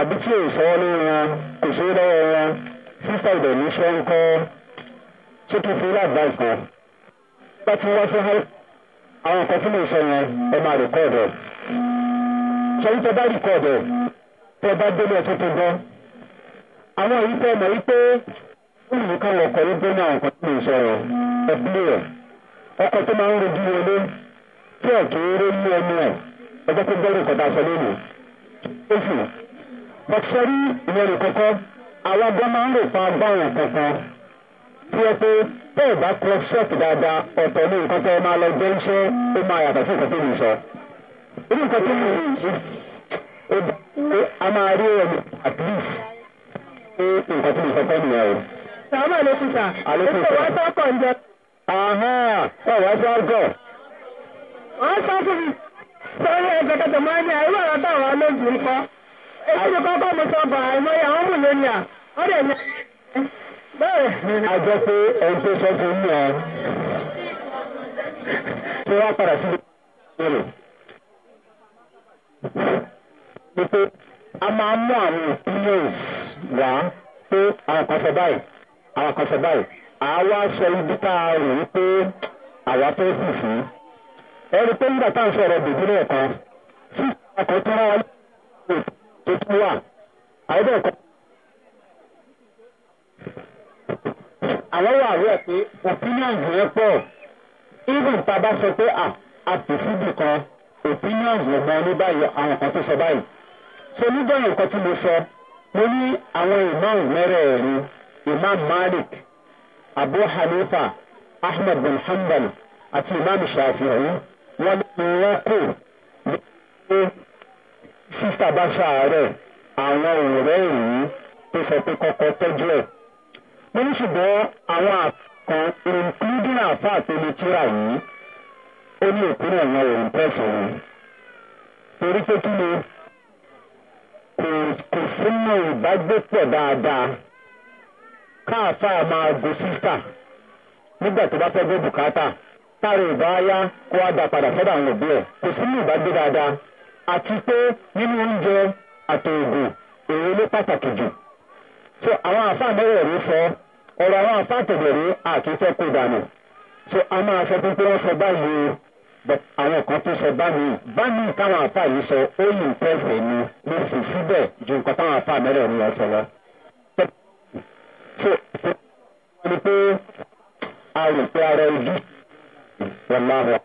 àbí tí ò sọ́wọ́ lé wọn kò sí lọ́wọ́ wọn sísá ìbẹ̀ ní ṣe ń kọ́ tó tún fi láàbáyé kan bá ti wá sí àwọn nǹkan tí mo sọ yẹn ẹ máa rìkọ́ọ̀dù ẹ̀ sọ wípé bá rìkọ́ọ̀dù tẹ bá délé ẹ̀ tó tó àwọn èyí tẹ mọ̀ wípé olùkọ́ ọkọ̀ ló gbé ní àwọn nǹkan tí mo sọ yẹn ẹ̀ pílẹ̀ ọkọ̀ tó máa ń rojú wọlé tí ẹ̀ kì í rí mú ọmọ ẹ̀ ẹgbẹ́ tó gbẹ́rù kọ́ta sọ lónìí. oṣù bọ́tíṣẹ́rí ìrọ̀lù kọ́kọ́ àwọn ọgbọ́n máa ń rò pa báwọn kankan tí ẹ pé tó o bá kọ ṣọ́ọ̀tì dáadáa ọ̀tọ̀ ní nǹkan tó o máa lọ jẹ́ iṣẹ́ ó máa yàtọ̀ sí nǹkan tó mi sọ. irú nǹkan tó mi sọ ó bá pé a máa rí ẹ̀mí at least pé nǹkan tó mi sọ fẹ́ nìyẹn o. sàmúlò ló kùtà. àlọ́ wá sọ́kọ̀ ń jẹ wọ́n sọ fún mi sórí ẹgbẹ́ tó máa ń ní àìwé ọ̀rọ̀ táwọn olóògùn ń kọ́ èyí ni kọ́kọ́ mo sọ bọ̀ àìmọye àwọn mú lónìí à ó dẹ̀ ní bẹ́ẹ̀. a jọ pé ẹni tó sọ fún mi ọ tí wọ́n padà sí ìlú ni pé a máa mú àwọn opinions wá pé àwọn kan sọ báyìí àwọn kan sọ báyìí àá wá sọ ibi tá a rò wípé àwa tó sì fún un ẹni pé nígbà táwọn sọ̀rọ̀ bèbí náà kan sí ọkọ̀ tó rán wa lọ́wọ́ tó tún wà àwọn bẹ́ẹ̀ kọ́. àwọn wà rẹ̀ pé opinion yẹn pọ̀ even tá a bá sọ pé ah, a pè síbì kan opinion yẹn mọ ní báyìí àwọn kan tó sọ báyìí. so nígbà yẹn kan tí mo sọ mo ní àwọn imam mẹ́rẹ̀ẹ̀rin imam malik abu hanifa ahmed bin hanbal àti imam shafi'i wọn kò pé sísá bá ṣàárẹ̀ àwọn òrẹ́ èyí tó sọ pé kọ́kọ́ tọ́jú ẹ̀. wọ́n ní ṣùgbọ́n àwọn àkàn including àfáà tó lè kíra yìí ó ní òkúrò àwọn òun tẹ̀sán torí pé kí ni kò súnmọ́ ìbágbépọ̀ dáadáa káàfáà máa go sísá nígbà tó bá fẹ́ gbé bùkátà tára ò bá yá kó a dá padà sọ́dọ̀ àwọn òbí ẹ̀ kò sí ní ìbágbé dáadáa àti pé nínú oúnjẹ àtòògùn èrè ló pàtàkì jù. so àwọn àfáà bẹ̀rẹ̀ rí sọ ọ̀rọ̀ àwọn àfáà tẹ̀lẹ̀ rí àtúntẹ́ kó dànù. so a máa sọ pé pé wọ́n sọ báyìí o but àwọn kan tó sọ báyìí báyìí táwọn àfáà yìí sọ ó lè tẹ̀sẹ̀ ni ló sì síbẹ̀ ju nǹkan táwọn àfáà bẹ̀rẹ̀ rí ọ̀sẹ̀ lọ. so ìpínlẹ̀ wọn ni pé a rò pé ara ojú Wallahu.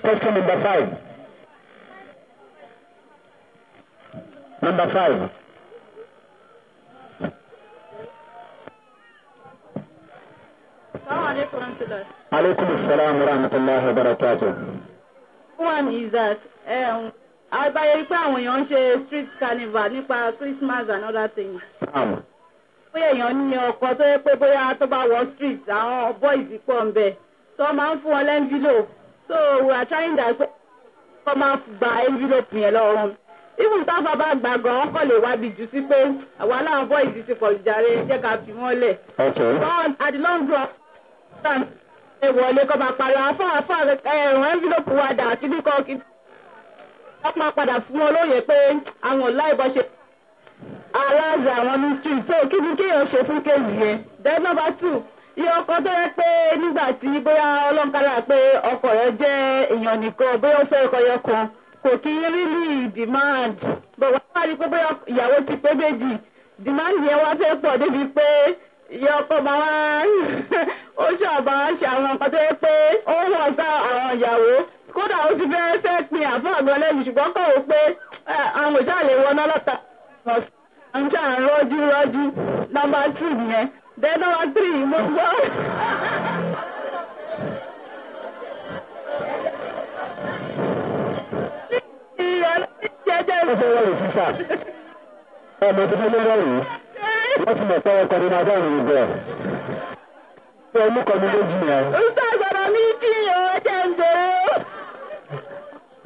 Question number five. Number five. Alaikum salam wa rahmatullahi wa barakatuh. One is that um, àgbáyé pé àwọn èèyàn ń ṣe street carnival nípa Christmas and other things. Bóyá èèyàn ní ọkọ tó yẹ pé bóyá tó bá wọ street àwọn uh, boys pọ̀ ń bẹ̀. So máa ń fún wọn lẹ́ńfílòpù so we are trying that pé kó máa gba envelope yẹn lọ́wọ́ wọn even táfà bá gbà gan wọn kò lè wábi jù sí pé àwa láwọn bọ́ ìdí ti pọ̀jùjáre jẹ́ ká fi wọ́n lẹ̀. but at the long run ṣáà ṣe wọlé kó máa pariwo afọ afọ ẹ̀rùn envelope wa dà kí ní kọ́ kí wọ́n máa padà fún wọn lóye pé àwọn láìbọ̀ ṣe aláàzà àwọn street. so kí ni kéèyàn ṣe fún kéèyàn yẹn then number two. yọ ọkọ tó yẹ pé nígbà tí bóyá ọlọ́nkárà pé ọkọ rẹ jẹ́ èèyàn nìkan bóyá ó fẹ́ ọkọ yẹn kan kò kí ń rílì demand bó wá wá rí pé bóyá ìyàwó ti pé méjì demand yẹn wá fẹ́ pọ̀ débi pé yọ ọkọ máa wá ó ṣàbá ṣe àwọn ọkọ tó yẹ pé ó wọ̀ sá àwọn ìyàwó kódà ó ti fẹ́ pin àgbọn ṣùgbọ́n kọ̀ pé àwọn àwọn bẹ́ẹ̀ náà wá tírì mo gbọ́. ọmọ tó fẹ́ lọ́wọ́ yìí wọ́n ti mọ̀ pé ọkọ̀ ní máa dáhùn ìgbẹ́ ṣé ọmú kan ní lójú yẹn. ń sàgbàrà mi kí ìyàwó ẹ̀jẹ̀ ń bẹ̀rẹ̀.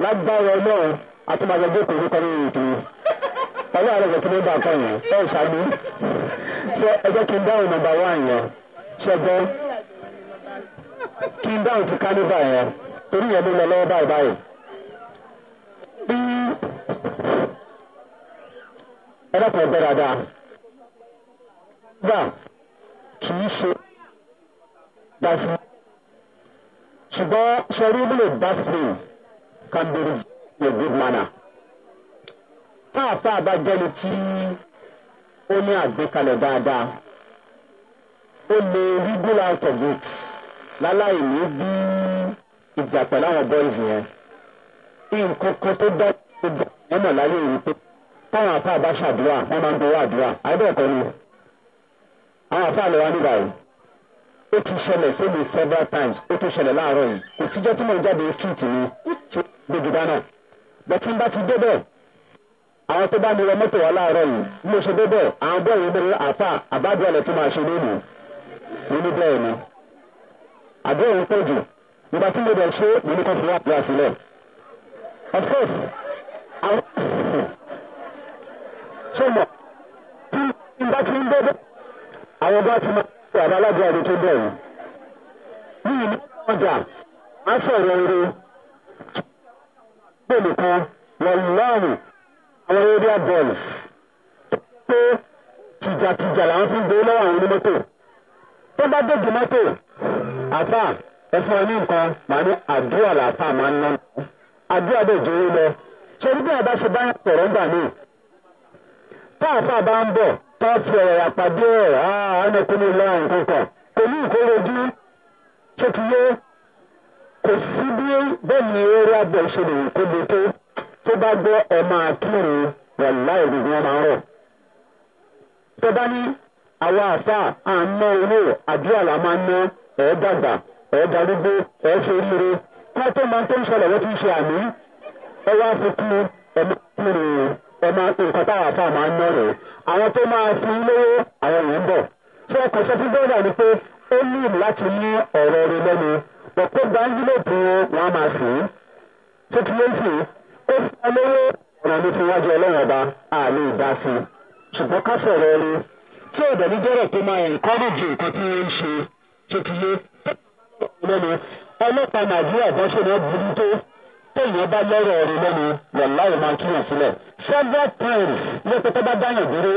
lágbára náà a tún máa lọ gbé kòkó kan ní ìdúró pẹ̀lú àrẹ ìgbà tó ló dà kọ́ yẹn ẹ̀ ṣáájú ṣé ẹ jẹ́ kí n dáhùn nọmba wá yẹn ṣe gbọ́ kí n dáhùn ti kánífà yẹn torí yẹn ló lọ lọ́wọ́ báyìí báyìí. bí ẹgbẹ́ dáadáa gbà kì í ṣe dáfí ṣùgbọ́n ṣe rí bí lè kan bẹ̀rẹ̀ a good manner. Ah, táàfà bá jẹ́ni tí ó ní àgbékalẹ̀ dáadáa ó lè rí bull out láláì ní bí ìjà pẹ̀lú àwọn boys yẹn nǹkan kan tó dá gbogbo ẹ̀mọ̀ láyé yìí pé táwọn àfa bá ṣàdúrà wọn máa ń gbowó àdúrà àìbẹ̀ẹ̀kọ́ ni àwọn àfa lọ wá nígbà yìí ó ti ṣẹlẹ̀ sómi several times ó ti ṣẹlẹ̀ láàárọ̀ yìí kò síjọ́ tí mo jáde street ni ṣe gbogbo dáná bẹ̀tí n bá ti débẹ̀ àwọn tó bá mi wọ mọ́tò wá láàárọ̀ yìí bí mo ṣe débẹ̀ àwọn bẹ́ẹ̀ yẹn bẹ̀rẹ̀ àfà àbádùn ọ̀lẹ̀ tó máa ṣe lónìí mo ní bẹ́ẹ̀ ni àdúrà yẹn pọ̀ jù nígbà tí mo bẹ̀ ṣe mo ní kó fi wá pè á sílẹ̀ of course àwọn ṣe mọ̀ tí n bá ti ń débẹ̀ àwọn bá ti máa ṣe àbá aládùn ọ̀dẹ tó bẹ̀ yìí ní ìlú ọjà á sọ̀rọ̀ eré gbèmí kan wọ̀ lọ́rùn àwọn arabia boys pé tìjàtìjà làwọn fi ń gbé lọ́wọ́ àwọn onímọ́tò tó bá dégì mọ́tò àfà ẹ fún ọ ní nǹkan màá ní àdúrà làfà máa ń ná àdúrà bẹ́ẹ̀ jó lọ ṣé bí àbá ṣe bá sọ̀rọ̀ ń gbà mí tá àfà bá ń bọ̀ tó ti ọ̀rọ̀ àpàdé ọ̀rọ̀ àánú kún ní lọ́wọ́ nǹkan kan kò ní ìkórè ojú ṣé ti yé kò sí bí bẹ́ẹ̀ ni eré abẹ́ ìṣẹ̀lẹ̀ kó le tó tó bá gbọ́ ẹ máa kírun wàlá ìgbìmọ̀ wọn máa rọ̀. tó bá ní àwọn àṣà à ń ná owó àdúrà là máa ń ná ẹ̀ dàgbà ẹ̀ darúgbó ẹ̀ ṣe oríire kí wọ́n tó máa tó ń ṣẹlẹ̀ wọ́n ti ń ṣe àmì ẹ wá fi kú ẹ máa kírun ẹ máa nǹkan táwọn àṣà máa ń ná rẹ̀ àwọn tó máa fi lówó àwọn èèyàn bọ̀ tí wọ́n kàn sọ fún ni pé ó ní láti ní ọ̀rọ̀ rẹ lẹ́nu pọ̀pọ̀ gbáńgílẹ̀ tó wọn máa sìn tó ti lé sìn ó fún wa lówó ọ̀rọ̀ ní tiwájú ọlọ́run ọba àmì ìdásí ṣùgbọ́n ká sọ̀rọ̀ ẹni tí ọ̀dọ̀ ní jẹ́rọ̀ tó máa ẹ̀ńkọ́rẹ́jì nǹkan tí wọ́n ń ṣe tó ti yé lẹ́nu ọlọ́pàá nàìjíríà bá ṣe wọ́n burú tó téèyàn bá lọ́rọ̀ ọ̀rọ̀ lẹ́nu wọ̀lá ò máa kíyàn sílẹ̀ several times ló pé tó bá dáyàn dúró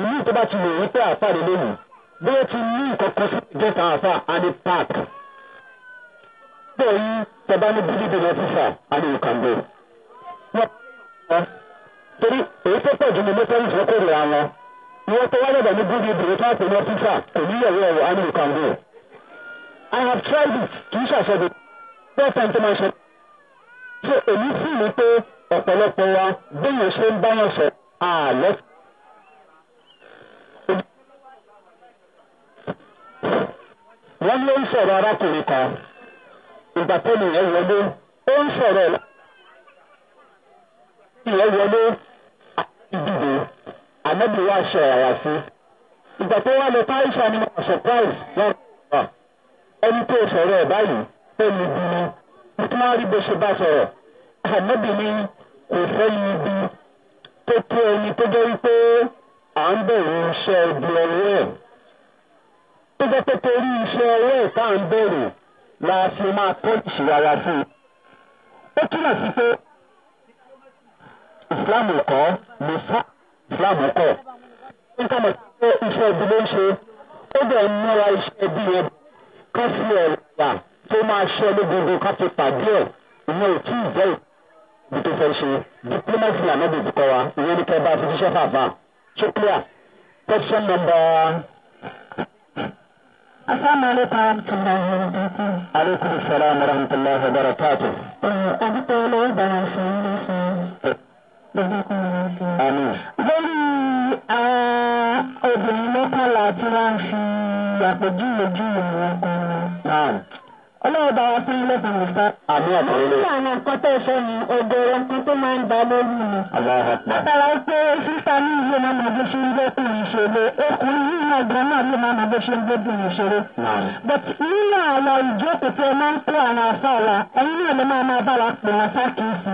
ìlú tó bá ti lè rí pé àfáàrí lónìí bí ó ti ní nǹkan kan sí ìjọba àfáà á ní tẹ́bá ní bíbí ní fífà àní ìkàǹdó. torí èyí tó pọ̀ jù ní mẹ́tẹ́rì tó kórè àwọn wọ́n tó wáyé bẹ̀ ní bíbí ìbìrì tó àpè ní fífà kò ní yẹ̀wò ẹ̀wò àní ìkàǹdó. I have tried it kì í ṣàṣẹ́gun bẹ́ẹ̀ tán tó máa ṣe. ṣé èmi sì ní pé ọ̀pọ̀lọpọ̀ wa bẹ́ẹ̀ ṣe ń báyọ̀ sọ àlọ́. wọ́n ló ń sọ̀rọ̀ arákùnrin kan ìgbàtẹ́lẹ̀ yẹn wọlé ó ń sọ̀rọ̀ ìyẹn wọlé ìdìbò ànábì wa ṣe àyà sí. ìgbà tó wà lọ táìsà ni wọn surprise wọn kọ ẹni tó sọ̀rọ̀ ẹ̀ báyìí tó lu bí ni nítorí wọn rí bó ṣe bá sọ̀rọ̀ ànábì ni kò fẹ́ yí bí tó tó ẹni tó jẹ́ wípé à ń bẹ̀rù iṣẹ́ ibi ọwọ́ ẹ̀ tó jẹ́ pé torí iṣẹ́ ọwọ́ ẹ̀ tá à ń bẹ̀rù la ṣe máa pọ́ǹsì rárá fún un. ó túmọ̀ sí pé islam kọ́ mùsùlùmí islam kọ́ nǹkan mọ̀ sí pé iṣẹ́ ibi ló ń ṣe ó bẹ̀ ń múra iṣẹ́ ibi yẹn kọ́ sí ọ̀rọ̀ tó máa ṣe ológungun ká fi pàdé ẹ̀ ìyẹn ò tí ì jẹ́ ibi tó fẹ́ ṣe diplomacy lànà bèbí kọ́ wa ìyẹn ni kẹ́ bá ti ṣiṣẹ́ fàfà ṣókíà question number. Assalamu alaikum warahmatullahi wabarakatuh. Aleykum salaam wa rahmatullahi wa barakatuh. Ọdúpẹ́ ọlọ́wọ́ bàrà ṣe ń lé ṣe bàbá kan rẹ̀ ṣe. Lórí obìnrin mọ́kànlá tí wọ́n ń fi àpèjúwe júwe wọn kan ọlọ́run bá wa fún ilé ìfowópamọ́ fún. àmì àtàwọn olóyè. nínú àwọn nǹkan tó ṣe ni ògòrò nǹkan tó máa ń da lórí mi. látara pé sísá ní ìlú máa ma bó ṣe ń gbé kùn ìṣòro okùnrin nínú ọgbọ́n náà ló máa ma bó ṣe ń gbé kùn ìṣòro. but nínú àwọn ìjókòó tí ẹ máa ń kó àwọn afá wa ẹ̀yin náà ló máa máa bá wa pè wọ́n sákìsì.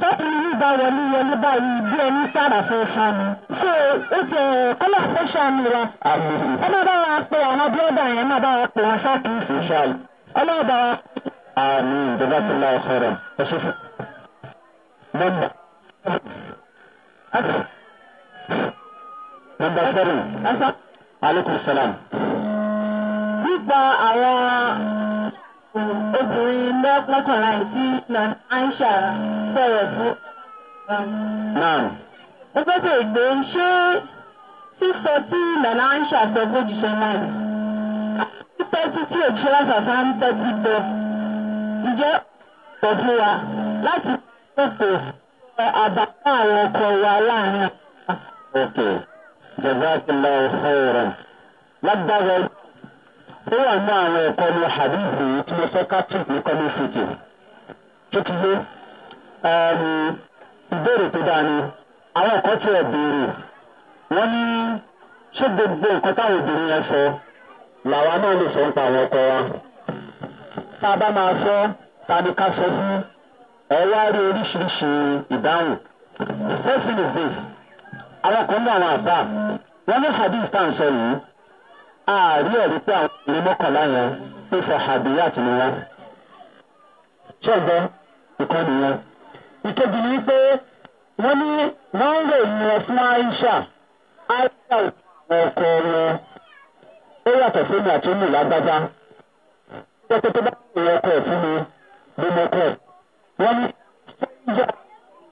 tọ́kùnrin yìí bá wọlé wọlé báyìí bí ẹni sára fẹ́ fún mi. so ó ti kọ́lá ọlọ́ọ̀bà wa. àmì ìjọba tó lọ sọ̀rọ̀ ẹ ṣe fún nọmba nọmba sẹ́rìn ẹ̀sán aleykum salaam. nípa àwọn obìnrin mẹ́kọ̀ọ́kànlá ìdí na aisha sọ̀rọ̀ fún. náà. ó fẹ́ ṣé sísọ tí nana aisha sọ fún òjíṣẹ́ náà títẹ́sí sí òṣìṣẹ́ àṣàṣà ń tẹ́jú lọ ǹjẹ́ pọ̀ fún wa láti pèsè àbámọ́ àwọn ọkọ̀ wa láàrin àwọn. ok jazakila ọ̀hẹ́rẹ̀ lágbára ó wà ní àwọn ẹ̀kọ́ ní hadith yìí tí mo fẹ́ captain ní kọ́mífìtì tó ti gbé ìbéèrè tó dáa ni àwọn ọkọ̀ tí ẹ̀ béèrè wọ́n ní ṣé gbogbo nǹkan táwọn obìnrin yẹn sọ. làwa náà lè sọ nípa àwọn ọkọ wa. tá a bá máa sọ ta ni ká sọ fún ẹ rí oríṣiríṣi ìdáhùn. first thing àwọn kan ní àwọn àbá wọn ní yìí ààrí ẹ̀rí pé àwọn wọn. ìkan nìyẹn. ìkejì ni ọkọ ó yàtọ̀ sí mi àti mi lágbájá pẹ́pẹ́ tó bá ìwọ ọkọ̀ ẹ̀ fún mi ló mọ ọkọ̀ wọ́n ní stranger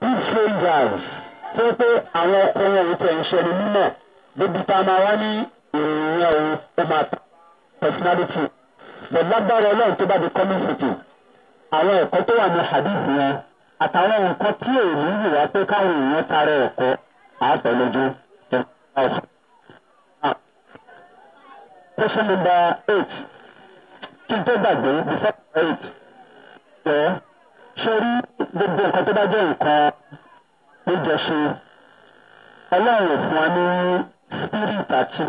be strangers tó pé àwọn ọkọ̀ wọn ò tẹ̀ ń ṣe ni mímọ̀ débi tá a máa wá ní ìròyìn ẹ̀ o ó máa ta personality bẹ̀ lágbára ọlọ́run tó bá di community àwọn ẹ̀kọ́ tó wà ní hadith yẹn àtàwọn nǹkan tí èèyàn yìí wá pé káwọn èèyàn tara ẹ̀kọ́ àátọ̀ lójú ẹ̀ ẹ̀ patient number eight kí n tó gbàgbé before eight jọ ṣe rí gbogbo nǹkan tó bá jẹ́ nǹkan péjọ ṣe ọlọ́run ò fún wa ní spirit àti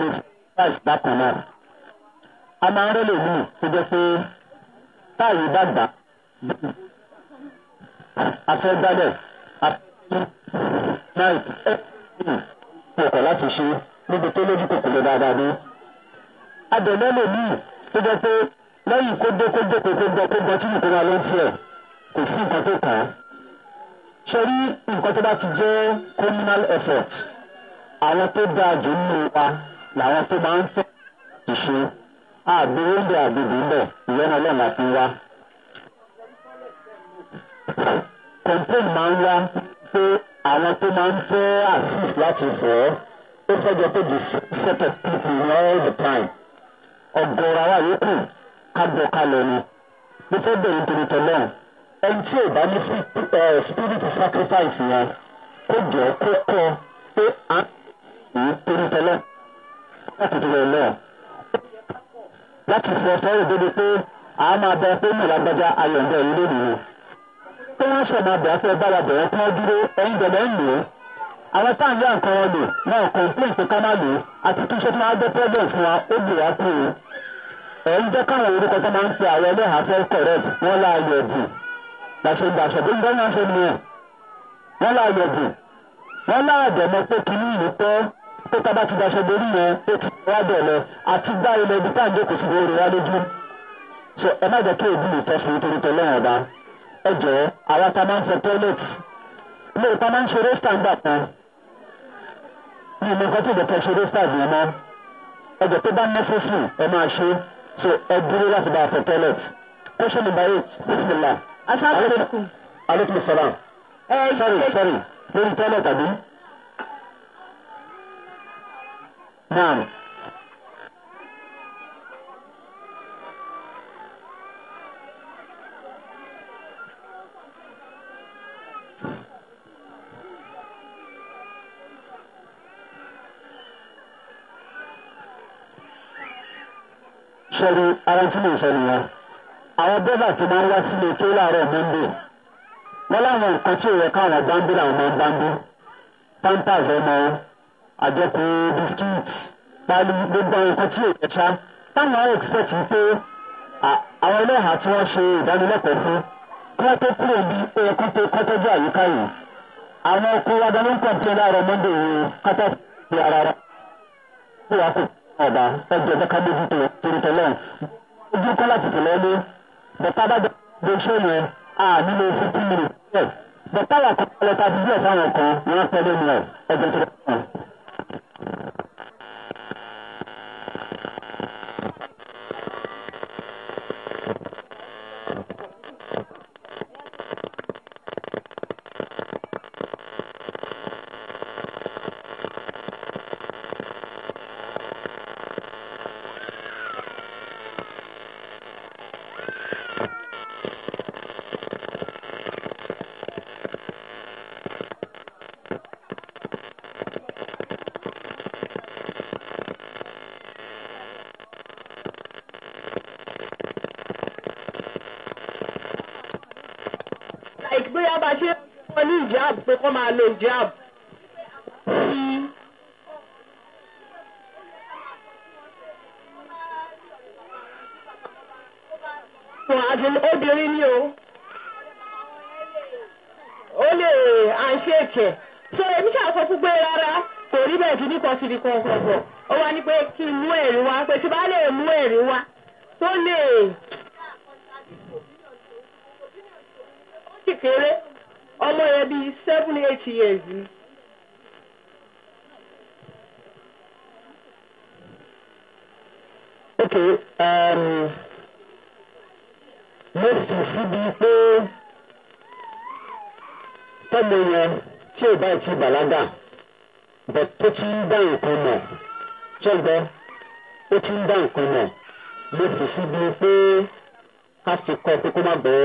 christ bákan náà a máa ń rẹ́lẹ̀ mí tó jẹ́ pé táàyè bá gbà afẹ́gbálẹ̀ afẹ́gbálẹ̀ náà ẹ̀ ẹ̀ kọ̀ láti ṣe níbi tó lójú kòkòrò dáadáa ní adẹ̀mọ́ lè mú tó jẹ́ pé lẹ́yìn kó dé kó dé kó gbọ́ kó gbọ́ tí nìkan máa ló ń tiẹ̀ kò sí nǹkan tó kàn án. ṣe rí nǹkan tó bá ti jẹ́ communal effort àwọn tó dáa jù nínú wa làwọn tó máa ń fẹ́ ìṣe àbí oúnjẹ àgbègbè ńbẹ ìyẹn ọlọ́run àti wá. complain máa ń wá pé àwọn tó máa ń fẹ́ assist láti fọ́ ó fẹ́ jọ pé the set of people all the time ọ̀gọ́ra wa yòókù kábọ̀ kalẹ̀ ni mo fẹ́ bẹ̀rẹ̀ nítorí tọ́lọ́ ẹni tí ò bá ní spirit sacrifice yẹn kó jọ kó kọ́ pé à ń torí tọ́lọ́ láti tọ́lọ́ náà láti fọ sọ́yìn débi pé àá máa bẹ pé mìíràn agbájá ayọ̀ǹdẹ̀ ilé nìyẹn pé wọ́n ṣe máa bẹ̀rẹ̀ pé bára bẹ̀rẹ̀ pé wọ́n dúró ẹ̀yìn dẹ̀lẹ̀ ń lò ó àwọn tá à ń yá nǹkan wọn lò náà kọ̀ǹpléǹtì ká má lò ó àti kí iṣẹ́ tí wọ́n á gbé pẹ́ẹ́lẹ̀ fún wa ó gbìyànjú ẹ̀ ń jẹ́ káwọn orúkọ tó máa ń pe àwọn ẹlẹ́hàá fẹ́ correct wọ́n láàyè ẹ̀bùn làṣẹ ìdàṣọ bí gbọ́n náà ṣe mú un wọ́n láàyè ẹ̀bùn wọ́n láàdẹ̀mọ́ pé kí ní ìlú pẹ́ pé tábà ti daṣọ borí yẹn ó ti wá bẹ̀ lọ àti gbá ilẹ̀ ibi tá à ń jókòó sí orí wa lójú so ẹ má jẹ́ kí èdè lè tọ́sí nítorí tọ́lọ́ ọ̀dà ẹ jẹ́ àwa ta máa ń fọ tọ́lẹ̀tì ilé ìta máa ń ṣeré standa kan ní ìmọ̀ nǹkan tí ìjọba ṣeré standa yẹn mọ́ ẹ jẹ́ pé bá ń mẹ́fẹ́sì ẹ máa ṣe é so ẹ dúró láti bá a fọ toilet question number eight bisimilah. asalaamaleykum. aleykum salaam. ẹ sorry sorry lórí toilet àbí. naam. ṣẹlẹ ara tí mo ṣẹlẹ yẹn àwọn dẹ́bà tó máa ń wá sílé tó láàárọ̀ mọ́ndé wọ́n láwọn nǹkan tí ò yẹ káwọn bámbí làwọn máa ń bámbí pampers ọmọ àjẹkù bisikíìtì pálí gbogbo àwọn nǹkan tí ò yẹ ṣá táwọn àwọn expect wípé àwọn ẹlẹ́hàá tí wọ́n ṣe ìdánilẹ́kọ̀ọ́ fún kí wọ́n tó kúrò bí ó yẹ kó tó kọ́tọ́jú àyíká yìí àwọn ọkùnrin adarí ń kọ̀ǹtẹ́ láàárọ̀ mọ́ndé yìí kátà sí ara rẹ̀ kó wàá kò dáadáa ẹjọ ẹjọ ká bójú tó torí tẹ lọ́wọ́ ojú kọ́ láti tẹ̀lé ọdún bẹ̀tà bá ọdún ṣé yẹn a nílò fifteen minutes yẹ bẹ̀tà yà kọ́ lọ́ta bí díẹ̀ sáwọn kan wọ́n pẹ́ lẹ́nu ẹ̀ ẹjọ tó lọ́wọ́. wọ́n máa lo jab sí wọn obìnrin ni o ó lè à ń ṣe èmi ṣàkóso fún rárá kò rí bẹ́ẹ̀ kan kan bọ̀ ó wá ní pé kí n mú ẹ̀rí wá bá lè mú ẹ̀rí wá tó lè. eight years ni. ok mo sùn síbi pé tọ́mọ yẹn tí ò bá ti bàlágà bọ̀ tó ti ń dá nǹkan mọ̀ ṣọ́gbẹ́ ó ti ń dá nǹkan mọ̀ mo sùn síbi pé ká fi kọ́ pé kó má bọ́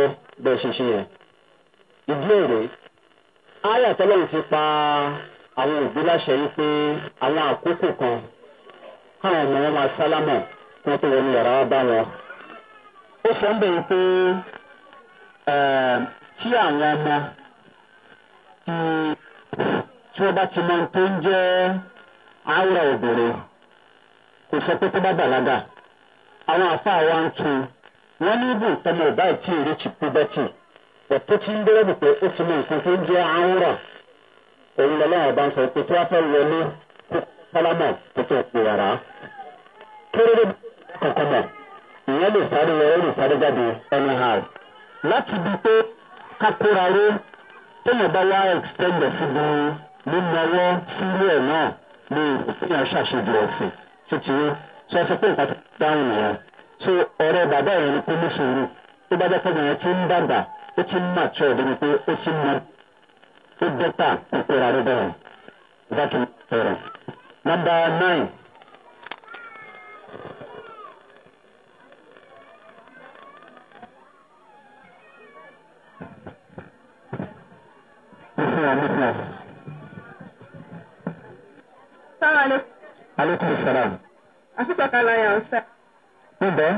bẹ́ẹ̀ ṣe ṣe yẹn ìdí èrè áyà tọ́lọ́run fi pa àwọn òbí láṣẹ yìí pé àwọn àkókò kan káwọn ọmọ wọn máa sálámọ̀ kí wọ́n tó wọnú yàrá wá bá wọn. ó sọ ń bẹ̀rù pé tí eh, àwọn ọmọ tí wọ́n bá ti mọ tó ń jẹ́ àwòrà obìnrin kò sọ pé tó bá bàlágà àwọn àfa wa ń tun wọ́n ní ibùdó tọmọ ìbáyìí tí èrè pé bẹ́tì tó ti ń bẹ́rẹ̀ bù pé ó ti mọ nǹkan tó ń jẹ́ àwòrán òun lọ́la ọ̀bá ń sọ pé tí wọ́n fẹ́ wọlé kó sálámọ̀ tó tó pè yàrá. kéré kọ̀ọ̀kan mọ̀ ìyẹn lè sáré wọlé lè sáré jáde anyhow láti di pé kákóra ró téèyàn bá wá extend ẹ̀ fún gan-an nínú ọwọ́ sílé ẹ̀ náà ní ìpínlẹ̀ ṣàṣejù ọ̀sìn tó ti rí sọ sọ pé nǹkan tó dáhùn nìyẹn so ọ̀rẹ́ bàbá yẹn ni kó ní sòrò tó bá jẹ́ pé yẹn ti ń dàgbà ó ti ń nà tó ọ̀dọ́ wípé ó ti mọ ó dẹ́ta pípẹ́ ra rẹ̀ bẹ̀rẹ̀ ìdájọ́ bẹ̀rẹ̀. nọmba nine. Assalamu alaikum. Alaikum salam. Àfikọ̀ kan láyà ọ̀sẹ̀. Ń bẹ́ẹ̀.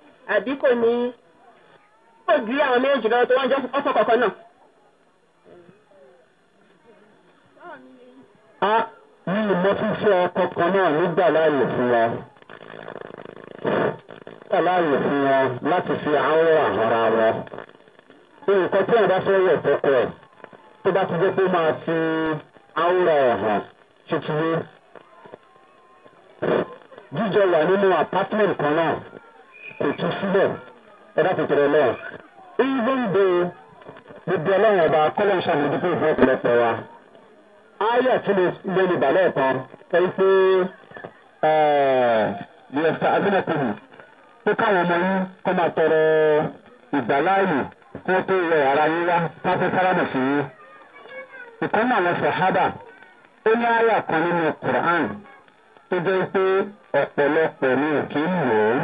àbí kò ní kò di àwọn méjì lọ tó wọ́n jẹ́ ọ̀sán kọ̀ọ̀kan náà. a yìí mo tún fẹ́ ọkọ̀ kan náà nígbà láàyè fún wa nígbà láàyè fún wa láti fi àwọn àhọ́ra wọn. nǹkan tí àbá fẹ́ wọ̀ tọkọ ẹ̀ tó bá ti jẹ́ pé máa fi àwọn ọ̀hàn tuntun jíjọ wà nínú apartment kan náà ètò sílẹ̀ ẹ̀dá tuntun náà even though gbogbo ọlọ́run ọba kọ́lọ́ ṣàmójútó ìfún ọ̀pọ̀lọpọ̀ wa ayé tí mo lé ní ìbàlẹ̀ kan sọ pé yẹ̀fà abínàkùnrin pé káwọn ọmọ yín kọ́ máa tọrọ ìgbàláàyè kó tó rẹ ara yín wá pátẹ́ sáráàmù sí yín. ìkànnì àwọn sọ̀hábà ó ní ayé kan nínú quran tó jẹ́ pé ọ̀pọ̀lọpọ̀ ni ò kí ń lò ó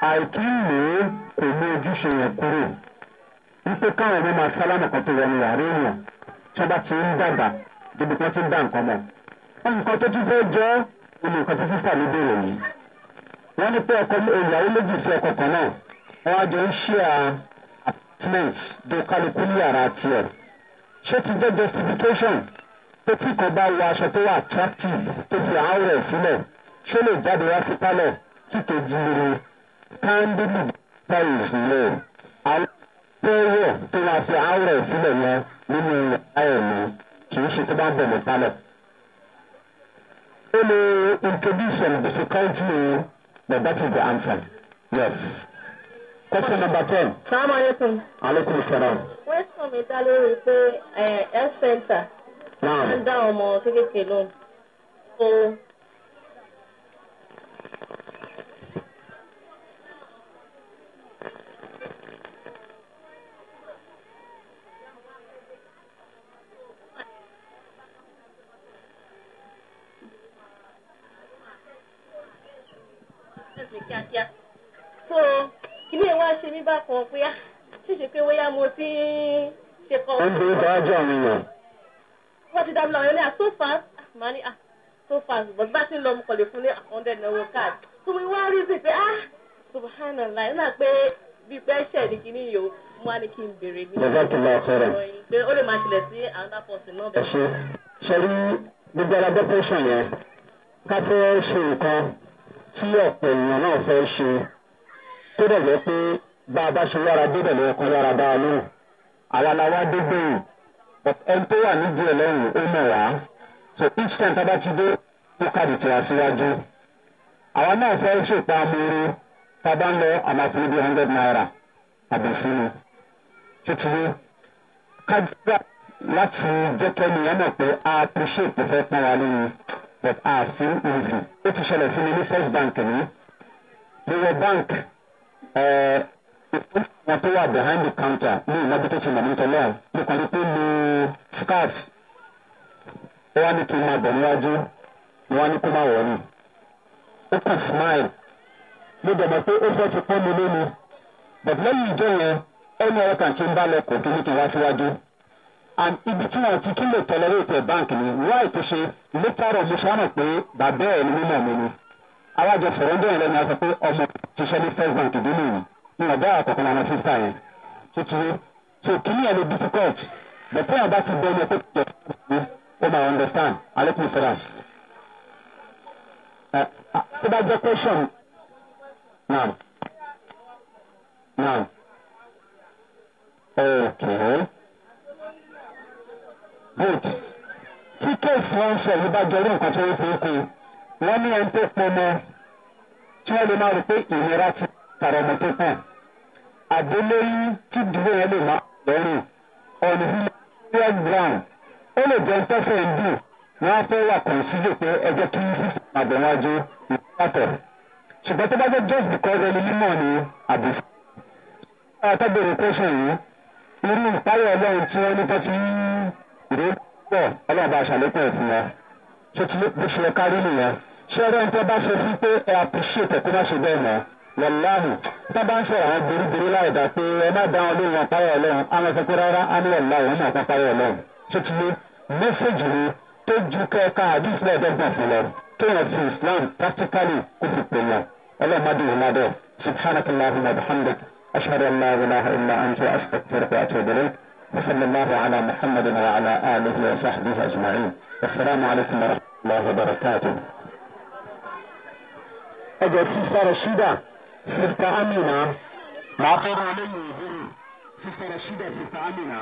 àìkí ìlú kò mú ojúṣe yẹn kúrò wípé káwọn ọmọ máa sálámù kan tó wọnú yàrá èèyàn tí wọn bá ti ń dàgbà débi kan ti ń dà nǹkan mọ. nǹkan tó tún fẹ́ jẹ́ ìlú nǹkan tó sísà ló béèrè yìí. wọ́n ní pé ọkọ ìyàwó méjì sí ọkọ̀ kan náà wọ́n á jọ ń ṣe apartment do kálukú ní yàrá tiẹ̀. ṣé ti jẹ́ justification pé tí kan bá wọ aṣọ tó wà attractive tó fi àárẹ̀ sílẹ̀ ṣé lè jáde wá sí pálọ̀ tí kejì rere pending that is low àwọn tẹ́wọ̀ tó wá sí àárọ̀ sílẹ̀ yẹn nínú ayọ̀ mi kì í ṣe tó bá bẹ̀rẹ̀ palẹ̀. ó lè introduce some difficulty but that is the answer yes. question number ten. salaam aleykum. aleykum salaam. question mi dá lórí pé health center. naam. ń dá ọmọ kékeré lóhùn. ń bí fáájú àwọn èèyàn. wọ́n ti dábìlà ọ̀yọ́ ní à ah, so fast ah, màá ní à ah, so fast but bá ti ń lọ mo kàn lè fún ní hundred náírà card tó mi wá rí sí pé ah subhanallah ẹ̀ náà pé bíi pé ẹ̀ṣẹ̀ ní kíní yìí o mo á ní kí n béèrè ní ọ̀rọ̀ yìí pé ó lè máa ṣẹlẹ̀ sí another person náà bẹ́ẹ̀. ṣe ṣe rí gbogbo ara depression yẹn ká fẹ́ ṣe nǹkan tí ọ̀pọ̀ èèyàn náà fẹ́ ṣe tó dẹ̀ jẹ́ pé bá a bá ṣe yára débẹ̀ lọ́kàn yára dáa lóhùn àwa la wá dé gbẹ̀yìn but ẹni tó wà nídìí ẹ̀ lẹ́yìn ó mọ̀ wá so each time tábà ti dé ó kàdì tìrà síwájú àwa náà fẹ́ ṣètò amúre tábà ń lọ àmàfin bíi hundred naira àbí fún un títí kájúgbà láti jẹ́ kẹ́ni ẹ̀ mọ̀ pé a appreciate the first time lóyún but a feel easy ó ti ṣẹlẹ̀ sí mi ní first bank ní mo bank ẹ̀ẹ́. Eh, wọn tó wà behind the counter ní ìlàjì tó ṣe mọ̀ nítorí scarf ó wá ní kí n máa bọ̀ níwájú ni wọ́n ní kó má wọ̀ ni ó kàn smile ló dọ̀bọ̀ but lẹ́yìn ìjọ yẹn ẹni ọ̀rọ̀ kan kí n bá lọ kò and ibi tí wọn tolerate ni why to ṣe létárọ̀ mo ṣe hàn pé bàbá ẹ̀ ni ni ní ọ̀gá àkọ́kọ́ náà ṣe sá yẹn tuntun so kìíní ẹ̀ ló difficult bẹ̀tẹ̀ àbá ti bẹ́ẹ̀ ní ẹ̀kọ́ tó tẹ̀ ó máa understand alẹ́kùn sọ̀rọ̀ ẹ̀ tó bá jẹ́ question now now okay good tí kéèsì wọn ń sọ yìí bá jọ orí nǹkan tó ń fi ń kú wọn ní ẹni tó pọnmọ tí wọn lè máa rò pé ìnira ti tààrà ọmọ tó kù àgbélẹ́yìn tí ìdílé yẹn lè máa lọ́rùn on humanitarian ground ó lè jẹun tẹ́fẹ̀ ń dùn wọ́n á fẹ́ wà kàn sílé pé ẹjẹ́ kí fífi àgbẹ̀wájú ìpàtọ̀ ṣùgbọ́n tó bá jẹ́ just because ẹni mímọ̀ ni àbí. àtàbẹ̀rẹ̀ kọ́sùn yìí irú ìpáyọ̀ ọlọ́run tí wọ́n ní tó fi ìró pọ̀ ọlọ́ọ̀bá aṣàlékún ẹ̀ fún wọn ṣé ti bó ṣe kárí nìyẹn ṣé ẹ̀rọ ń tẹ́ bá ṣe fún pé ẹ appreciate ẹ̀ kó má ṣe bẹ́ẹ̀ mọ́ wàláhù tábà ń sọ̀rọ̀ àwọn gbèrúgbèrú láì dá pé ẹ má dáhùn lóhùn àpáyọ̀ ọlọ́run àwọn sọ pé rárá á ní wàláhù wọn máa pápáyọ̀ ọlọ́run tó ti lé mẹ́sẹ̀gì ni tó ju kẹ́ẹ̀ka àdìs náà dọ́gba fún lọ tó yàn sí islam practically kó fi pè lọ ọlọ́mọdé ìlàdọ̀ subhanaka allahumma bihamdik ashhadu an la ilaha illa anta astaghfiruka wa atubu ilayk wa sista amina màá tọrọ lẹ́yìn ìbéèrè sista rasheeda sista amina.